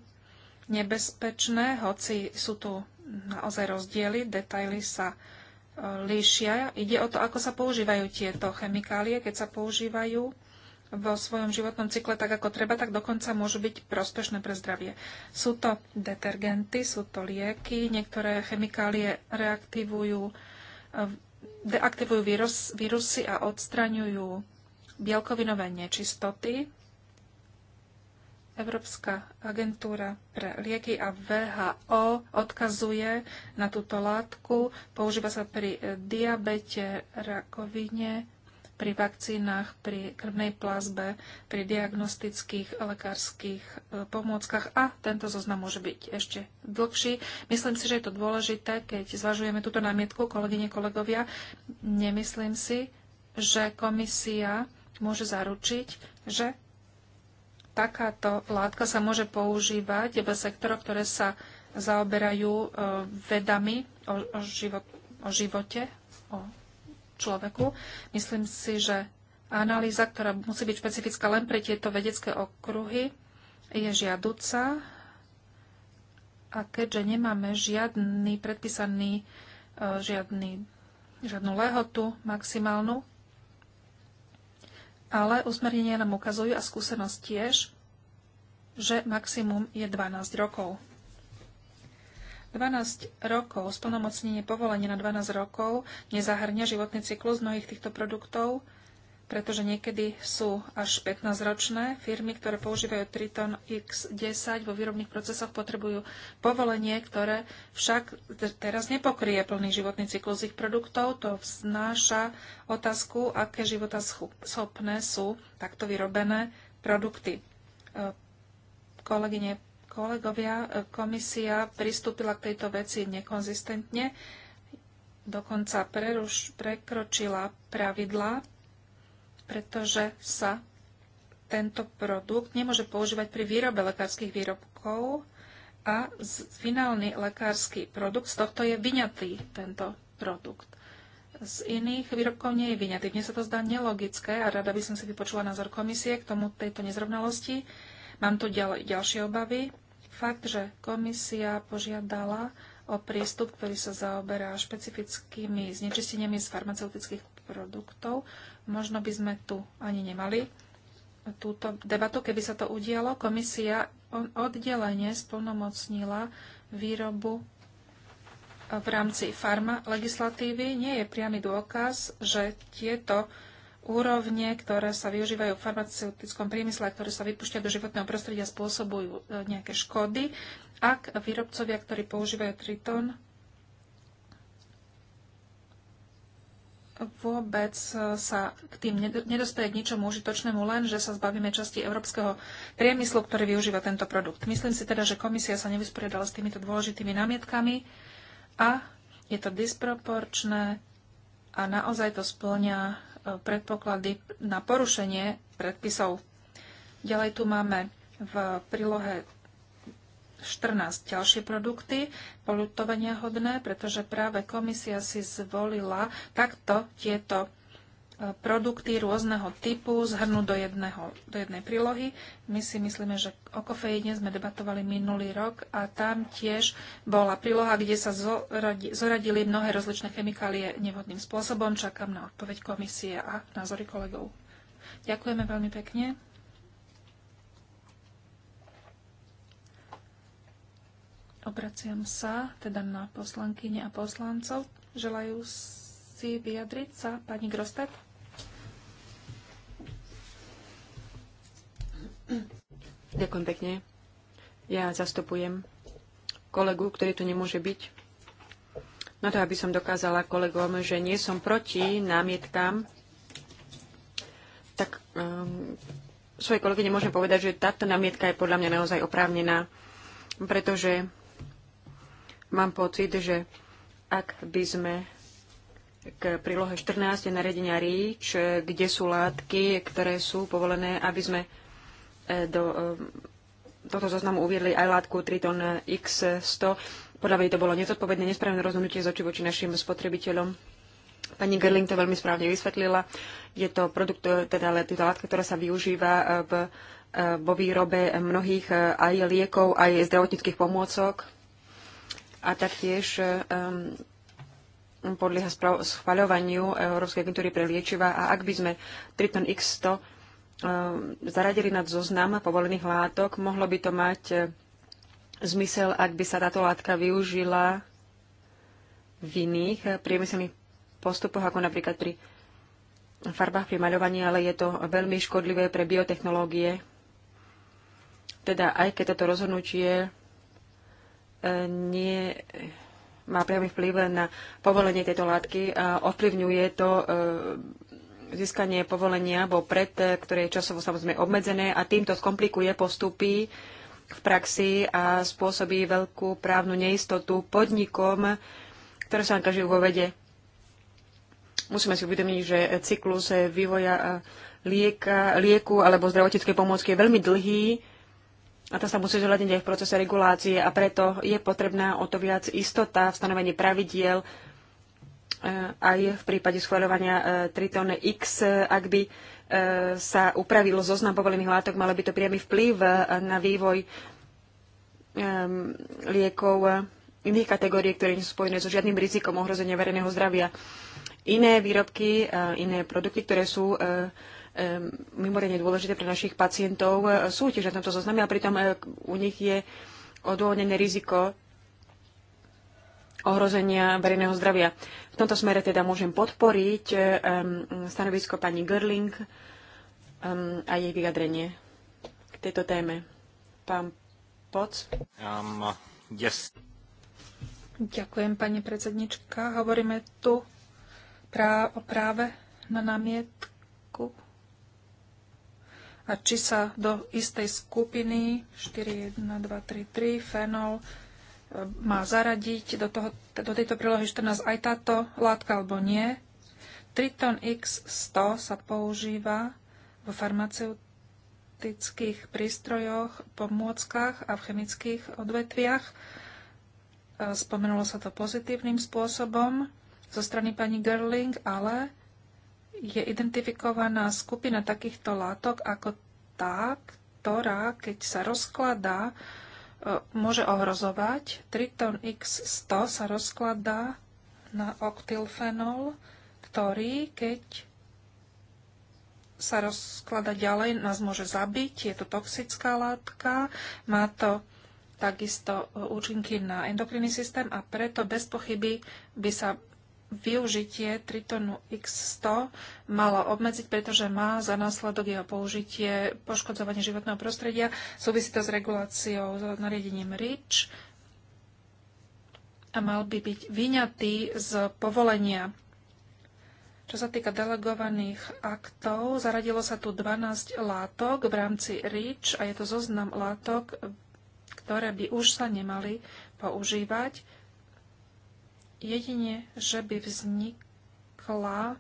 nebezpečné, hoci sú tu naozaj rozdiely, detaily sa e, líšia. Ide o to, ako sa používajú tieto chemikálie, keď sa používajú vo svojom životnom cykle tak, ako treba, tak dokonca môžu byť prospešné pre zdravie. Sú to detergenty, sú to lieky, niektoré chemikálie reaktivujú, e, deaktivujú vírus, vírusy a odstraňujú bielkovinové nečistoty, Európska agentúra pre lieky a VHO odkazuje na túto látku. Používa sa pri eh, diabete, rakovine, pri vakcínach, pri krvnej plazbe, pri diagnostických lekárskych eh, pomôckach a tento zoznam môže byť ešte dlhší. Myslím si, že je to dôležité, keď zvažujeme túto námietku, kolegyne, kolegovia. Nemyslím si, že komisia môže zaručiť, že takáto látka sa môže používať v sektoroch, ktoré sa zaoberajú e, vedami o, o, život, o živote, o človeku. Myslím si, že analýza, ktorá musí byť špecifická len pre tieto vedecké okruhy, je žiaduca. A keďže nemáme žiadny predpísaný, e, žiadny, žiadnu lehotu maximálnu, ale usmernenia nám ukazujú a skúsenosť tiež, že maximum je 12 rokov. 12 rokov, splnomocnenie povolenie na 12 rokov nezahrňa životný cyklus mnohých týchto produktov pretože niekedy sú až 15-ročné firmy, ktoré používajú Triton X10 vo výrobných procesoch, potrebujú povolenie, ktoré však teraz nepokrie plný životný cyklus ich produktov. To vznáša otázku, aké života schopné sú takto vyrobené produkty. E, kolegyne, kolegovia, e, komisia pristúpila k tejto veci nekonzistentne, dokonca preruš, prekročila pravidlá pretože sa tento produkt nemôže používať pri výrobe lekárskych výrobkov a finálny lekársky produkt, z tohto je vyňatý tento produkt. Z iných výrobkov nie je vyňatý. Mne sa to zdá nelogické a rada by som si vypočula názor komisie k tomu tejto nezrovnalosti. Mám tu ďalšie obavy. Fakt, že komisia požiadala o prístup, ktorý sa zaoberá špecifickými znečisteniami z farmaceutických produktov, Možno by sme tu ani nemali túto debatu, keby sa to udialo. Komisia oddelenie splnomocnila výrobu e, v rámci farma legislatívy. Nie je priamy dôkaz, že tieto úrovne, ktoré sa využívajú v farmaceutickom priemysle, ktoré sa vypúšťajú do životného prostredia, spôsobujú e, nejaké škody. Ak výrobcovia, ktorí používajú tritón, vôbec e, sa k tým nedostaje k ničomu užitočnému, len že sa zbavíme časti európskeho priemyslu, ktorý využíva tento produkt. Myslím si teda, že komisia sa nevysporiadala s týmito dôležitými námietkami a je to disproporčné a naozaj to splňa e, predpoklady na porušenie predpisov. Ďalej tu máme v prílohe 14 ďalšie produkty, polutovania hodné, pretože práve komisia si zvolila takto tieto e, produkty rôzneho typu zhrnúť do, jedného, do jednej prílohy. My si myslíme, že o kofeíne sme debatovali minulý rok a tam tiež bola príloha, kde sa zoradili mnohé rozličné chemikálie nevhodným spôsobom. Čakám na odpoveď komisie a názory kolegov. Ďakujeme veľmi pekne. Obraciam sa teda na poslankyne a poslancov. Želajú si vyjadriť sa pani Grostek. Ďakujem pekne. Ja zastupujem kolegu, ktorý tu nemôže byť. Na to, aby som dokázala kolegom, že nie som proti námietkám, tak um, svojej kolegyne môžem povedať, že táto námietka je podľa mňa naozaj oprávnená, pretože Mám pocit, že ak by sme k prílohe 14 nariadenia ríč, kde sú látky, ktoré sú povolené, aby sme e, do e, tohto zoznamu uviedli aj látku Triton X100. Podľa mňa to bolo nezodpovedné, nesprávne rozhodnutie z voči našim spotrebiteľom. Pani Gerling to veľmi správne vysvetlila. Je to produkt, e, teda tá látka, ktorá sa využíva v, vo výrobe mnohých aj liekov, aj zdravotníckých pomôcok a taktiež um, podlieha schvaľovaniu Európskej agentúry pre liečiva a ak by sme Triton X100 ehm, zaradili na zoznam povolených látok, mohlo by to mať e, zmysel, ak by sa táto látka využila v iných e, priemyselných postupoch, ako napríklad pri farbách pri maľovaní, ale je to veľmi škodlivé pre biotechnológie. Teda aj keď toto rozhodnutie E, nie má priamy vplyv na povolenie tejto látky a ovplyvňuje to e, získanie povolenia alebo pred, e, ktoré je časovo samozrejme obmedzené a týmto skomplikuje postupy v praxi a spôsobí veľkú právnu neistotu podnikom, ktoré sa angažujú vo vede. Musíme si uvedomiť, že cyklus vývoja lieka, lieku alebo zdravotníckej pomôcky je veľmi dlhý a to sa musí zohľadniť aj v procese regulácie a preto je potrebná o to viac istota v stanovení pravidiel eh, aj v prípade schváľovania eh, Triton X, eh, ak by sa upravilo zoznam povolených látok, malo by to priamy vplyv na vývoj liekov iných kategórií, ktoré nie sú spojené so žiadnym rizikom ohrozenia verejného zdravia. Iné výrobky, iné produkty, ktoré sú Ehm, mimoriadne dôležité pre našich pacientov, e, sú tiež na tomto zozname a pritom e, u nich je odôvodnené riziko ohrozenia verejného zdravia. V tomto smere teda môžem podporiť e, ehm, stanovisko pani Görling ehm, a jej vyjadrenie k tejto téme. Pán Poc? Um, yes. Ďakujem, pani predsednička. Hovoríme tu prá- o práve na námietku a či sa do istej skupiny 4, 1, 2, 3, 3 fenol e, má zaradiť do, toho, do tejto prílohy 14 aj táto látka alebo nie. Triton X100 sa používa vo farmaceutických prístrojoch, pomôckach a v chemických odvetviach. E, spomenulo sa to pozitívnym spôsobom zo strany pani Gerling, ale je identifikovaná skupina takýchto látok ako tá, ktorá, keď sa rozkladá, e, môže ohrozovať. Triton X100 sa rozkladá na oktylfenol, ktorý, keď sa rozklada ďalej, nás môže zabiť. Je to toxická látka, má to takisto e, účinky na endokrinný systém a preto bez pochyby by sa využitie Tritonu X100 malo obmedziť, pretože má za následok jeho použitie poškodzovanie životného prostredia. Súvisí to s reguláciou, s nariadením REACH a mal by byť vyňatý z povolenia. Čo sa týka delegovaných aktov, zaradilo sa tu 12 látok v rámci REACH a je to zoznam látok, ktoré by už sa nemali používať jedine, že by vznikla,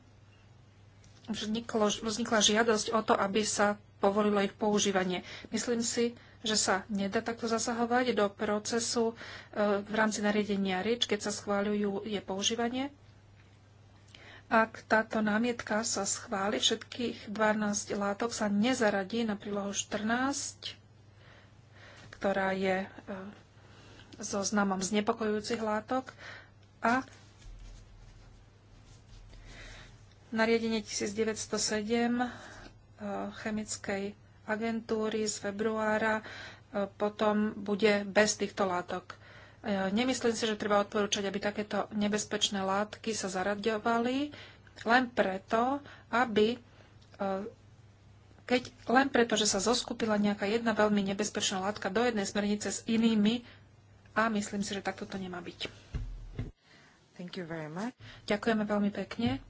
vzniklo, vznikla žiadosť o to, aby sa povolilo ich používanie. Myslím si, že sa nedá takto zasahovať do procesu e, v rámci nariadenia RIČ, keď sa schváľujú je používanie. Ak táto námietka sa schváli, všetkých 12 látok sa nezaradí na prílohu 14, ktorá je e, so zoznamom znepokojujúcich látok a nariadenie 1907 e, chemickej agentúry z februára e, potom bude bez týchto látok. E, nemyslím si, že treba odporúčať, aby takéto nebezpečné látky sa zaradiovali, len preto, aby keď len preto, že sa zoskupila nejaká jedna veľmi nebezpečná látka do jednej smernice s inými a myslím si, že takto to nemá byť. Thank you very much. Ďakujeme veľmi pekne.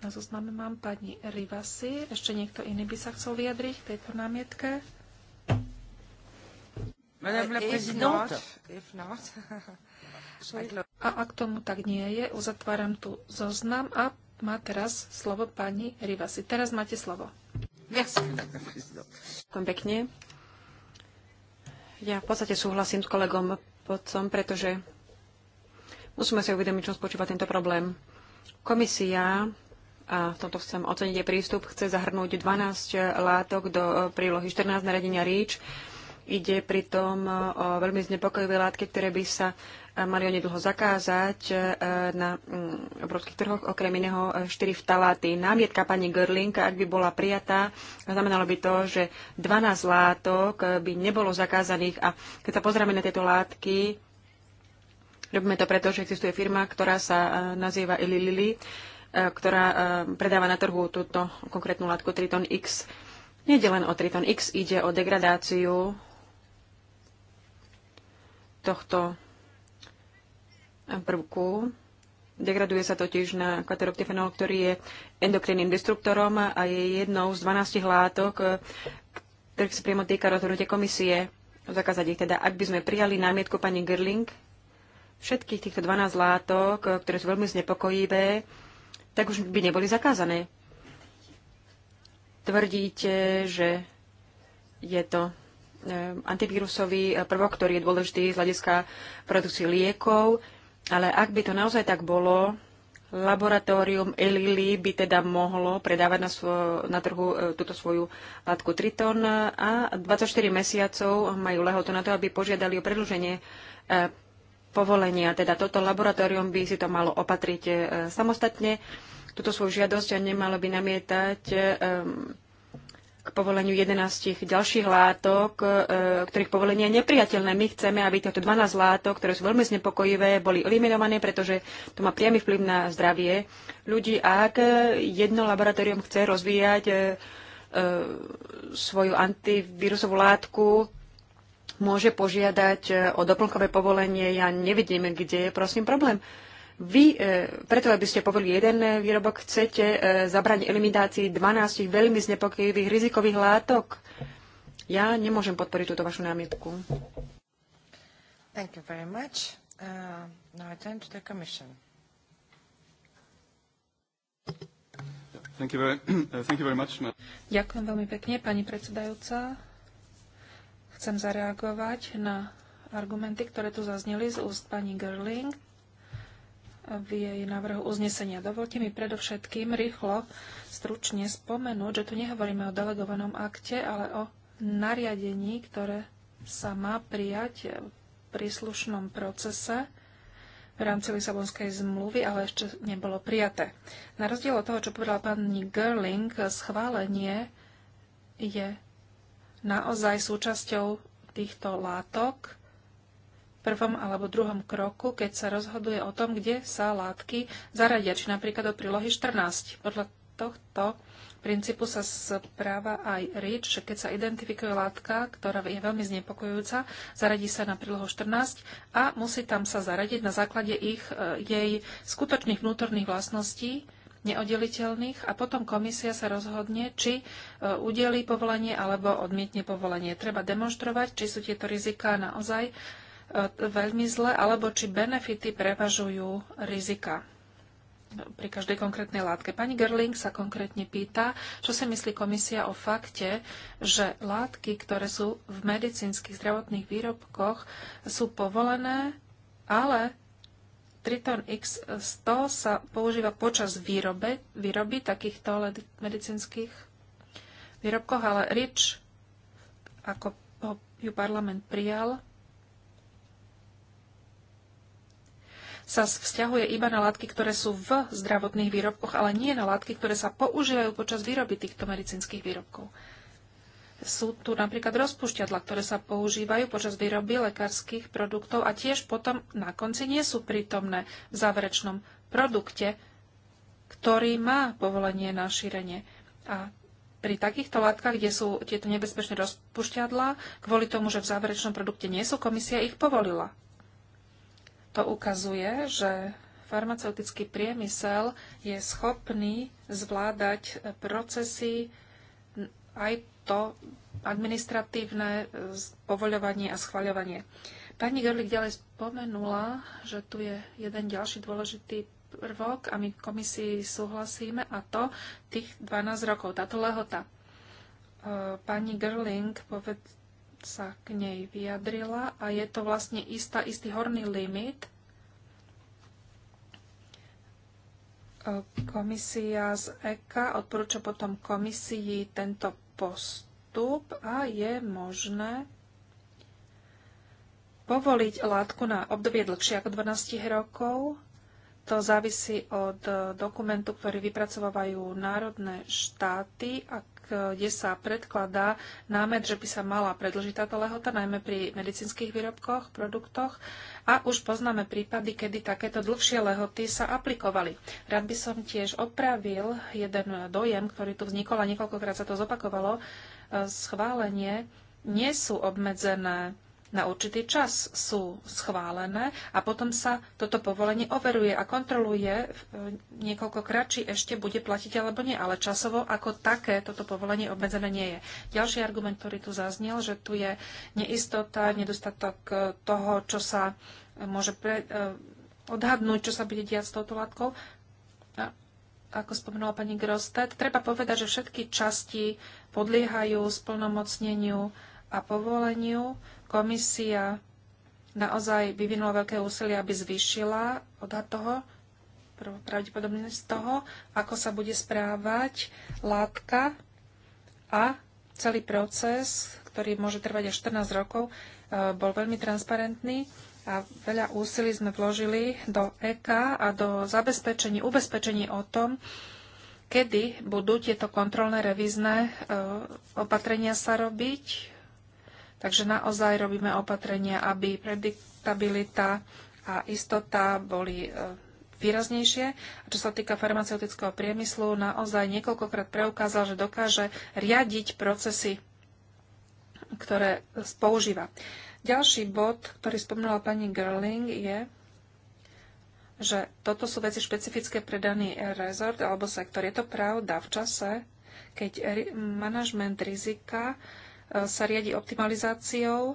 Na zozname mám pani Rivasi. Ešte niekto iný by sa chcel vyjadriť k tejto námietke? Eh, no- a ak tomu tak nie je, uzatváram tu zoznam a má teraz slovo pani Rivasi. Teraz máte slovo. Ďakujem pekne. Ja v podstate súhlasím s kolegom Podcom, pretože Musíme si uvedomiť, čo spočíva tento problém. Komisia, a v tomto chcem oceniť je prístup, chce zahrnúť 12 látok do e, prílohy 14 naredenia REACH. Ide pritom e, o veľmi znepokojivé látky, ktoré by sa e, mali onedlho zakázať na mm, obrovských trhoch, okrem iného 4 vtaláty. Námietka pani Görling, ak by bola prijatá, znamenalo by to, že 12 látok by nebolo zakázaných a keď sa pozrieme na tieto látky, Robíme to preto, že existuje firma, ktorá sa e, nazýva Ililili, e, ktorá e, predáva na trhu túto konkrétnu látku Triton X. Nede len o Triton X, ide o degradáciu tohto prvku. Degraduje sa totiž na kateroptifenol, ktorý je endokrinným destruktorom a je jednou z 12 látok, ktorých sa priamo týka rozhodnutie komisie zakázať ich. Teda, ak by sme prijali námietku pani Gerling, všetkých týchto 12 látok, e, ktoré sú veľmi znepokojivé, tak už by neboli zakázané. Tvrdíte, že je to e, antivírusový e, prvok, ktorý je dôležitý z hľadiska produkcie liekov, ale ak by to naozaj tak bolo, laboratórium Elili by teda mohlo predávať na, svo, na trhu túto svoju látku Triton a 24 mesiacov majú lehotu na to, aby požiadali o predlženie povolenia. Teda toto laboratórium by si to malo opatriť e, samostatne, túto svoju žiadosť a nemalo by namietať e, k povoleniu 11 ďalších látok, e, ktorých povolenie je nepriateľné. My chceme, aby týchto 12 látok, ktoré sú veľmi znepokojivé, boli eliminované, pretože to má priamy vplyv na zdravie ľudí. A ak jedno laboratórium chce rozvíjať svoju antivírusovú látku, môže požiadať e, o doplnkové povolenie. Ja nevidím, kde je prosím problém. Vy, e, preto aby ste povolili jeden e, výrobok, chcete zabrať eliminácii 12 veľmi znepokojivých rizikových látok. Ja nemôžem podporiť túto vašu námietku. Thank you very much. Uh, now I turn to the Commission. Thank you very, uh, thank you very much. Ďakujem veľmi pekne, pani predsedajúca. Chcem zareagovať na argumenty, ktoré tu zazneli z úst pani Gerling v jej návrhu uznesenia. Dovolte mi predovšetkým rýchlo, stručne spomenúť, že tu nehovoríme o delegovanom akte, ale o nariadení, ktoré sa má prijať v príslušnom procese v rámci Lisabonskej zmluvy, ale ešte nebolo prijaté. Na rozdiel od toho, čo povedala pani Gerling, schválenie je naozaj súčasťou týchto látok v prvom alebo druhom kroku, keď sa rozhoduje o tom, kde sa látky zaradia, či napríklad do prílohy 14. Podľa tohto princípu sa správa aj REACH, že keď sa identifikuje látka, ktorá je veľmi znepokojujúca, zaradí sa na prílohu 14 a musí tam sa zaradiť na základe ich, e, jej skutočných vnútorných vlastností, neoddeliteľných a potom komisia sa rozhodne, či e, udelí povolenie alebo odmietne povolenie. Treba demonstrovať, či sú tieto riziká naozaj e, veľmi zlé, alebo či benefity prevažujú rizika pri každej konkrétnej látke. Pani Gerling sa konkrétne pýta, čo si myslí komisia o fakte, že látky, ktoré sú v medicínskych zdravotných výrobkoch, sú povolené, ale Triton X100 sa používa počas výrobe, výroby takýchto medicínskych výrobkoch, ale RIČ, ako ho, ju parlament prijal, sa vzťahuje iba na látky, ktoré sú v zdravotných výrobkoch, ale nie na látky, ktoré sa používajú počas výroby týchto medicínskych výrobkov. Sú tu napríklad rozpušťadla, ktoré sa používajú počas výroby lekárskych produktov a tiež potom na konci nie sú prítomné v záverečnom produkte, ktorý má povolenie na šírenie. A pri takýchto látkach, kde sú tieto nebezpečné rozpušťadlá, kvôli tomu, že v záverečnom produkte nie sú, komisia ich povolila. To ukazuje, že farmaceutický priemysel je schopný zvládať procesy aj to administratívne e, povoľovanie a schvaľovanie. Pani Görlik ďalej spomenula, že tu je jeden ďalší dôležitý prvok a my v komisii súhlasíme a to tých 12 rokov, táto lehota. E, pani Görling poved, sa k nej vyjadrila a je to vlastne istá, istý horný limit, e, komisia z EKA odporúča potom komisii tento postup a je možné povoliť látku na obdobie dlhšie ako 12 rokov. To závisí od dokumentu, ktorý vypracovávajú národné štáty ak kde sa predkladá námet, že by sa mala predlžiť táto lehota, najmä pri medicínskych výrobkoch, produktoch. A už poznáme prípady, kedy takéto dlhšie lehoty sa aplikovali. Rád by som tiež opravil jeden dojem, ktorý tu vznikol a niekoľkokrát sa to zopakovalo. Schválenie nie sú obmedzené na určitý čas sú schválené a potom sa toto povolenie overuje a kontroluje e, niekoľkokrát, či ešte bude platiť alebo nie. Ale časovo ako také toto povolenie obmedzené nie je. Ďalší argument, ktorý tu zaznel, že tu je neistota, nedostatok e, toho, čo sa e, môže pre, odhadnúť, čo sa bude diať s touto látkou. A ako spomenula pani Grosted, treba povedať, že všetky časti podliehajú splnomocneniu a povoleniu Komisia naozaj vyvinula veľké úsilie, aby zvýšila odhad toho, pravdepodobne z toho, ako sa bude správať látka a celý proces, ktorý môže trvať až 14 rokov, e, bol veľmi transparentný a veľa úsilí sme vložili do EK a do zabezpečení, ubezpečení o tom, kedy budú tieto kontrolné revízne e, opatrenia sa robiť, Takže naozaj robíme opatrenia, aby prediktabilita a istota boli e, výraznejšie. A čo sa týka farmaceutického priemyslu, naozaj niekoľkokrát preukázal, že dokáže riadiť procesy, ktoré používa. Ďalší bod, ktorý spomínala pani Gerling, je, že toto sú veci špecifické pre daný rezort alebo sektor. Je to pravda v čase, keď manažment rizika E, sa riadi optimalizáciou. E,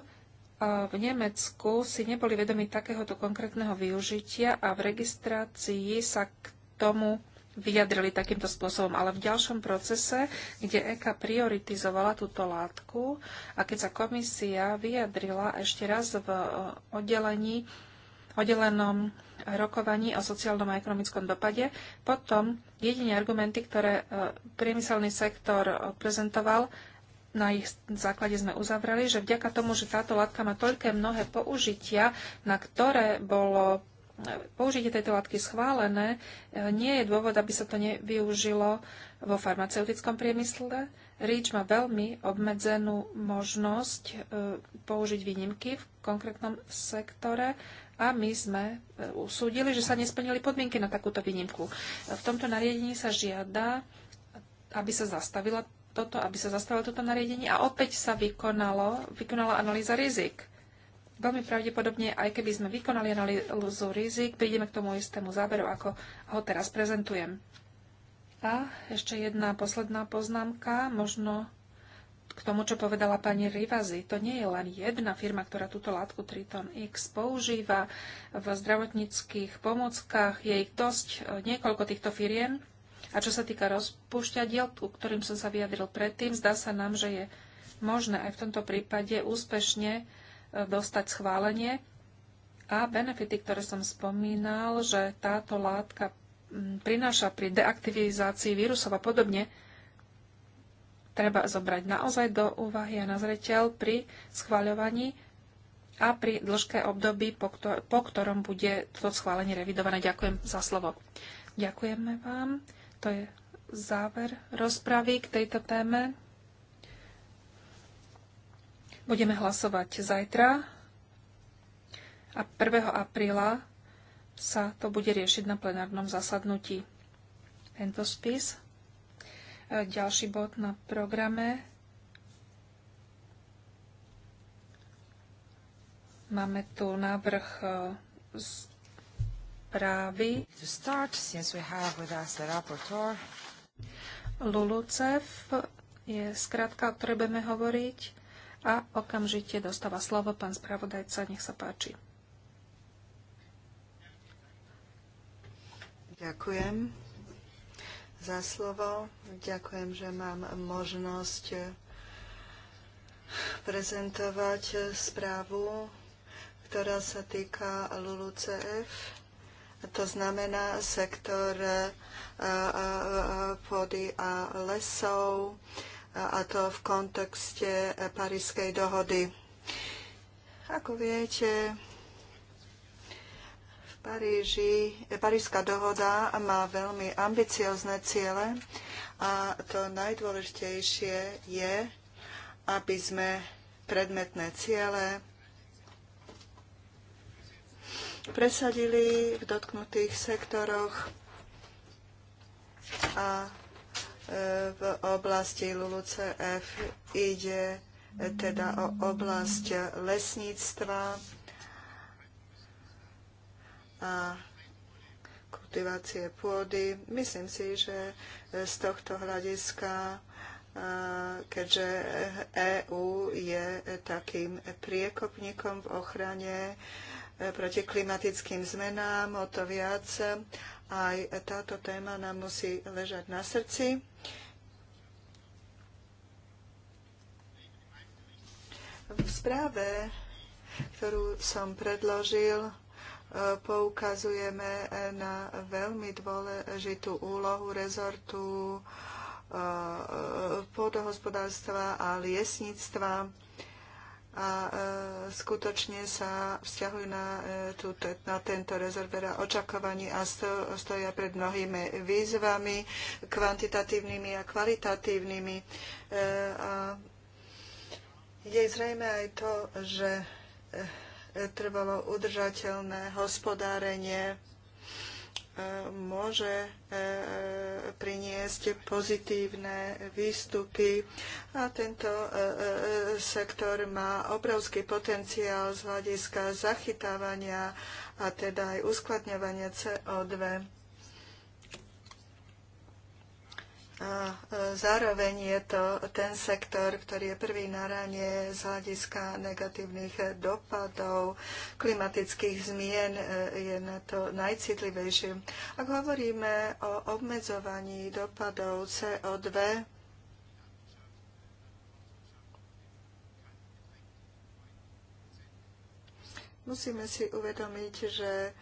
v Nemecku si neboli vedomi takéhoto konkrétneho využitia a v registrácii sa k tomu vyjadrili takýmto spôsobom. Ale v ďalšom procese, kde EKA prioritizovala túto látku a keď sa komisia vyjadrila ešte raz v e, oddelení, oddelenom rokovaní o sociálnom a ekonomickom dopade. Potom jediné argumenty, ktoré priemyselný sektor prezentoval, na ich základe sme uzavrali, že vďaka tomu, že táto látka má toľké mnohé použitia, na ktoré bolo použitie tejto látky schválené, eh, nie je dôvod, aby sa to nevyužilo vo farmaceutickom priemysle. REACH má veľmi obmedzenú možnosť eh, použiť výnimky v konkrétnom sektore a my sme eh, usúdili, že sa nesplnili podmienky na takúto výnimku. V tomto nariadení sa žiada, aby sa zastavila toto, aby sa zastavilo toto nariadenie a opäť sa vykonalo, vykonala analýza rizik. Veľmi pravdepodobne, aj keby sme vykonali analýzu rizik, prídeme k tomu istému záberu, ako ho teraz prezentujem. A ešte jedna posledná poznámka, možno k tomu, čo povedala pani Rivazi. To nie je len jedna firma, ktorá túto látku Triton X používa v zdravotníckých pomockách. Je ich dosť, e, niekoľko týchto firiem, a čo sa týka rozpúšťadiel, ku ktorým som sa vyjadril predtým, zdá sa nám, že je možné aj v tomto prípade úspešne e, dostať schválenie a benefity, ktoré som spomínal, že táto látka prináša pri deaktivizácii vírusov a podobne, treba zobrať naozaj do úvahy a na pri schváľovaní a pri dĺžke období, po, ktor- po ktorom bude toto schválenie revidované. Ďakujem za slovo. Ďakujeme vám. To je záver rozpravy k tejto téme. Budeme hlasovať zajtra a 1. apríla sa to bude riešiť na plenárnom zasadnutí. Tento spis. E, ďalší bod na programe. Máme tu návrh e, z správy. Start, LULUCEF je skratka, o ktorej budeme hovoriť a okamžite dostáva slovo pán spravodajca, nech sa páči. Ďakujem za slovo. Ďakujem, že mám možnosť prezentovať správu, ktorá sa týka CF. To znamená sektor e, e, e, pôdy a lesov, a to v kontexte Parískej dohody. Ako viete, v Paríži, Paríska dohoda má veľmi ambiciozne ciele a to najdôležitejšie je, aby sme predmetné ciele presadili v dotknutých sektoroch a e, v oblasti LULUCF ide e, teda o oblasť lesníctva a kultivácie pôdy. Myslím si, že e, z tohto hľadiska, keďže EÚ je takým priekopníkom v ochrane E, proti klimatickým zmenám, o to viac aj táto téma nám musí ležať na srdci. V správe, ktorú som predložil, e, poukazujeme na veľmi dôležitú úlohu rezortu e, podohospodárstva a liesníctva a e, skutočne sa vzťahujú na, e, tú, na tento rezort veľa očakovaní a stoja pred mnohými výzvami, kvantitatívnymi a kvalitatívnymi. E, a je zrejme aj to, že trvalo udržateľné hospodárenie môže e, priniesť pozitívne výstupy a tento e, e, sektor má obrovský potenciál z hľadiska zachytávania a teda aj uskladňovania CO2. A e, zároveň je to ten sektor, ktorý je prvý na rane z hľadiska negatívnych dopadov, klimatických zmien e, je na to najcitlivejšie. Ak hovoríme o obmedzovaní dopadov CO2, musíme si uvedomiť, že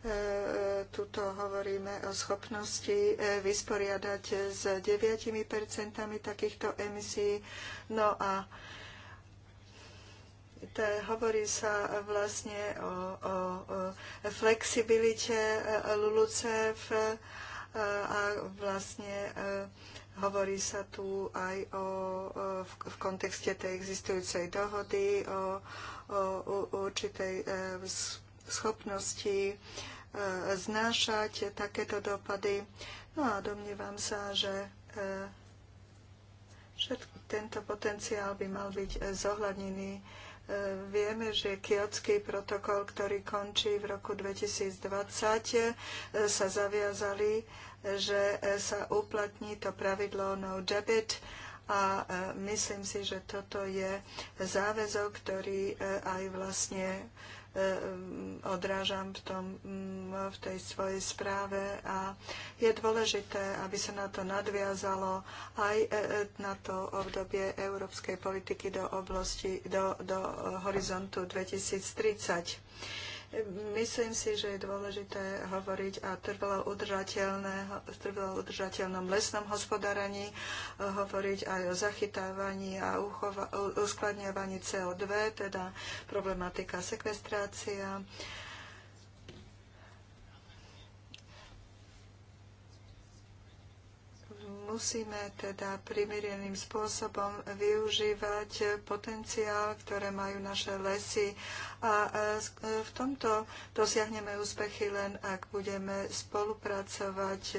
E, e, tuto hovoríme o schopnosti e, vysporiadať s 9% takýchto emisí. No a to, hovorí sa vlastne o, o, o flexibilite LULUCEF a vlastne hovorí sa tu aj o, v, v kontexte tej existujúcej dohody o, o, o určitej schopnosti E, znášať takéto dopady. No a domnievam sa, že e, všetko, tento potenciál by mal byť zohľadnený. E, vieme, že kiotský protokol, ktorý končí v roku 2020, sa zaviazali, že sa uplatní to pravidlo no debit a myslím si, že toto je záväzok, ktorý aj vlastne Eh, odrážam v, tom, mm, v tej svojej správe a je dôležité, aby sa na to nadviazalo aj eh, eh, na to obdobie európskej politiky do oblasti, do, do horizontu 2030 Myslím si, že je dôležité hovoriť o trvalo, trvalo udržateľnom lesnom hospodárení, hovoriť aj o zachytávaní a uskladňovaní CO2, teda problematika sekvestrácia musíme teda primereným spôsobom využívať potenciál, ktoré majú naše lesy a e, e, v tomto dosiahneme úspechy len, ak budeme spolupracovať e,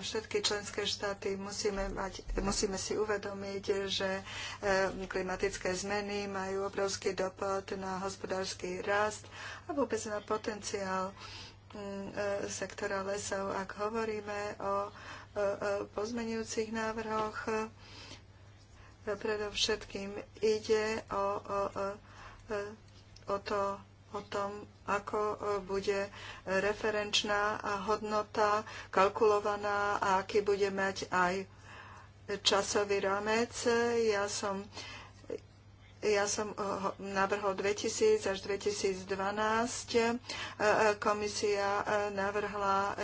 všetky členské štáty musíme, mať, musíme si uvedomiť, že klimatické zmeny majú obrovský dopad na hospodársky rast a vôbec na potenciál mm, sektora lesov, ak hovoríme o pozmenujúcich návrhoch. Predovšetkým ide o, o, o, to, o tom, ako bude referenčná hodnota kalkulovaná a aký bude mať aj časový rámec. Ja som uh, ja som eh, navrhol 2000 až 2012. Eh, eh, komisia navrhla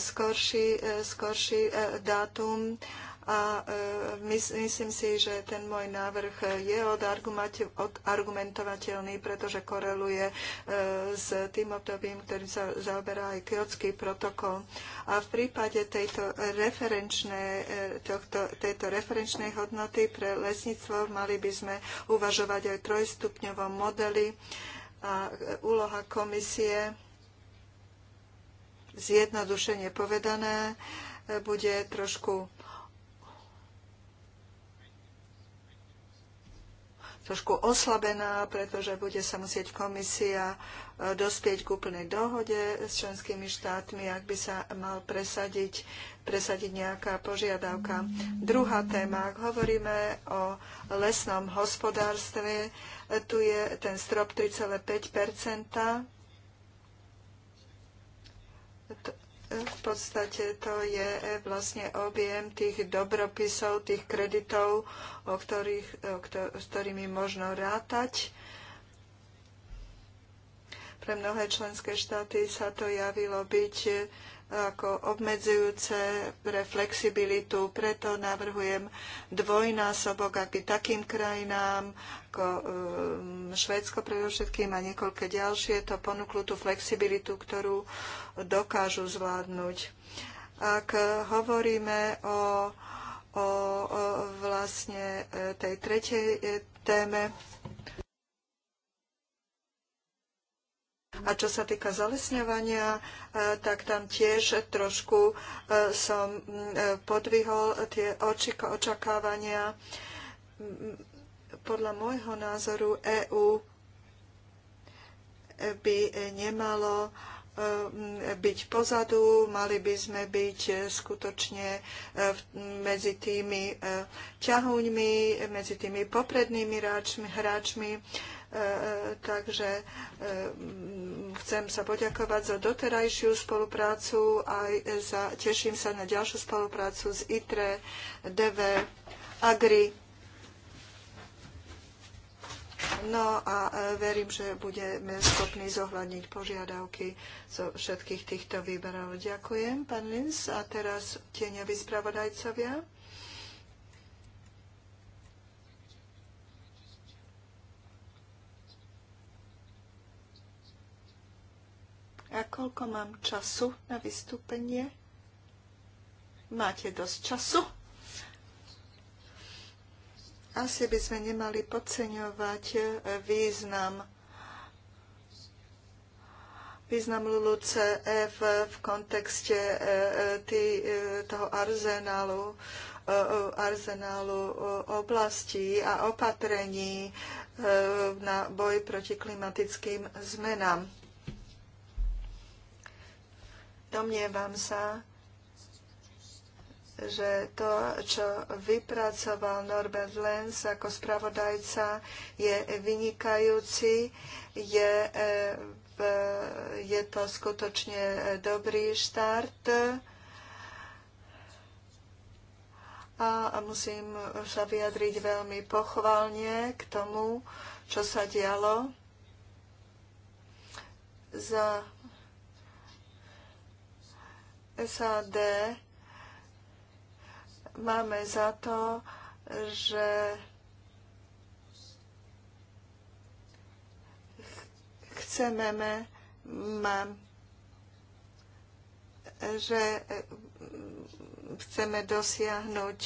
skorší, skorší dátum a e, myslím si, že ten môj návrh je odargumentovateľný, pretože koreluje e, s tým obdobím, ktorým sa zaoberá aj Kyotský protokol. A v prípade tejto referenčnej, tohto, tejto referenčnej hodnoty pre lesníctvo mali by sme uvažovať aj o trojstupňovom modeli a úloha komisie zjednodušene povedané e, bude trošku trošku oslabená, pretože bude sa musieť komisia e, dospieť k úplnej dohode s členskými štátmi, ak by sa mal presadiť, presadiť nejaká požiadavka. Druhá téma, ak hovoríme o lesnom hospodárstve, e, tu je ten strop 3,5 v podstate to je vlastne objem tých dobropisov, tých kreditov, o ktorých, o ktor- s ktorými možno rátať. Pre mnohé členské štáty sa to javilo byť ako obmedzujúce pre flexibilitu. Preto navrhujem dvojnásobok aby takým krajinám ako um, Švédsko predovšetkým a niekoľké ďalšie to ponúklu tú flexibilitu, ktorú dokážu zvládnuť. Ak hovoríme o, o, o vlastne e, tej tretej e, téme, A čo sa týka zalesňovania, e, tak tam tiež trošku e, som mm, e, podvihol tie očakávania. Podľa môjho názoru EÚ by nemalo mm, byť pozadu, mali by sme byť skutočne medzi tými ťahuňmi, medzi tými poprednými hráčmi, hráčmi takže mm, chcem sa poďakovať za doterajšiu spoluprácu a za, teším sa na ďalšiu spoluprácu s ITRE, DV, Agri. No a e, verím, že budeme schopní zohľadniť požiadavky zo všetkých týchto výberov. Ďakujem, pán Lins. A teraz tieňoví spravodajcovia. A koľko mám času na vystúpenie? Máte dosť času? Asi by sme nemali podceňovať e, význam význam LULUCF v kontekste e, e, toho arzenálu, arzenálu oblastí a opatrení na boj proti klimatickým zmenám. Domnievam sa, že to, čo vypracoval Norbert Lenz ako spravodajca, je vynikajúci, je, e, je to skutočne dobrý štart. A musím sa vyjadriť veľmi pochválne k tomu, čo sa dialo za SAD máme za to, že chceme, mám, že e, chceme dosiahnuť,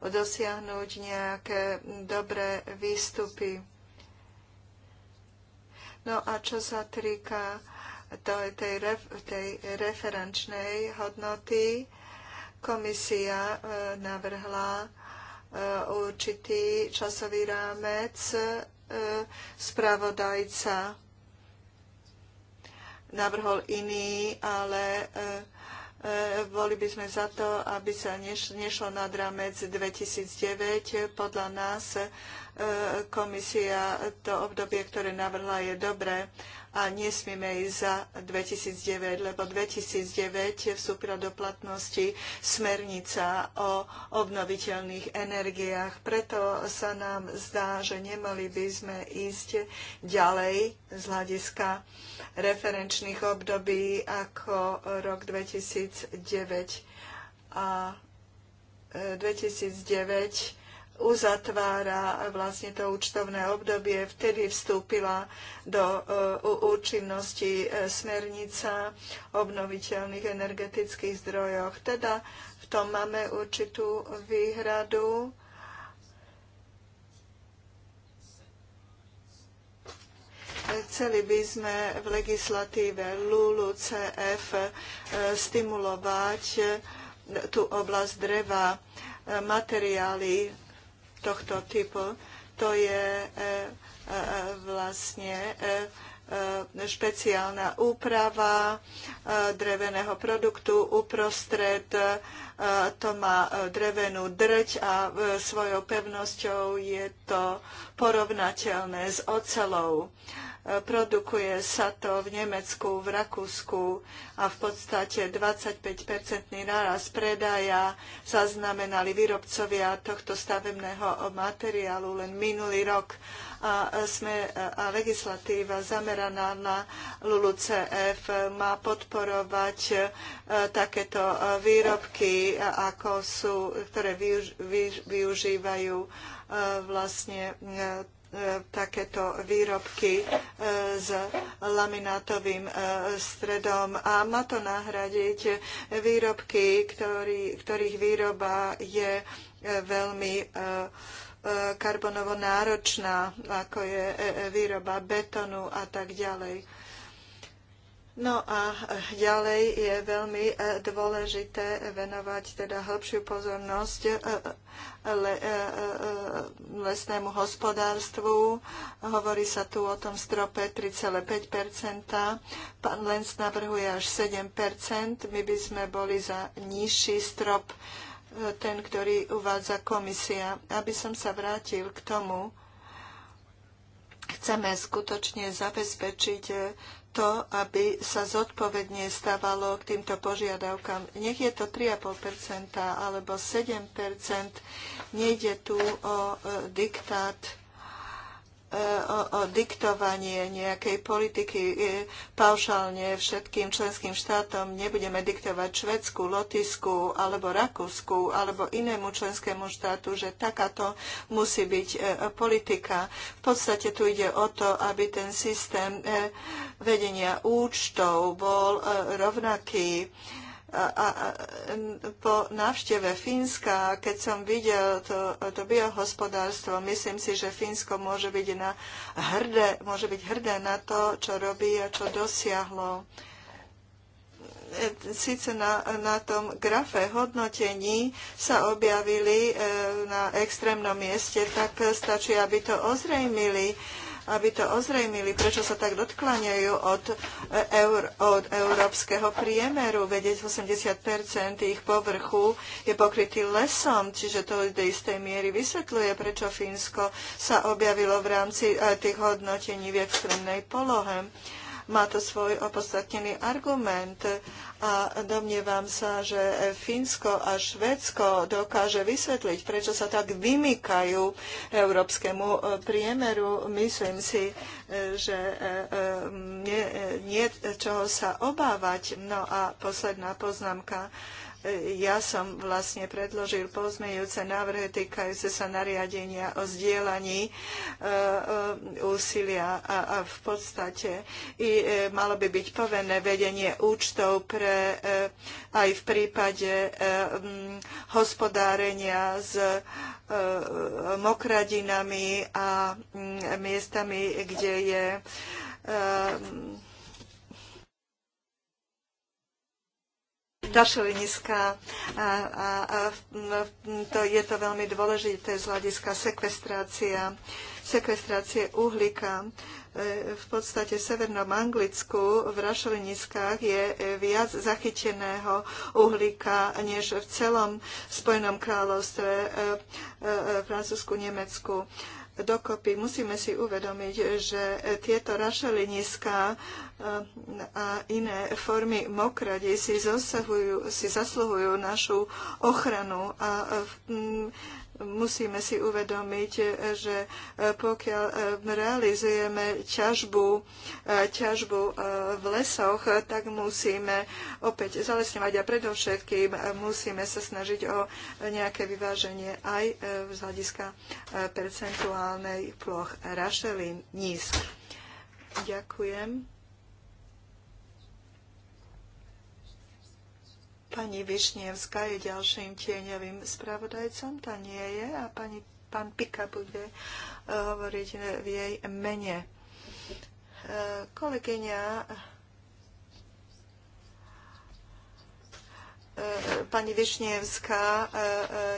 dosiahnuť nejaké dobré výstupy. No a čo sa týka tej, tej referenčnej hodnoty komisia e, navrhla e, určitý časový rámec e, spravodajca navrhol iný, ale boli by sme za to, aby sa nešlo nad rámec 2009. Podľa nás komisia to obdobie, ktoré navrhla, je dobré a nesmieme ísť za 2009, lebo 2009 vstúpila do platnosti smernica o obnoviteľných energiách. Preto sa nám zdá, že nemali by sme ísť ďalej z hľadiska referenčných období ako rok 2009 a 2009 uzatvára vlastne to účtovné obdobie. Vtedy vstúpila do e, účinnosti e, smernica obnoviteľných energetických zdrojoch. Teda v tom máme určitú výhradu. Chceli by sme v legislatíve LULU CF e, stimulovať tú oblasť dreva materiály tohto typu. To je e, e, vlastne e, špeciálna úprava dreveného produktu uprostred. To má drevenú drť a svojou pevnosťou je to porovnateľné s ocelou. Produkuje sa to v Nemecku, v Rakúsku a v podstate 25-percentný náraz predaja zaznamenali výrobcovia tohto stavebného materiálu len minulý rok a, sme, a legislatíva zameraná na LULUCF má podporovať e, takéto výrobky, ako sú, ktoré využívajú e, vlastne e, E, takéto výrobky e, s laminátovým e, stredom a má to nahradiť výrobky, ktorý, ktorých výroba je veľmi karbonovo náročná, ako je výroba betonu a tak ďalej. No a ďalej je veľmi e, dôležité venovať teda hĺbšiu pozornosť e, e, lesnému hospodárstvu. Hovorí sa tu o tom strope 3,5 Pán Lenz navrhuje až 7 My by sme boli za nižší strop, ten, ktorý uvádza komisia. Aby som sa vrátil k tomu, chceme skutočne zabezpečiť to, aby sa zodpovedne stávalo k týmto požiadavkám. Nech je to 3,5% alebo 7%, nejde tu o e, diktát o, o diktovanie nejakej politiky e, paušálne všetkým členským štátom. Nebudeme diktovať Švedsku, Lotisku alebo Rakúsku alebo inému členskému štátu, že takáto musí byť e, politika. V podstate tu ide o to, aby ten systém e, vedenia účtov bol rovnaký a, a, a, po návšteve Fínska, keď som videl to, to biohospodárstvo, myslím si, že Fínsko môže byť, na hrdé, môže byť hrdé na to, čo robí a čo dosiahlo. E, Sice na, na tom grafe hodnotení sa objavili e, na extrémnom mieste, tak stačí, aby to ozrejmili aby to ozrejmili, prečo sa tak dotkláňajú od, eur, od európskeho priemeru. Vedeť 80 ich povrchu je pokrytý lesom, čiže to do istej miery vysvetľuje, prečo Fínsko sa objavilo v rámci e, tých hodnotení v extrémnej polohe. Má to svoj opodstatnený argument a domnievam sa, že Fínsko a Švedsko dokáže vysvetliť, prečo sa tak vymykajú európskemu e, priemeru. Myslím si, e, že e, nie, nie čoho sa obávať. No a posledná poznámka ja som vlastne predložil pozmejúce návrhy týkajúce sa nariadenia o zdieľaní e, e, úsilia a v podstate i e, malo by byť povenné vedenie účtov pre aj v prípade hospodárenia s mokradinami a miestami, kde je liniska, A, a, a to, je to veľmi dôležité z hľadiska sekvestrácia, sekvestrácie uhlíka e, v podstate v severnom Anglicku v rašeliniskách je viac zachyteného uhlíka než v celom Spojenom kráľovstve, e, e, Francúzsku, Nemecku dokopy. Musíme si uvedomiť, že tieto rašeliniská e, a iné formy mokradí si, si zasluhujú našu ochranu a musíme si uvedomiť, že e, pokiaľ e, realizujeme ťažbu, e, ťažbu v lesoch, tak musíme opäť zalesňovať a predovšetkým musíme sa snažiť o nejaké vyváženie aj z hľadiska percentuálnej ploch rašelín nízk. Ďakujem. Pani Višnievská je ďalším tieňovým spravodajcom, tá nie je, a pani, pán Pika bude eh, hovoriť v jej mene. Eh, kolegyňa eh, pani Višnievská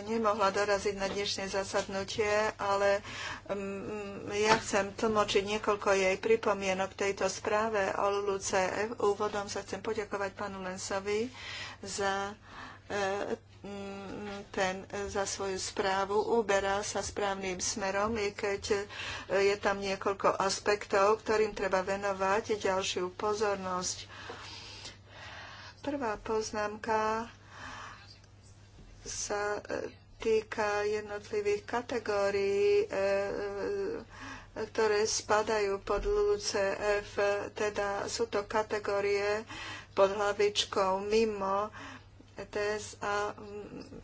nemohla doraziť na dnešné zasadnutie, ale mm, ja chcem tlmočiť niekoľko jej pripomienok tejto správe o Luce. Úvodom sa chcem poďakovať panu Lensovi za e, ten za svoju správu uberá sa správnym smerom, i keď e, je tam niekoľko aspektov, ktorým treba venovať ďalšiu pozornosť. Prvá poznámka sa e, týka jednotlivých kategórií, ktoré spadajú pod LUCF, teda sú to kategórie, pod hlavičkou mimo e TS a mm,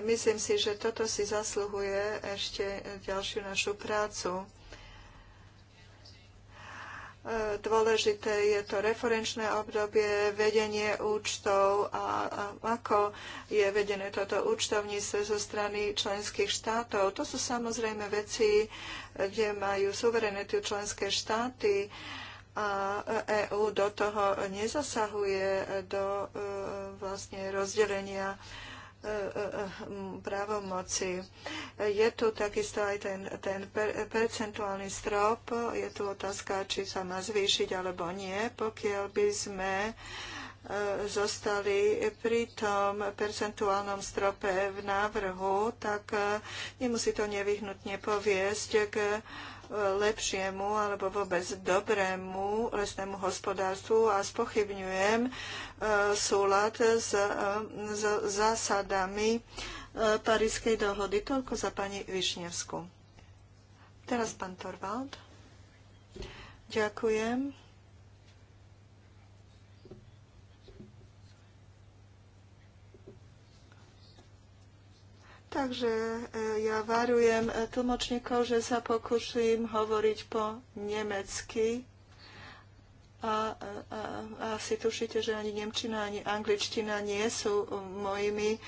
myslím si, že toto si zasluhuje ešte ďalšiu našu prácu. E, dôležité je to referenčné obdobie, vedenie účtov a, a ako je vedené toto účtovníctvo zo strany členských štátov. To sú samozrejme veci, kde majú suverenitu členské štáty. E, a EÚ do toho nezasahuje do e, vlastne rozdelenia e, e, právomoci. Je tu takisto aj ten, ten percentuálny strop. Je tu otázka, či sa má zvýšiť alebo nie. Pokiaľ by sme zostali pri tom percentuálnom strope v návrhu, tak nemusí to nevyhnutne poviesť k lepšiemu alebo vôbec dobrému lesnému hospodárstvu a spochybňujem e, súlad s, e, s zásadami e, Parískej dohody. Toľko za pani Višnevsku. Teraz pán Torvald. Ďakujem. Takže e, ja varujem tlmočníkov, že sa pokúsim hovoriť po nemecky. A, a, a asi tušíte, že ani nemčina, ani angličtina nie sú mojimi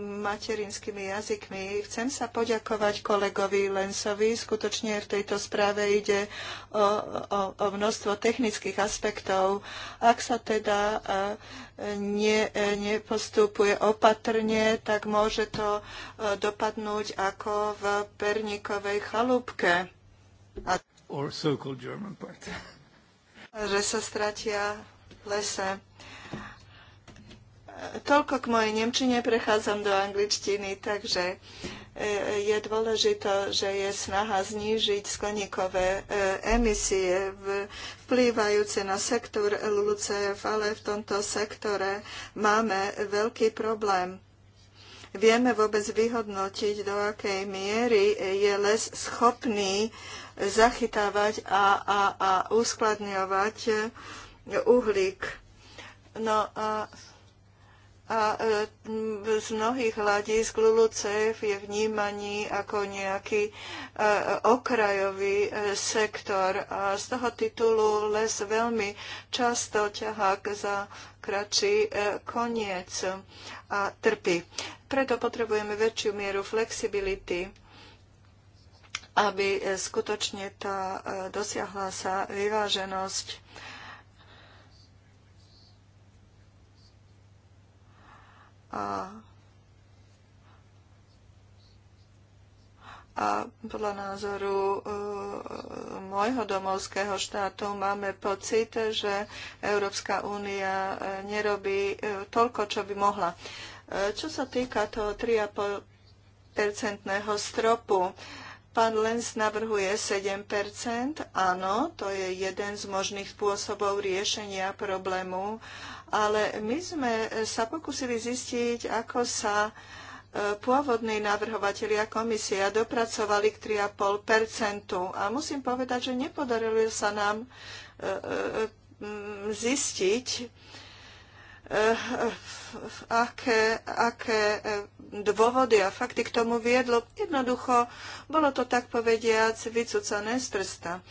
materinskými jazykmi. Chcem sa poďakovať kolegovi Lensovi. Skutočne v tejto správe ide o, o, o množstvo technických aspektov. Ak sa teda e, ne, e, nepostupuje opatrne, tak môže to e, dopadnúť ako v perníkovej chalúbke. A Or so-called German part. že sa stratia lese toľko k mojej nemčine, prechádzam do angličtiny, takže e, je dôležité, že je snaha znížiť skleníkové e, emisie vplývajúce na sektor LULUCF, ale v tomto sektore máme veľký problém. Vieme vôbec vyhodnotiť, do akej miery je les schopný zachytávať a, a, a uskladňovať uhlík. No a a e, z mnohých hľadisk LULUCF je vnímaný ako nejaký e, okrajový e, sektor a z toho titulu les veľmi často ťahá za kratší koniec a trpí. Preto potrebujeme väčšiu mieru flexibility aby skutočne tá dosiahla sa vyváženosť a, a podľa názoru e, môjho domovského štátu máme pocit, že Európska únia e, nerobí e, toľko, čo by mohla. Čo sa týka toho 3,5-percentného stropu, Pán Lenz navrhuje 7 Áno, to je jeden z možných spôsobov riešenia problému, ale my sme sa pokúsili zistiť, ako sa e, pôvodní navrhovatelia komisia dopracovali k 3,5 A musím povedať, že nepodarilo sa nám e, e, zistiť, aké, aké dôvody a fakty k tomu viedlo. Jednoducho, bolo to tak povediac vycúcané z prsta.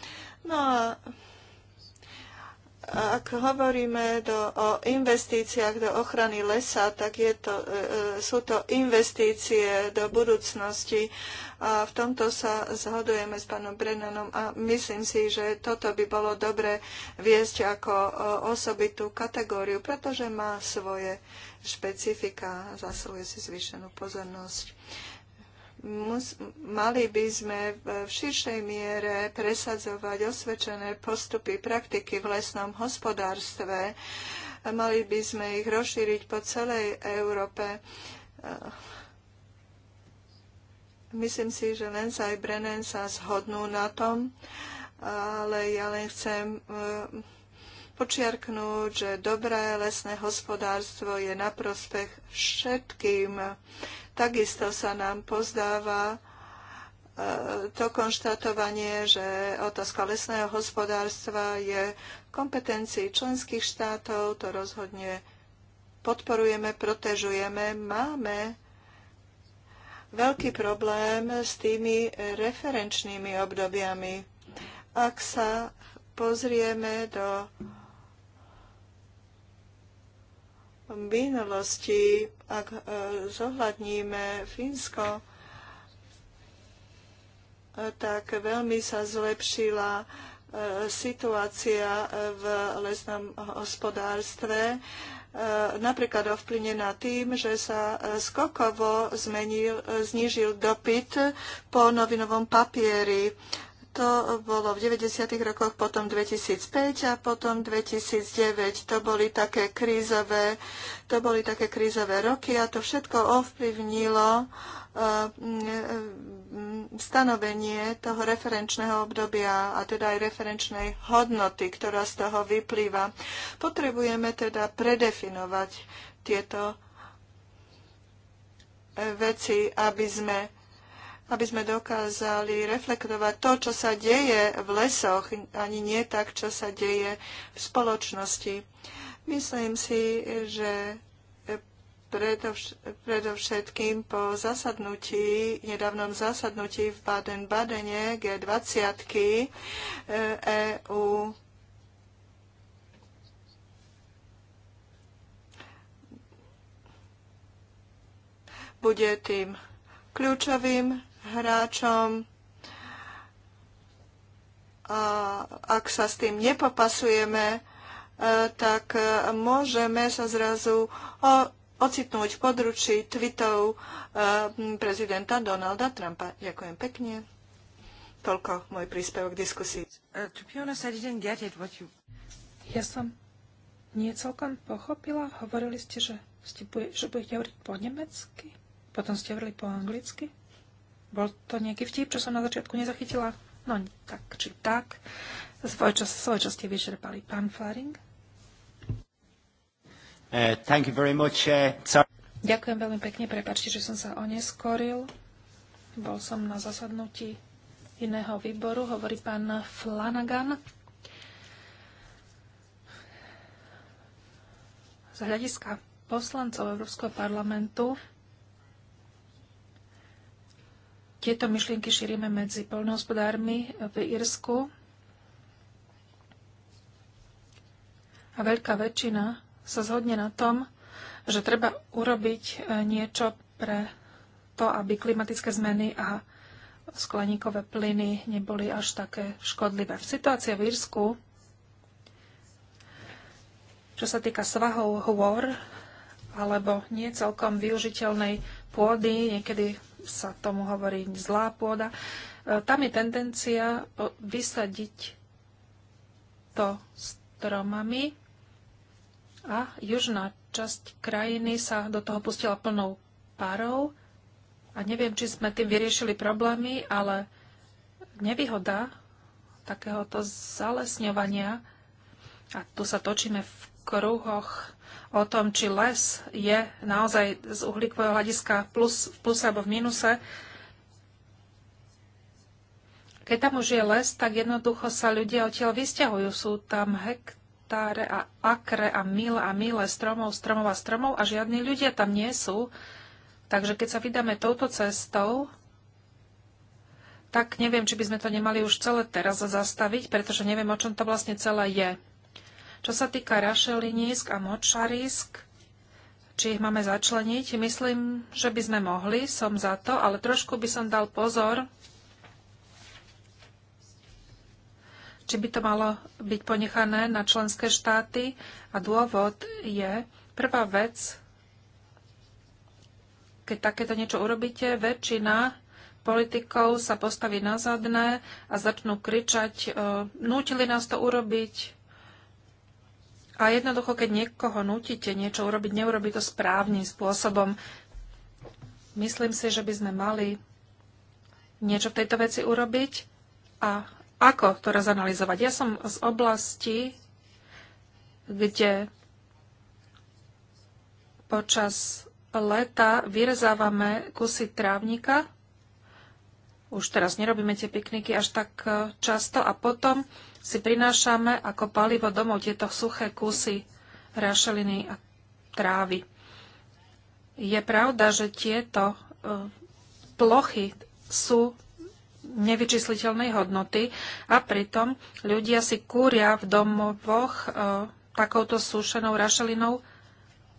No a ak hovoríme do, o investíciách do ochrany lesa, tak je to, e, e, sú to investície do budúcnosti a v tomto sa zhodujeme s pánom Brennanom a myslím si, že toto by bolo dobre viesť ako e, osobitú kategóriu, pretože má svoje špecifika a zasluje si zvýšenú pozornosť mus, mali by sme v širšej miere presadzovať osvedčené postupy praktiky v lesnom hospodárstve. Mali by sme ich rozšíriť po celej Európe. Eh, myslím si, že Lenz aj Brennan sa zhodnú na tom, ale ja len chcem eh, počiarknúť, že dobré lesné hospodárstvo je na prospech všetkým. Takisto sa nám pozdáva e, to konštatovanie, že otázka lesného hospodárstva je v kompetencii členských štátov, to rozhodne podporujeme, protežujeme. Máme veľký problém s tými referenčnými obdobiami. Ak sa pozrieme do minulosti, ak e, zohľadníme Fínsko, e, tak veľmi sa zlepšila e, situácia v lesnom hospodárstve, napríklad ovplyvnená tým, že sa skokovo zmenil, znížil dopyt po novinovom papieri to bolo v 90. rokoch, potom 2005 a potom 2009. To boli také krízové, to boli také krízové roky a to všetko ovplyvnilo eh, stanovenie toho referenčného obdobia a teda aj referenčnej hodnoty, ktorá z toho vyplýva. Potrebujeme teda predefinovať tieto eh, veci, aby sme aby sme dokázali reflektovať to, čo sa deje v lesoch, ani nie tak, čo sa deje v spoločnosti. Myslím si, že predovšetkým po zasadnutí, nedávnom zasadnutí v Baden-Badene G20 EU e bude tým kľúčovým hráčom a ak sa s tým nepopasujeme, e, tak e, môžeme sa zrazu ocitnúť v područí tweetov e, prezidenta Donalda Trumpa. Ďakujem pekne. Toľko môj príspevok k diskusii. Uh, ja som nie celkom pochopila. Hovorili ste, že, ste, že budete hovoriť po nemecky, potom ste hovorili po anglicky. Bol to nejaký vtip, čo som na začiatku nezachytila? No tak či tak. Svoj čas, svoj čas ste vyčerpali. Pán Flaring? Uh, thank you very much. Uh, Ďakujem veľmi pekne. Prepačte, že som sa oneskoril. Bol som na zasadnutí iného výboru, hovorí pán Flanagan. Z hľadiska poslancov Európskeho parlamentu Tieto myšlienky šírime medzi polnohospodármi v Írsku a veľká väčšina sa zhodne na tom, že treba urobiť e, niečo pre to, aby klimatické zmeny a skleníkové plyny neboli až také škodlivé. Situácia v Írsku, čo sa týka svahov hôr alebo nie celkom využiteľnej pôdy, niekedy sa tomu hovorí zlá pôda. E, tam je tendencia e, vysadiť to stromami a južná časť krajiny sa do toho pustila plnou parou a neviem, či sme tým vyriešili problémy, ale nevýhoda takéhoto zalesňovania, a tu sa točíme v kruhoch o tom, či les je naozaj z uhlíkového hľadiska plus, v plus alebo v mínuse. Keď tam už je les, tak jednoducho sa ľudia odtiaľ vysťahujú. Sú tam hektáre a akre a mile a mile stromov, stromov a stromov a žiadni ľudia tam nie sú. Takže keď sa vydáme touto cestou, tak neviem, či by sme to nemali už celé teraz zastaviť, pretože neviem, o čom to vlastne celé je. Čo sa týka rašelinísk a močarisk, či ich máme začleniť, myslím, že by sme mohli, som za to, ale trošku by som dal pozor, či by to malo byť ponechané na členské štáty. A dôvod je, prvá vec, keď takéto niečo urobíte, väčšina politikov sa postaví na zadné a začnú kričať, nútili nás to urobiť, a jednoducho, keď niekoho nutíte niečo urobiť, neurobi to správnym spôsobom. Myslím si, že by sme mali niečo v tejto veci urobiť a ako to raz analyzovať. Ja som z oblasti, kde počas leta vyrezávame kusy trávnika. Už teraz nerobíme tie pikniky až tak eh, často a potom si prinášame ako palivo domov tieto suché kusy rašeliny a trávy. Je pravda, že tieto e, plochy sú nevyčísliteľnej hodnoty a pritom ľudia si kúria v domovoch e, takouto súšenou rašelinou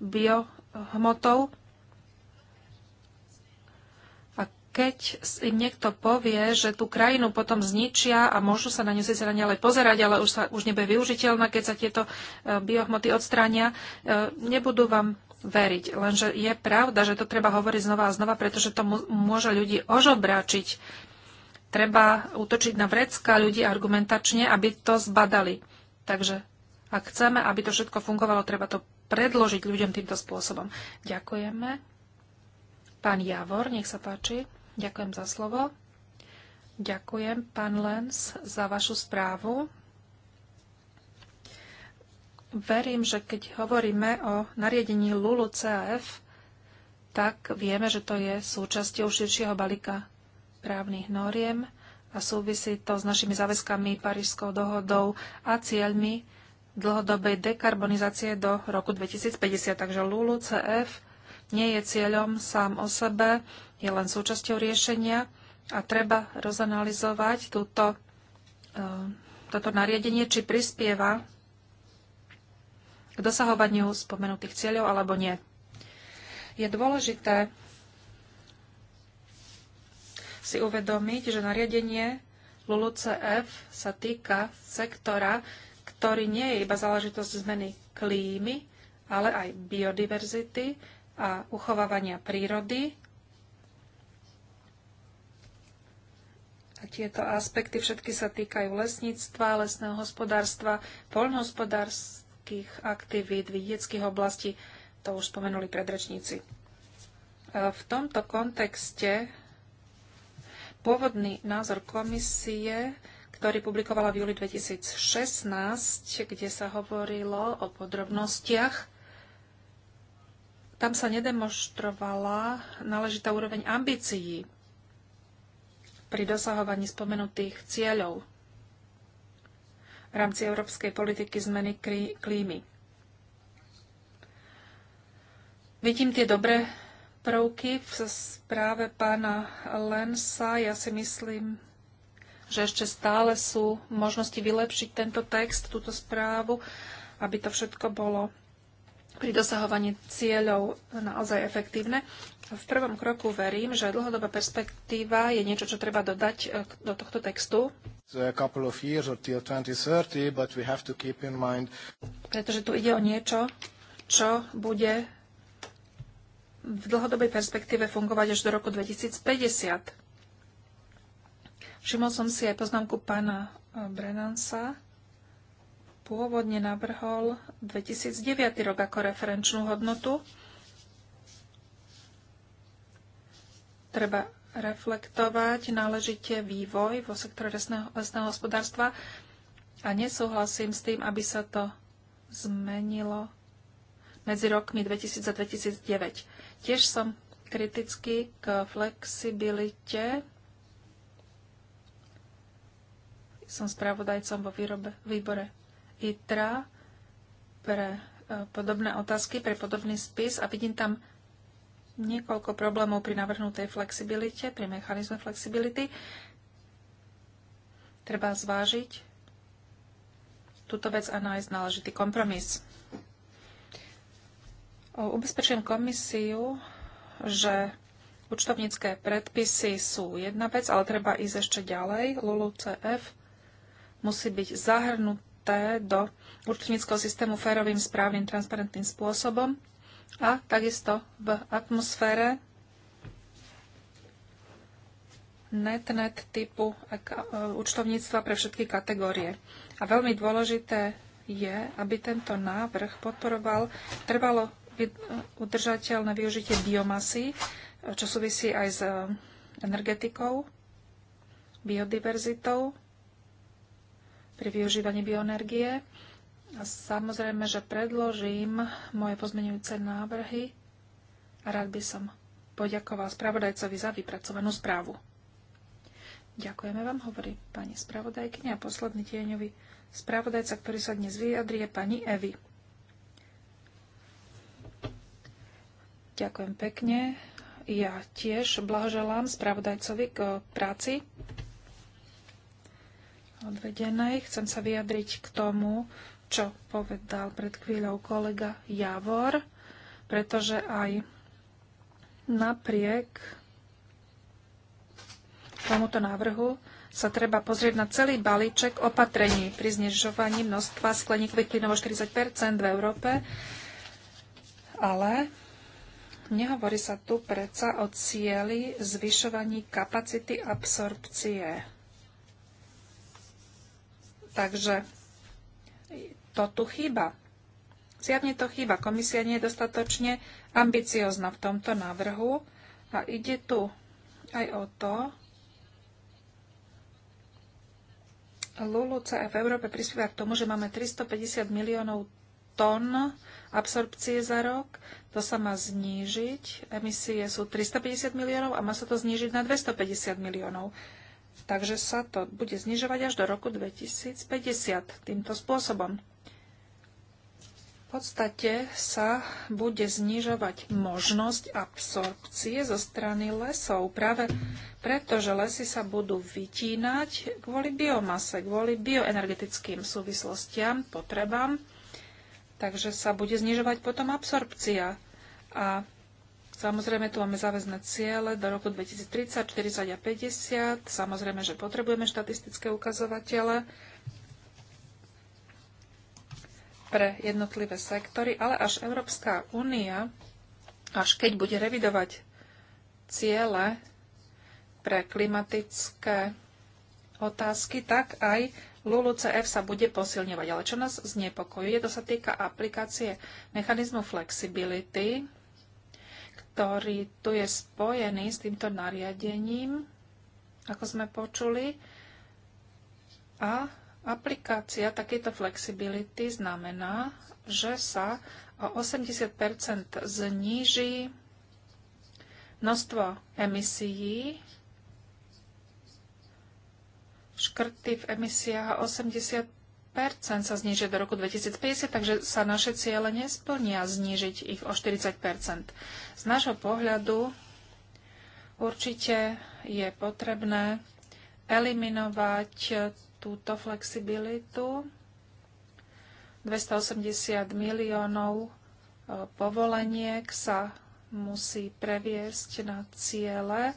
biohmotou keď im niekto povie, že tú krajinu potom zničia a môžu sa na ňu síce ďalej pozerať, ale už, sa, už nebude využiteľná, keď sa tieto e, biohmoty odstránia, e, nebudú vám veriť. Lenže je pravda, že to treba hovoriť znova a znova, pretože to môže ľudí ožobráčiť. Treba útočiť na vrecka ľudí argumentačne, aby to zbadali. Takže ak chceme, aby to všetko fungovalo, treba to predložiť ľuďom týmto spôsobom. Ďakujeme. Pán Javor, nech sa páči. Ďakujem za slovo. Ďakujem, pán Lenz, za vašu správu. Verím, že keď hovoríme o nariadení LULU CAF, tak vieme, že to je súčasťou širšieho balíka právnych noriem a súvisí to s našimi záväzkami Parížskou dohodou a cieľmi dlhodobej dekarbonizácie do roku 2050. Takže LULU CF nie je cieľom sám o sebe, je len súčasťou riešenia a treba rozanalizovať túto, e, toto nariadenie, či prispieva k dosahovaniu spomenutých cieľov alebo nie. Je dôležité si uvedomiť, že nariadenie LULUCF sa týka sektora, ktorý nie je iba záležitosť zmeny klímy, ale aj biodiverzity a uchovávania prírody tieto aspekty. Všetky sa týkajú lesníctva, lesného hospodárstva, poľnohospodárskych aktivít, vidieckých oblastí. To už spomenuli predrečníci. E, v tomto kontexte pôvodný názor komisie, ktorý publikovala v júli 2016, kde sa hovorilo o podrobnostiach, tam sa nedemonstrovala náležitá úroveň ambícií pri dosahovaní spomenutých cieľov v rámci európskej politiky zmeny klímy. Vidím tie dobré prvky v správe pána Lensa. Ja si myslím, že ešte stále sú možnosti vylepšiť tento text, túto správu, aby to všetko bolo pri dosahovaní cieľov naozaj efektívne. V prvom kroku verím, že dlhodobá perspektíva je niečo, čo treba dodať e, do tohto textu. Pretože tu ide o niečo, čo bude v dlhodobej perspektíve fungovať až do roku 2050. Všimol som si aj poznámku pána e, Brennansa, pôvodne navrhol 2009 rok ako referenčnú hodnotu. Treba reflektovať náležite vývoj vo sektore lesného hospodárstva a nesúhlasím s tým, aby sa to zmenilo medzi rokmi 2000 a 2009. Tiež som kriticky k flexibilite. Som spravodajcom vo výrobe, výbore ITRA pre e, podobné otázky, pre podobný spis a vidím tam niekoľko problémov pri navrhnutej flexibilite, pri mechanizme flexibility. Treba zvážiť túto vec a nájsť náležitý kompromis. Ubezpečujem komisiu, že účtovnícke predpisy sú jedna vec, ale treba ísť ešte ďalej. CF musí byť zahrnutý zahrnuté do účtovníckého systému férovým, správnym, transparentným spôsobom a takisto v atmosfére net-net typu e, účtovníctva pre všetky kategórie. A veľmi dôležité je, aby tento návrh podporoval trvalo udržateľné využitie biomasy, e, čo súvisí aj s e, energetikou, biodiverzitou pri využívaní bioenergie. A samozrejme, že predložím moje pozmenujúce návrhy a rád by som poďakoval spravodajcovi za vypracovanú správu. Ďakujeme vám, hovorí pani spravodajkyňa a posledný tieňový spravodajca, ktorý sa dnes vyjadrie je pani Evi. Ďakujem pekne. Ja tiež blahoželám spravodajcovi k práci odvedenej. Chcem sa vyjadriť k tomu, čo povedal pred chvíľou kolega Javor, pretože aj napriek tomuto návrhu sa treba pozrieť na celý balíček opatrení pri znižovaní množstva skleníkových plynov o 40 v Európe, ale nehovorí sa tu predsa o cieli zvyšovaní kapacity absorpcie Takže to tu chýba. Zjavne to chýba. Komisia nie je dostatočne ambiciozna v tomto návrhu a ide tu aj o to, Lulu CF v Európe prispieva k tomu, že máme 350 miliónov tón absorpcie za rok. To sa má znížiť. Emisie sú 350 miliónov a má sa to znížiť na 250 miliónov. Takže sa to bude znižovať až do roku 2050 týmto spôsobom. V podstate sa bude znižovať možnosť absorpcie zo strany lesov, práve preto, že lesy sa budú vytínať kvôli biomase, kvôli bioenergetickým súvislostiam, potrebám, takže sa bude znižovať potom absorpcia. A Samozrejme, tu máme záväzné ciele do roku 2030, 40 a 50. Samozrejme, že potrebujeme štatistické ukazovatele pre jednotlivé sektory, ale až Európska únia, až keď bude revidovať ciele pre klimatické otázky, tak aj LULUCF sa bude posilňovať. Ale čo nás znepokojuje, to sa týka aplikácie mechanizmu flexibility, ktorý tu je spojený s týmto nariadením, ako sme počuli. A aplikácia takéto flexibility znamená, že sa o 80 zníži množstvo emisií, škrty v emisiách a 80 sa znižia do roku 2050, takže sa naše ciele nesplnia znížiť ich o 40 Z nášho pohľadu určite je potrebné eliminovať túto flexibilitu. 280 miliónov e, povoleniek sa musí previesť na ciele, e,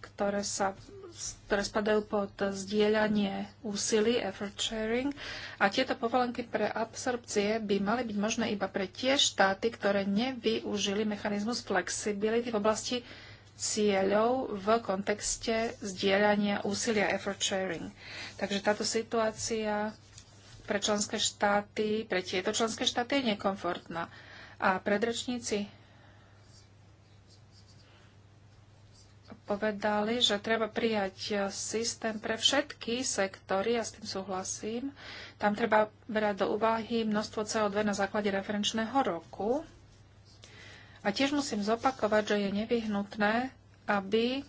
ktoré sa ktoré spadajú pod zdieľanie úsilí, effort sharing. A tieto povolenky pre absorpcie by mali byť možné iba pre tie štáty, ktoré nevyužili mechanizmus flexibility v oblasti cieľov v kontexte zdieľania úsilia effort sharing. Takže táto situácia pre členské štáty, pre tieto členské štáty je nekomfortná. A predrečníci povedali, že treba prijať e, systém pre všetky sektory, ja s tým súhlasím. Tam treba brať do úvahy množstvo CO2 na základe referenčného roku. A tiež musím zopakovať, že je nevyhnutné, aby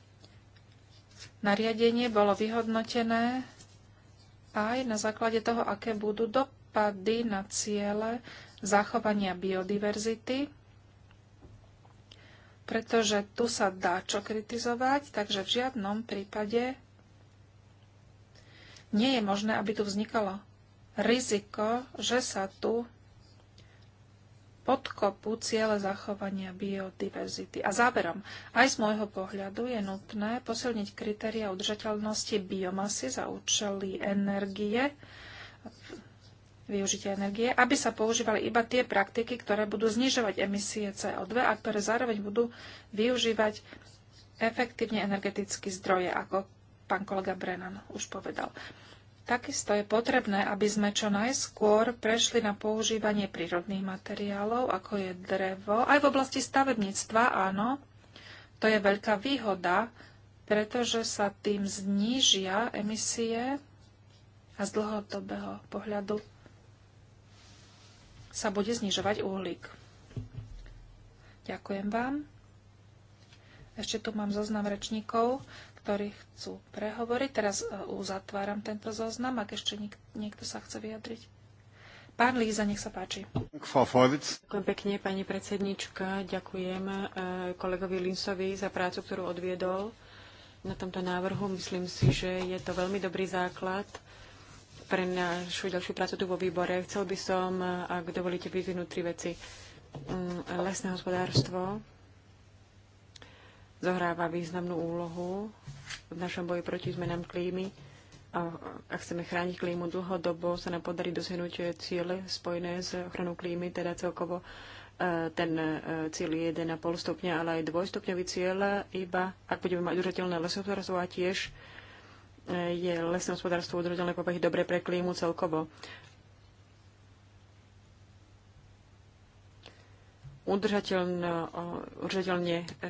nariadenie bolo vyhodnotené aj na základe toho, aké budú dopady na ciele zachovania biodiverzity pretože tu sa dá čo kritizovať, takže v žiadnom prípade nie je možné, aby tu vznikalo riziko, že sa tu podkopu ciele zachovania biodiverzity. A záverom, aj z môjho pohľadu je nutné posilniť kritéria udržateľnosti biomasy za účely energie, využitia energie, aby sa používali iba tie praktiky, ktoré budú znižovať emisie CO2 a ktoré zároveň budú využívať efektívne energetické zdroje, ako pán kolega Brennan už povedal. Takisto je potrebné, aby sme čo najskôr prešli na používanie prírodných materiálov, ako je drevo. Aj v oblasti stavebníctva, áno, to je veľká výhoda, pretože sa tým znížia emisie a z dlhodobého pohľadu sa bude znižovať uhlík. Ďakujem vám. Ešte tu mám zoznam rečníkov, ktorí chcú prehovoriť. Teraz e, uzatváram tento zoznam, ak ešte niek- niekto sa chce vyjadriť. Pán Líza, nech sa páči. Ďakujem pekne, pani predsednička. Ďakujem e, kolegovi Linsovi za prácu, ktorú odviedol na tomto návrhu. Myslím si, že je to veľmi dobrý základ pre našu ďalšiu prácu tu vo výbore. Chcel by som, ak dovolíte, vyzvinúť tri veci. Mm, lesné hospodárstvo zohráva významnú úlohu v našom boji proti zmenám klímy. A ak chceme chrániť klímu dlhodobo, sa nám podarí dosiahnuť ciele spojené s ochranou klímy, teda celkovo e, ten e, cieľ je 1,5 stupňa, ale aj dvojstupňový cieľ, iba ak budeme mať udržateľné lesohospodárstvo a tiež je lesné hospodárstvo udržateľné povahy dobre pre klímu celkovo. Udržateľne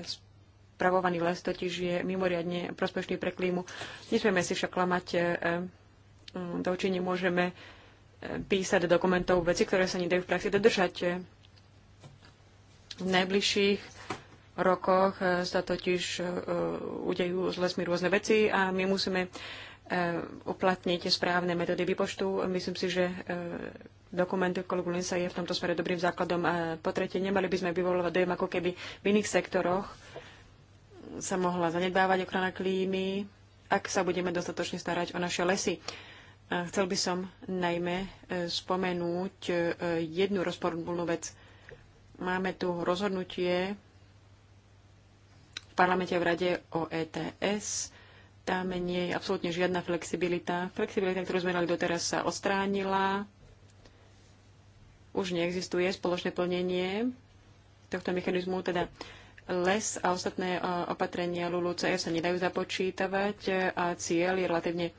spravovaný les totiž je mimoriadne prospešný pre klímu. Nesmieme si však klamať e, e, do očí, nemôžeme e, písať do dokumentov veci, ktoré sa nedajú v praxi dodržať. V najbližších rokoch e, sa totiž e, udejú s lesmi rôzne veci a my musíme e, uplatniť správne metódy výpočtu. Myslím si, že dokument kolegu Linsa je v tomto smere dobrým základom. A po tretie, nemali by sme vyvolovať dojem, ako keby v iných sektoroch sa mohla zanedbávať ochrana klímy, ak sa budeme dostatočne starať o naše lesy. Chcel by som najmä spomenúť jednu rozpornú vec. Máme tu rozhodnutie parlamente a v rade o ETS. Tam nie je absolútne žiadna flexibilita. Flexibilita, ktorú sme mali doteraz, sa odstránila. Už neexistuje spoločné plnenie tohto mechanizmu, teda les a ostatné e, opatrenia LULUCE sa nedajú započítavať a cieľ je relatívne e,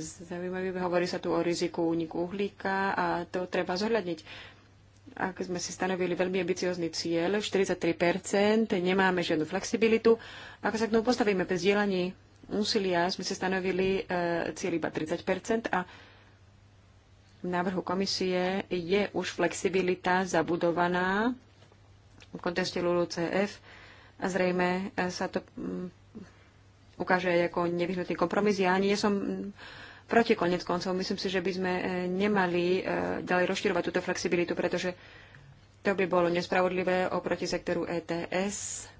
zaujímavý. Hovorí sa tu o riziku úniku uhlíka a to treba zohľadniť ak sme si stanovili veľmi ambiciózny cieľ, 43%, nemáme žiadnu flexibilitu. Ak sa k tomu postavíme pri zdieľaní úsilia, sme si stanovili e, cieľ iba 30% a v návrhu komisie je už flexibilita zabudovaná v kontexte CF, a zrejme e, sa to mm, ukáže ako nevyhnutný kompromis. Ja nie som proti konec koncov. Myslím si, že by sme e, nemali e, ďalej rozširovať túto flexibilitu, pretože to by bolo nespravodlivé oproti sektoru ETS,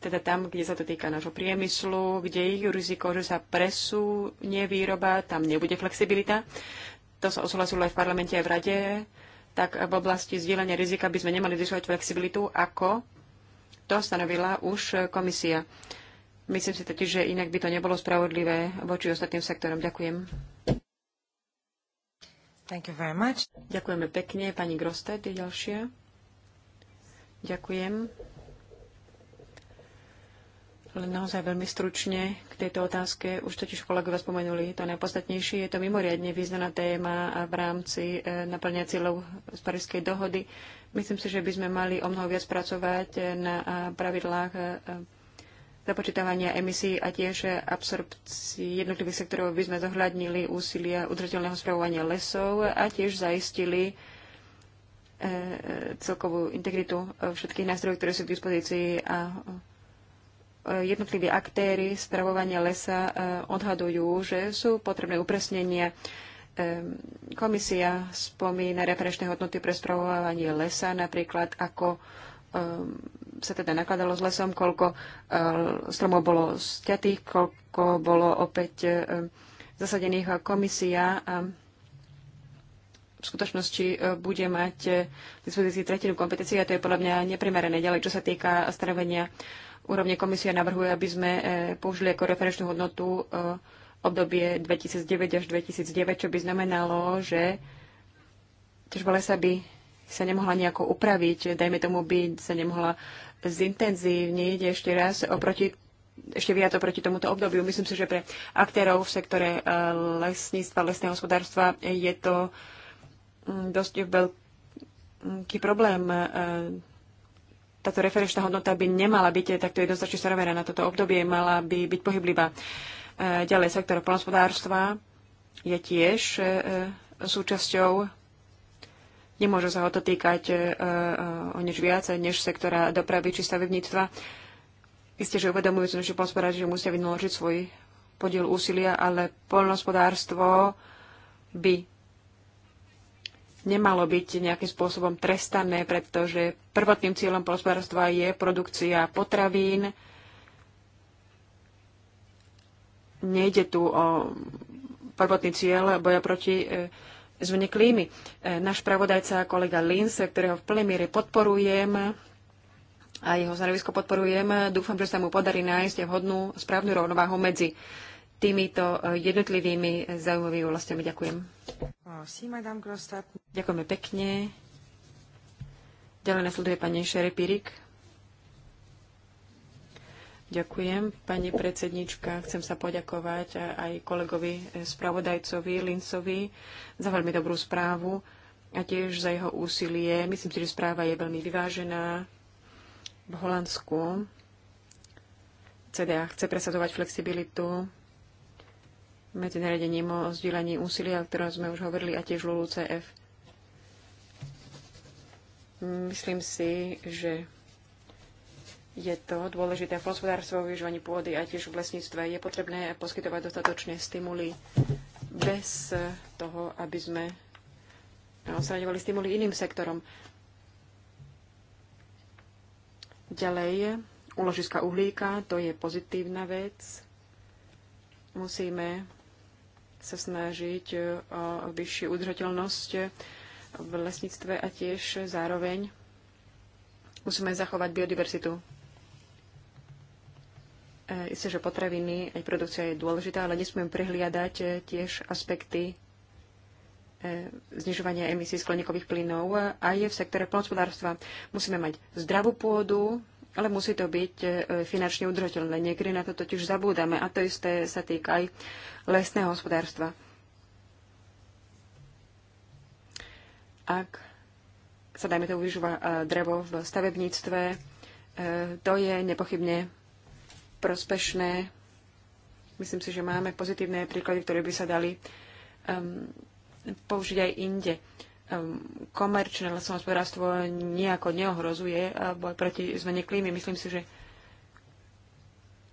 teda tam, kde sa to týka nášho priemyslu, kde je riziko, že sa presunie výroba, tam nebude flexibilita. To sa osúhlasilo aj v parlamente, aj v rade. Tak v oblasti zdieľania rizika by sme nemali zvyšovať flexibilitu, ako to stanovila už komisia. Myslím si totiž, že inak by to nebolo spravodlivé voči ostatným sektorom. Ďakujem. Thank you very much. Ďakujeme pekne. Pani Grosted je ďalšia. Ďakujem. Len naozaj veľmi stručne k tejto otázke. Už totiž kolegovia spomenuli to najpodstatnejšie. Je to mimoriadne významná téma v rámci e, naplňania cieľov z Parískej dohody. Myslím si, že by sme mali o mnoho viac pracovať na pravidlách e, započítavania emisí a tiež absorpcii jednotlivých sektorov by sme zohľadnili úsilie udržateľného spravovania lesov a tiež zaistili e, celkovú integritu všetkých nástrojov, ktoré sú k dispozícii a e, jednotliví aktéry spravovania lesa e, odhadujú, že sú potrebné upresnenia. Komisia spomína referenčné hodnoty pre spravovanie lesa, napríklad ako sa teda nakladalo s lesom, koľko eh, stromov bolo stiatých, koľko bolo opäť eh, zasadených komisia v skutočnosti eh, bude mať k dispozícii tretinu kompetencií a to je podľa mňa neprimerané. Ďalej, čo sa týka stanovenia úrovne komisia navrhuje, aby sme použili ako referenčnú hodnotu obdobie 2009 až 2009, čo by znamenalo, že tiež lesa by sa nemohla nejako upraviť, dajme tomu by sa nemohla zintenzívniť ešte raz oproti ešte viac oproti tomuto obdobiu. Myslím si, že pre aktérov v sektore e, lesníctva, lesného hospodárstva je to mm, dosť veľký problém. E, táto referenčná hodnota by nemala byť takto jednoznačne stanovená na toto obdobie, mala by byť pohyblivá. E, ďalej, sektor polnospodárstva je tiež súčasťou Nemôže sa ho to týkať e, e, o nič viac, než sektora dopravy či stavebníctva. Isté, že uvedomujú si naši hospodári, že musia vynaložiť svoj podiel úsilia, ale poľnohospodárstvo by nemalo byť nejakým spôsobom trestané, pretože prvotným cieľom polnospodárstva je produkcia potravín. Nejde tu o prvotný cieľ boja proti e, zmene klímy. E, náš pravodajca, kolega Lins, ktorého v plnej miere podporujem, a jeho stanovisko podporujem. Dúfam, že sa mu podarí nájsť vhodnú správnu rovnováhu medzi týmito e, jednotlivými zaujímavými vlastiami. Ďakujem. Ďakujeme pekne. Ďalej nasleduje pani Šerepirik. Ďakujem, pani predsednička. Chcem sa poďakovať aj kolegovi spravodajcovi Lincovi za veľmi dobrú správu a tiež za jeho úsilie. Myslím si, že správa je veľmi vyvážená. V Holandsku CDA chce presadovať flexibilitu medzi nariadením o zdieľaní úsilia, o ktorom sme už hovorili, a tiež LULUCF. Myslím si, že je to dôležité v hospodárstve, využívaní pôdy a tiež v lesníctve. Je potrebné poskytovať dostatočné stimuly bez toho, aby sme osraňovali stimuly iným sektorom. Ďalej, uložiska uhlíka, to je pozitívna vec. Musíme sa snažiť o vyššiu udržateľnosť v lesníctve a tiež zároveň musíme zachovať biodiverzitu E, isté, že potraviny, aj produkcia je dôležitá, ale nesmieme prehliadať e, tiež aspekty e, znižovania emisí skleníkových plynov aj v sektore plnohospodárstva. Musíme mať zdravú pôdu, ale musí to byť finančne udržateľné. Niekedy na to totiž zabúdame a to isté sa týka aj lesného hospodárstva. Ak sa, dajme to, využíva drevo v stavebníctve, to je nepochybne prospešné. Myslím si, že máme pozitívne príklady, ktoré by sa dali um, použiť aj inde. Um, komerčné lesné hospodárstvo nejako neohrozuje uh, boj proti zmene klímy. Myslím si, že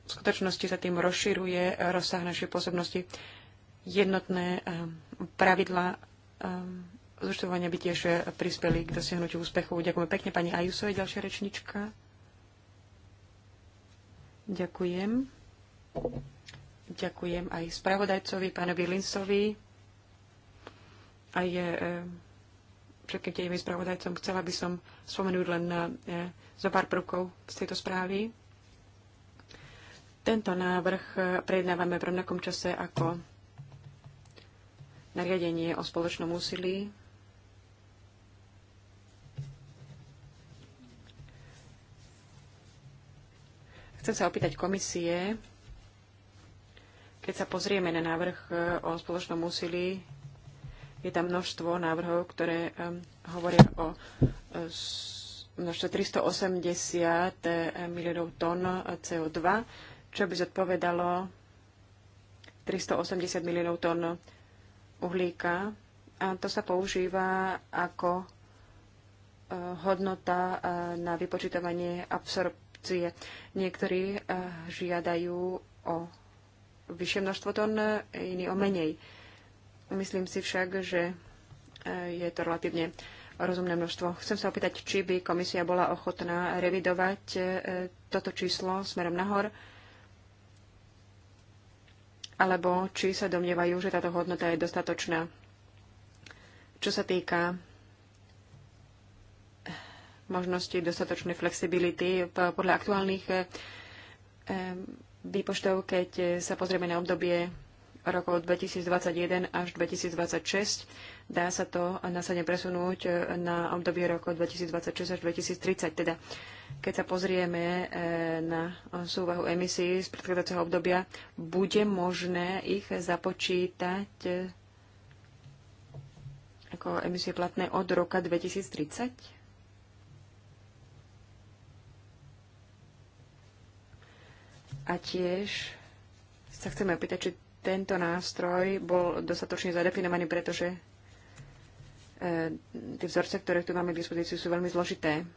v skutočnosti sa tým rozširuje rozsah našej pôsobnosti. Jednotné um, pravidla um, zúčtovania by tiež uh, prispeli k dosiahnutiu úspechu. Ďakujem pekne pani Ajusovi ďalšia rečnička. Ďakujem. Ďakujem aj spravodajcovi, pánovi Linsovi, aj eh, všetkým tým spravodajcom. Chcela by som spomenúť len na eh, zo pár prvkov z tejto správy. Tento návrh eh, prejednávame v rovnakom čase ako nariadenie o spoločnom úsilí Chcem sa opýtať komisie, keď sa pozrieme na návrh e, o spoločnom úsilí, je tam množstvo návrhov, ktoré e, hovoria o e, množstve 380 miliónov tón CO2, čo by zodpovedalo 380 miliónov tón uhlíka. A to sa používa ako hodnota na vypočítavanie absorpcie produkcie. Niektorí eh, žiadajú o vyššie množstvo tón, iní o menej. Myslím si však, že eh, je to relatívne rozumné množstvo. Chcem sa opýtať, či by komisia bola ochotná revidovať eh, toto číslo smerom nahor, alebo či sa domnievajú, že táto hodnota je dostatočná. Čo sa týka možnosti dostatočnej flexibility podľa aktuálnych eh, eh, výpočtov, keď eh, sa pozrieme na obdobie rokov 2021 až 2026. Dá sa to následne presunúť na obdobie rokov 2026 až 2030. Teda keď sa pozrieme na súvahu emisí z predchádzajúceho obdobia, bude možné ich započítať ako emisie platné od roka 2030? A tiež sa chceme opýtať, či tento nástroj bol dostatočne zadefinovaný, pretože e, tie vzorce, ktoré tu máme k dispozícii, sú veľmi zložité.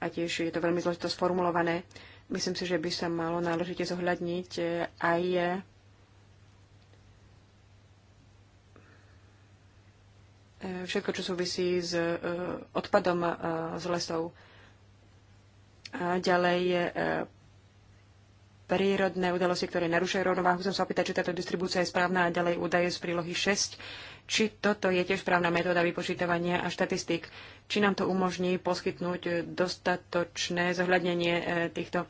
A tiež je to veľmi zložito sformulované. Myslím si, že by sa malo náležite zohľadniť e, aj e, všetko, čo súvisí s odpadom z lesov. A ďalej je e, prírodné udalosti, ktoré narušajú rovnováhu. Chcem sa opýtať, či táto distribúcia je správna a ďalej údaje z prílohy 6. Či toto je tiež správna metóda vypočítavania a štatistik, Či nám to umožní poskytnúť dostatočné zohľadnenie e, týchto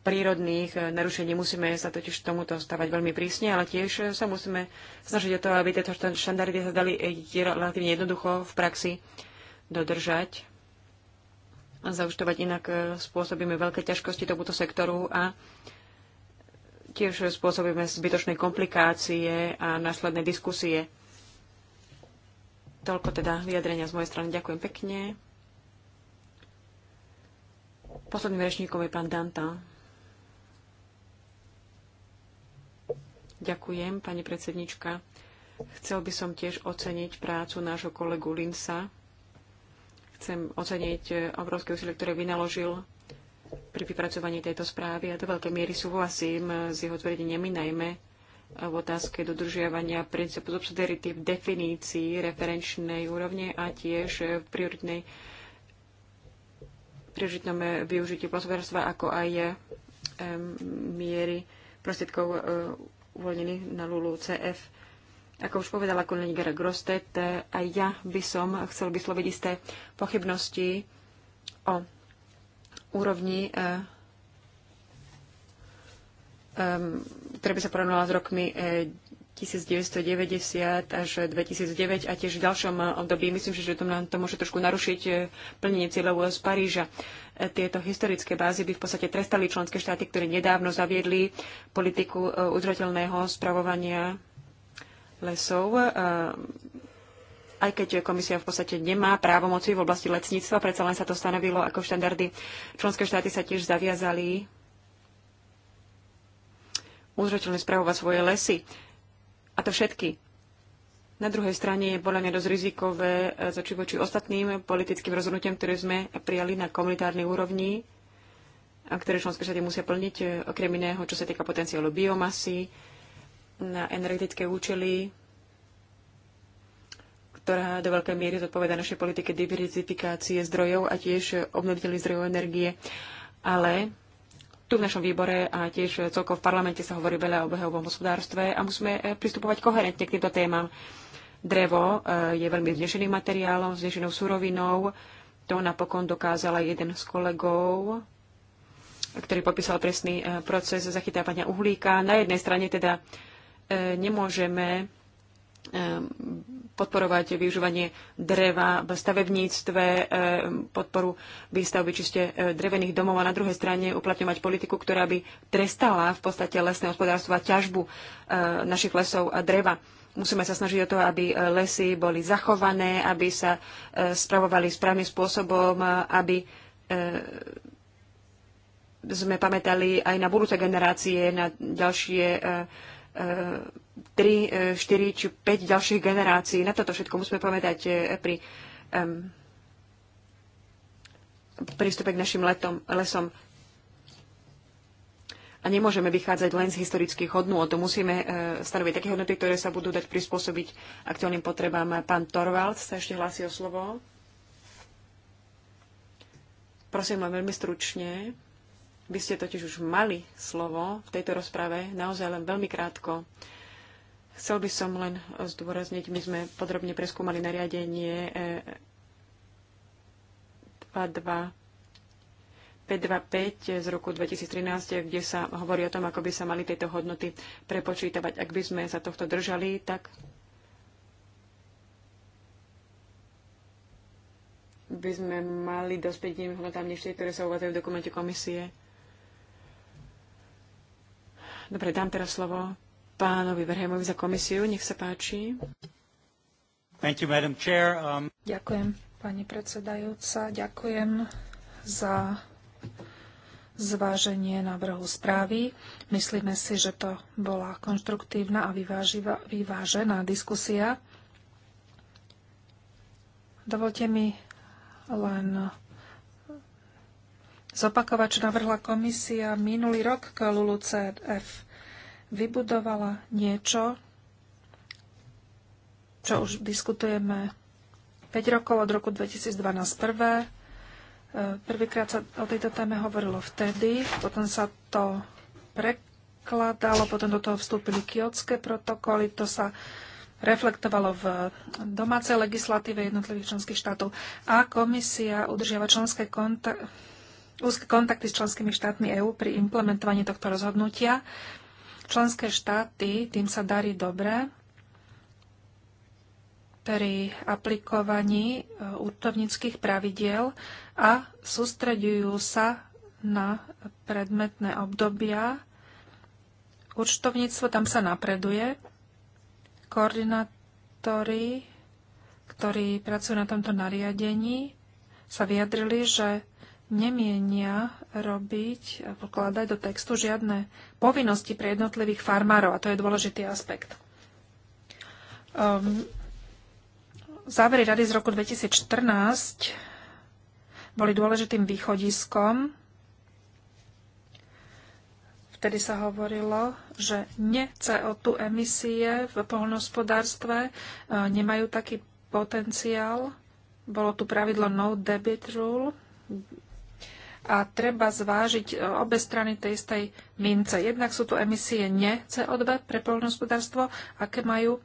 prírodných e, narušení. Musíme sa totiž tomuto stavať veľmi prísne, ale tiež sa musíme snažiť o to, aby tieto štandardy sa dali relatívne jednoducho v praxi dodržať zaučtovať, inak e, spôsobíme veľké ťažkosti tomuto sektoru a tiež spôsobíme zbytočné komplikácie a následné diskusie. Toľko teda vyjadrenia z mojej strany. Ďakujem pekne. Posledným rečníkom je pán Danta. Ďakujem, pani predsednička. Chcel by som tiež oceniť prácu nášho kolegu Linsa Chcem oceniť e, obrovské úsilie, ktoré vynaložil pri vypracovaní tejto správy a do veľkej miery súhlasím e, s jeho tvrdeniami, najmä e, v otázke dodržiavania princípu subsidiarity v definícii referenčnej úrovne a tiež v prioritnej prioritnom využití hospodárstva, ako aj miery prostriedkov uvoľnených na LULU CF. Ako už povedala kolegyňa Grostet, e, aj ja by som chcel vysloviť isté pochybnosti o úrovni, e, ktorá by sa porovnala s rokmi 1990 e, až 2009 a tiež v ďalšom období. Myslím, že to, nám to môže trošku narušiť plnenie cieľov z Paríža. Tieto historické bázy by v podstate trestali členské štáty, ktoré nedávno zaviedli politiku udržateľného spravovania lesov. E, aj keď komisia v podstate nemá právomoci v oblasti lesníctva, predsa len sa to stanovilo ako štandardy. Členské štáty sa tiež zaviazali uzrateľne spravovať svoje lesy. A to všetky. Na druhej strane je podľa mňa dosť rizikové e, začiť voči ostatným politickým rozhodnutiam, ktoré sme prijali na komunitárnej úrovni, a ktoré členské štáty musia plniť, e, okrem iného, čo sa týka potenciálu biomasy, na energetické účely, ktorá do veľkej miery zodpoveda našej politike diverzifikácie zdrojov a tiež obnoviteľných zdrojov energie. Ale tu v našom výbore a tiež celkovo v parlamente sa hovorí veľa o behovom hospodárstve a musíme eh, pristupovať koherentne k týmto témam. Drevo eh, je veľmi znešeným materiálom, znešenou surovinou. To napokon dokázala jeden z kolegov, ktorý popísal presný eh, proces zachytávania uhlíka. Na jednej strane teda E, nemôžeme e, podporovať využívanie dreva v stavebníctve, e, podporu výstavby čiste drevených domov a na druhej strane uplatňovať politiku, ktorá by trestala v podstate lesné hospodárstvo a ťažbu našich lesov a dreva. Musíme sa snažiť o to, aby lesy boli zachované, aby sa spravovali správnym spôsobom, aby sme pamätali aj na budúce generácie, na ďalšie 3, e, 4 e, či 5 ďalších generácií. Na toto všetko musíme povedať e, pri um, prístupe k našim letom, lesom. A nemôžeme vychádzať len z historických hodnôt. To musíme uh, stanoviť také hodnoty, ktoré sa budú dať prispôsobiť aktuálnym potrebám. Pán Torvald sa ešte hlási o slovo. Prosím, len veľmi stručne. By ste totiž už mali slovo v tejto rozprave, naozaj len veľmi krátko. Chcel by som len zdôrazniť, my sme podrobne preskúmali nariadenie 525 eh, eh, z roku 2013, eh, kde sa hovorí o tom, ako by sa mali tieto hodnoty prepočítavať. Ak by sme sa tohto držali, tak by sme mali dospieť tým hodnotám než tie, ktoré sa uvádzajú v dokumente komisie. Dobre, dám teraz slovo pánovi Verhemovi za komisiu. Nech sa páči. Thank you, Madam Chair. Um... Ďakujem, pani predsedajúca. Ďakujem za zváženie návrhu správy. Myslíme si, že to bola konštruktívna a vyváživa, vyvážená diskusia. Dovolte mi len Zopakovač navrhla komisia minulý rok k LULUCF. Vybudovala niečo, čo už diskutujeme 5 rokov od roku 2012 prvé. E, prvýkrát sa o tejto téme hovorilo vtedy, potom sa to prekladalo, potom do toho vstúpili kiotské protokoly, to sa reflektovalo v domácej legislatíve jednotlivých členských štátov a komisia udržiava členské kontakty úzke kontakty s členskými štátmi EÚ pri implementovaní tohto rozhodnutia. Členské štáty, tým sa darí dobre pri aplikovaní e, útovnických pravidiel a sústreďujú sa na predmetné obdobia. Účtovníctvo tam sa napreduje. Koordinátori, ktorí pracujú na tomto nariadení, sa vyjadrili, že nemienia robiť a pokladať do textu žiadne povinnosti pre jednotlivých farmárov a to je dôležitý aspekt. Um, závery rady z roku 2014 boli dôležitým východiskom. Vtedy sa hovorilo, že ne CO2 emisie v poľnohospodárstve e, nemajú taký potenciál. Bolo tu pravidlo no debit rule, a treba zvážiť e, obe strany tej istej mince. Jednak sú tu emisie ne CO2 pre poľnohospodárstvo, aké majú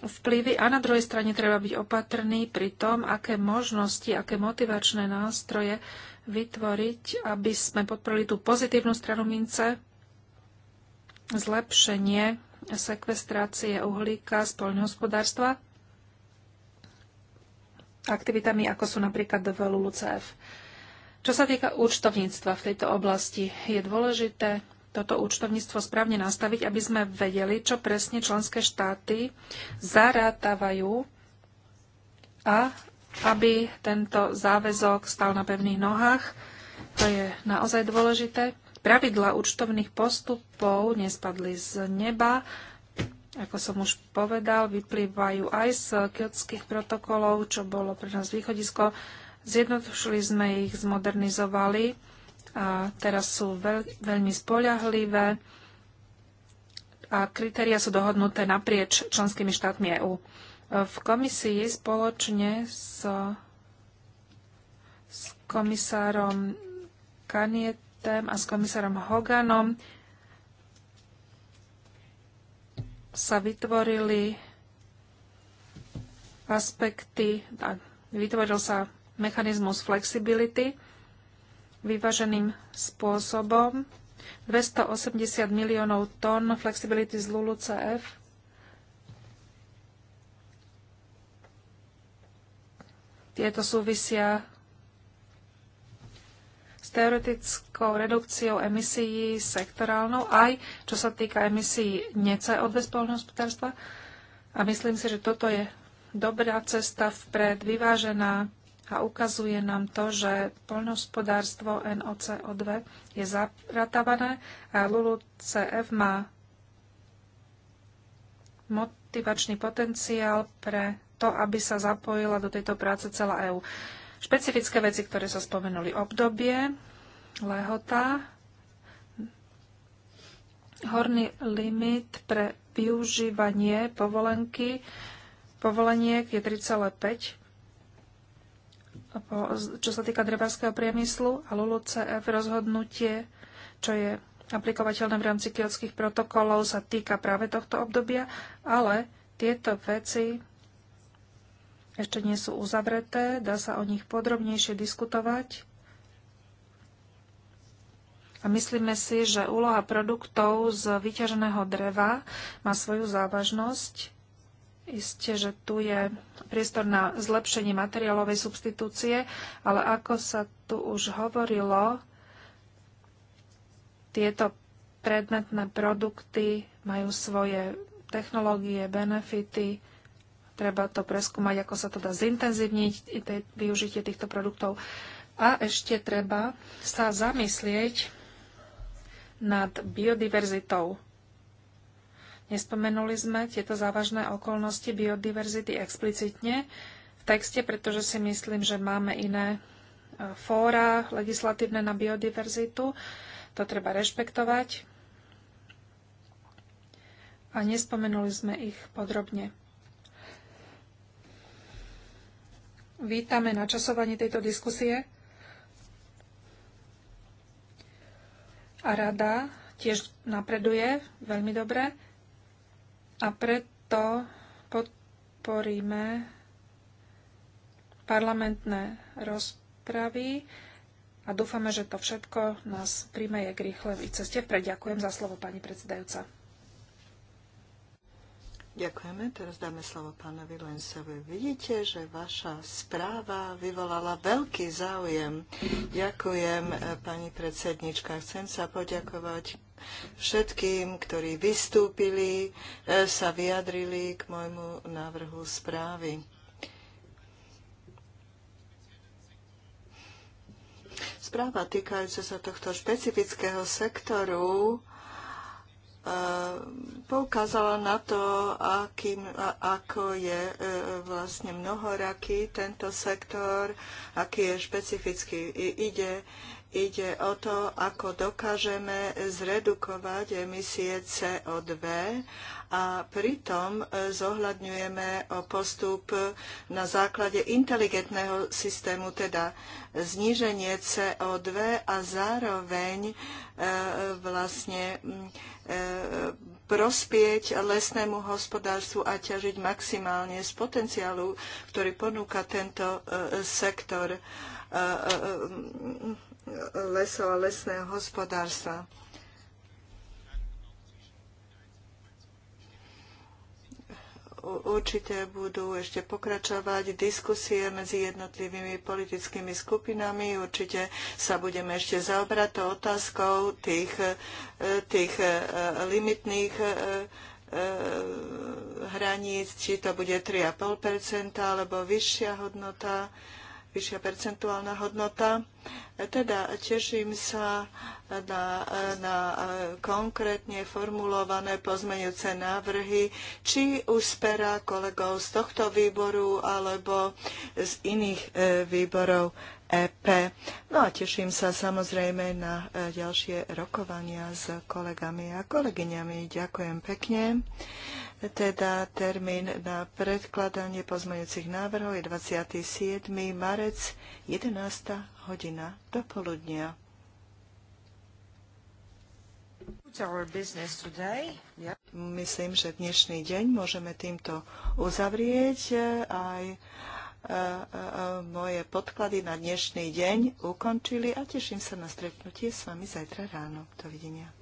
vplyvy a na druhej strane treba byť opatrný pri tom, aké možnosti, aké motivačné nástroje vytvoriť, aby sme podporili tú pozitívnu stranu mince, zlepšenie sekvestrácie uhlíka z poľnohospodárstva aktivitami, ako sú napríklad do LULUCF. Čo sa týka účtovníctva v tejto oblasti, je dôležité toto účtovníctvo správne nastaviť, aby sme vedeli, čo presne členské štáty zarátavajú a aby tento záväzok stal na pevných nohách. To je naozaj dôležité. Pravidla účtovných postupov nespadli z neba. Ako som už povedal, vyplývajú aj z kiotských protokolov, čo bolo pre nás východisko Zjednodušili sme ich, zmodernizovali a teraz sú veľ, veľmi spoľahlivé a kritéria sú dohodnuté naprieč členskými štátmi EÚ. V komisii spoločne s, s komisárom Kanietem a s komisárom Hoganom sa vytvorili aspekty, vytvoril sa mechanizmus flexibility vyváženým spôsobom. 280 miliónov tón flexibility z LULUCF. Tieto súvisia s teoretickou redukciou emisií sektorálnou, aj čo sa týka emisií nece od bezpolnohospodárstva. A myslím si, že toto je dobrá cesta vpred, vyvážená, a ukazuje nám to, že poľnohospodárstvo NOCO2 je zaratavané a LULUCF má motivačný potenciál pre to, aby sa zapojila do tejto práce celá EÚ. Špecifické veci, ktoré sa spomenuli, obdobie, lehota, horný limit pre využívanie povolenky, povoleniek je 3,5 čo sa týka drevárskeho priemyslu a LULUCF rozhodnutie, čo je aplikovateľné v rámci kiotských protokolov, sa týka práve tohto obdobia, ale tieto veci ešte nie sú uzavreté, dá sa o nich podrobnejšie diskutovať. A myslíme si, že úloha produktov z vyťaženého dreva má svoju závažnosť Isté, že tu je priestor na zlepšenie materiálovej substitúcie, ale ako sa tu už hovorilo, tieto predmetné produkty majú svoje technológie, benefity. Treba to preskúmať, ako sa to dá zintenzívniť, využitie týchto produktov. A ešte treba sa zamyslieť nad biodiverzitou Nespomenuli sme tieto závažné okolnosti biodiverzity explicitne v texte, pretože si myslím, že máme iné e, fóra legislatívne na biodiverzitu. To treba rešpektovať. A nespomenuli sme ich podrobne. Vítame načasovanie tejto diskusie. A rada tiež napreduje veľmi dobre. A preto podporíme parlamentné rozpravy a dúfame, že to všetko nás príjme k rýchlej ceste. Vpred ďakujem za slovo, pani predsedajúca. Ďakujeme. Teraz dáme slovo pánovi Lensovi. Vidíte, že vaša správa vyvolala veľký záujem. Ďakujem, pani predsednička. Chcem sa poďakovať všetkým, ktorí vystúpili, e, sa vyjadrili k môjmu návrhu správy. Správa týkajúca sa tohto špecifického sektoru e, poukázala na to, akým, ako je e, vlastne mnohoraký tento sektor, aký je špecificky ide Ide o to, ako dokážeme zredukovať emisie CO2 a pritom zohľadňujeme postup na základe inteligentného systému, teda zníženie CO2 a zároveň e, vlastne e, prospieť lesnému hospodárstvu a ťažiť maximálne z potenciálu, ktorý ponúka tento e, sektor lesov a lesného hospodárstva. určite budú ešte pokračovať diskusie medzi jednotlivými politickými skupinami. Určite sa budeme ešte zaobrať to otázkou tých, e, tých e, limitných e, hraníc, či to bude 3,5% alebo vyššia hodnota vyššia percentuálna hodnota. Teda teším sa na, na konkrétne formulované pozmeňujúce návrhy, či už z pera kolegov z tohto výboru alebo z iných e, výborov EP. No a teším sa samozrejme na e, ďalšie rokovania s kolegami a kolegyňami. Ďakujem pekne. Teda termín na predkladanie pozmeňujúcich návrhov je 27. marec 11. hodina do poludnia. Myslím, že dnešný deň môžeme týmto uzavrieť e, aj moje podklady na dnešný deň ukončili a teším sa na stretnutie s vami zajtra ráno. Dovidenia.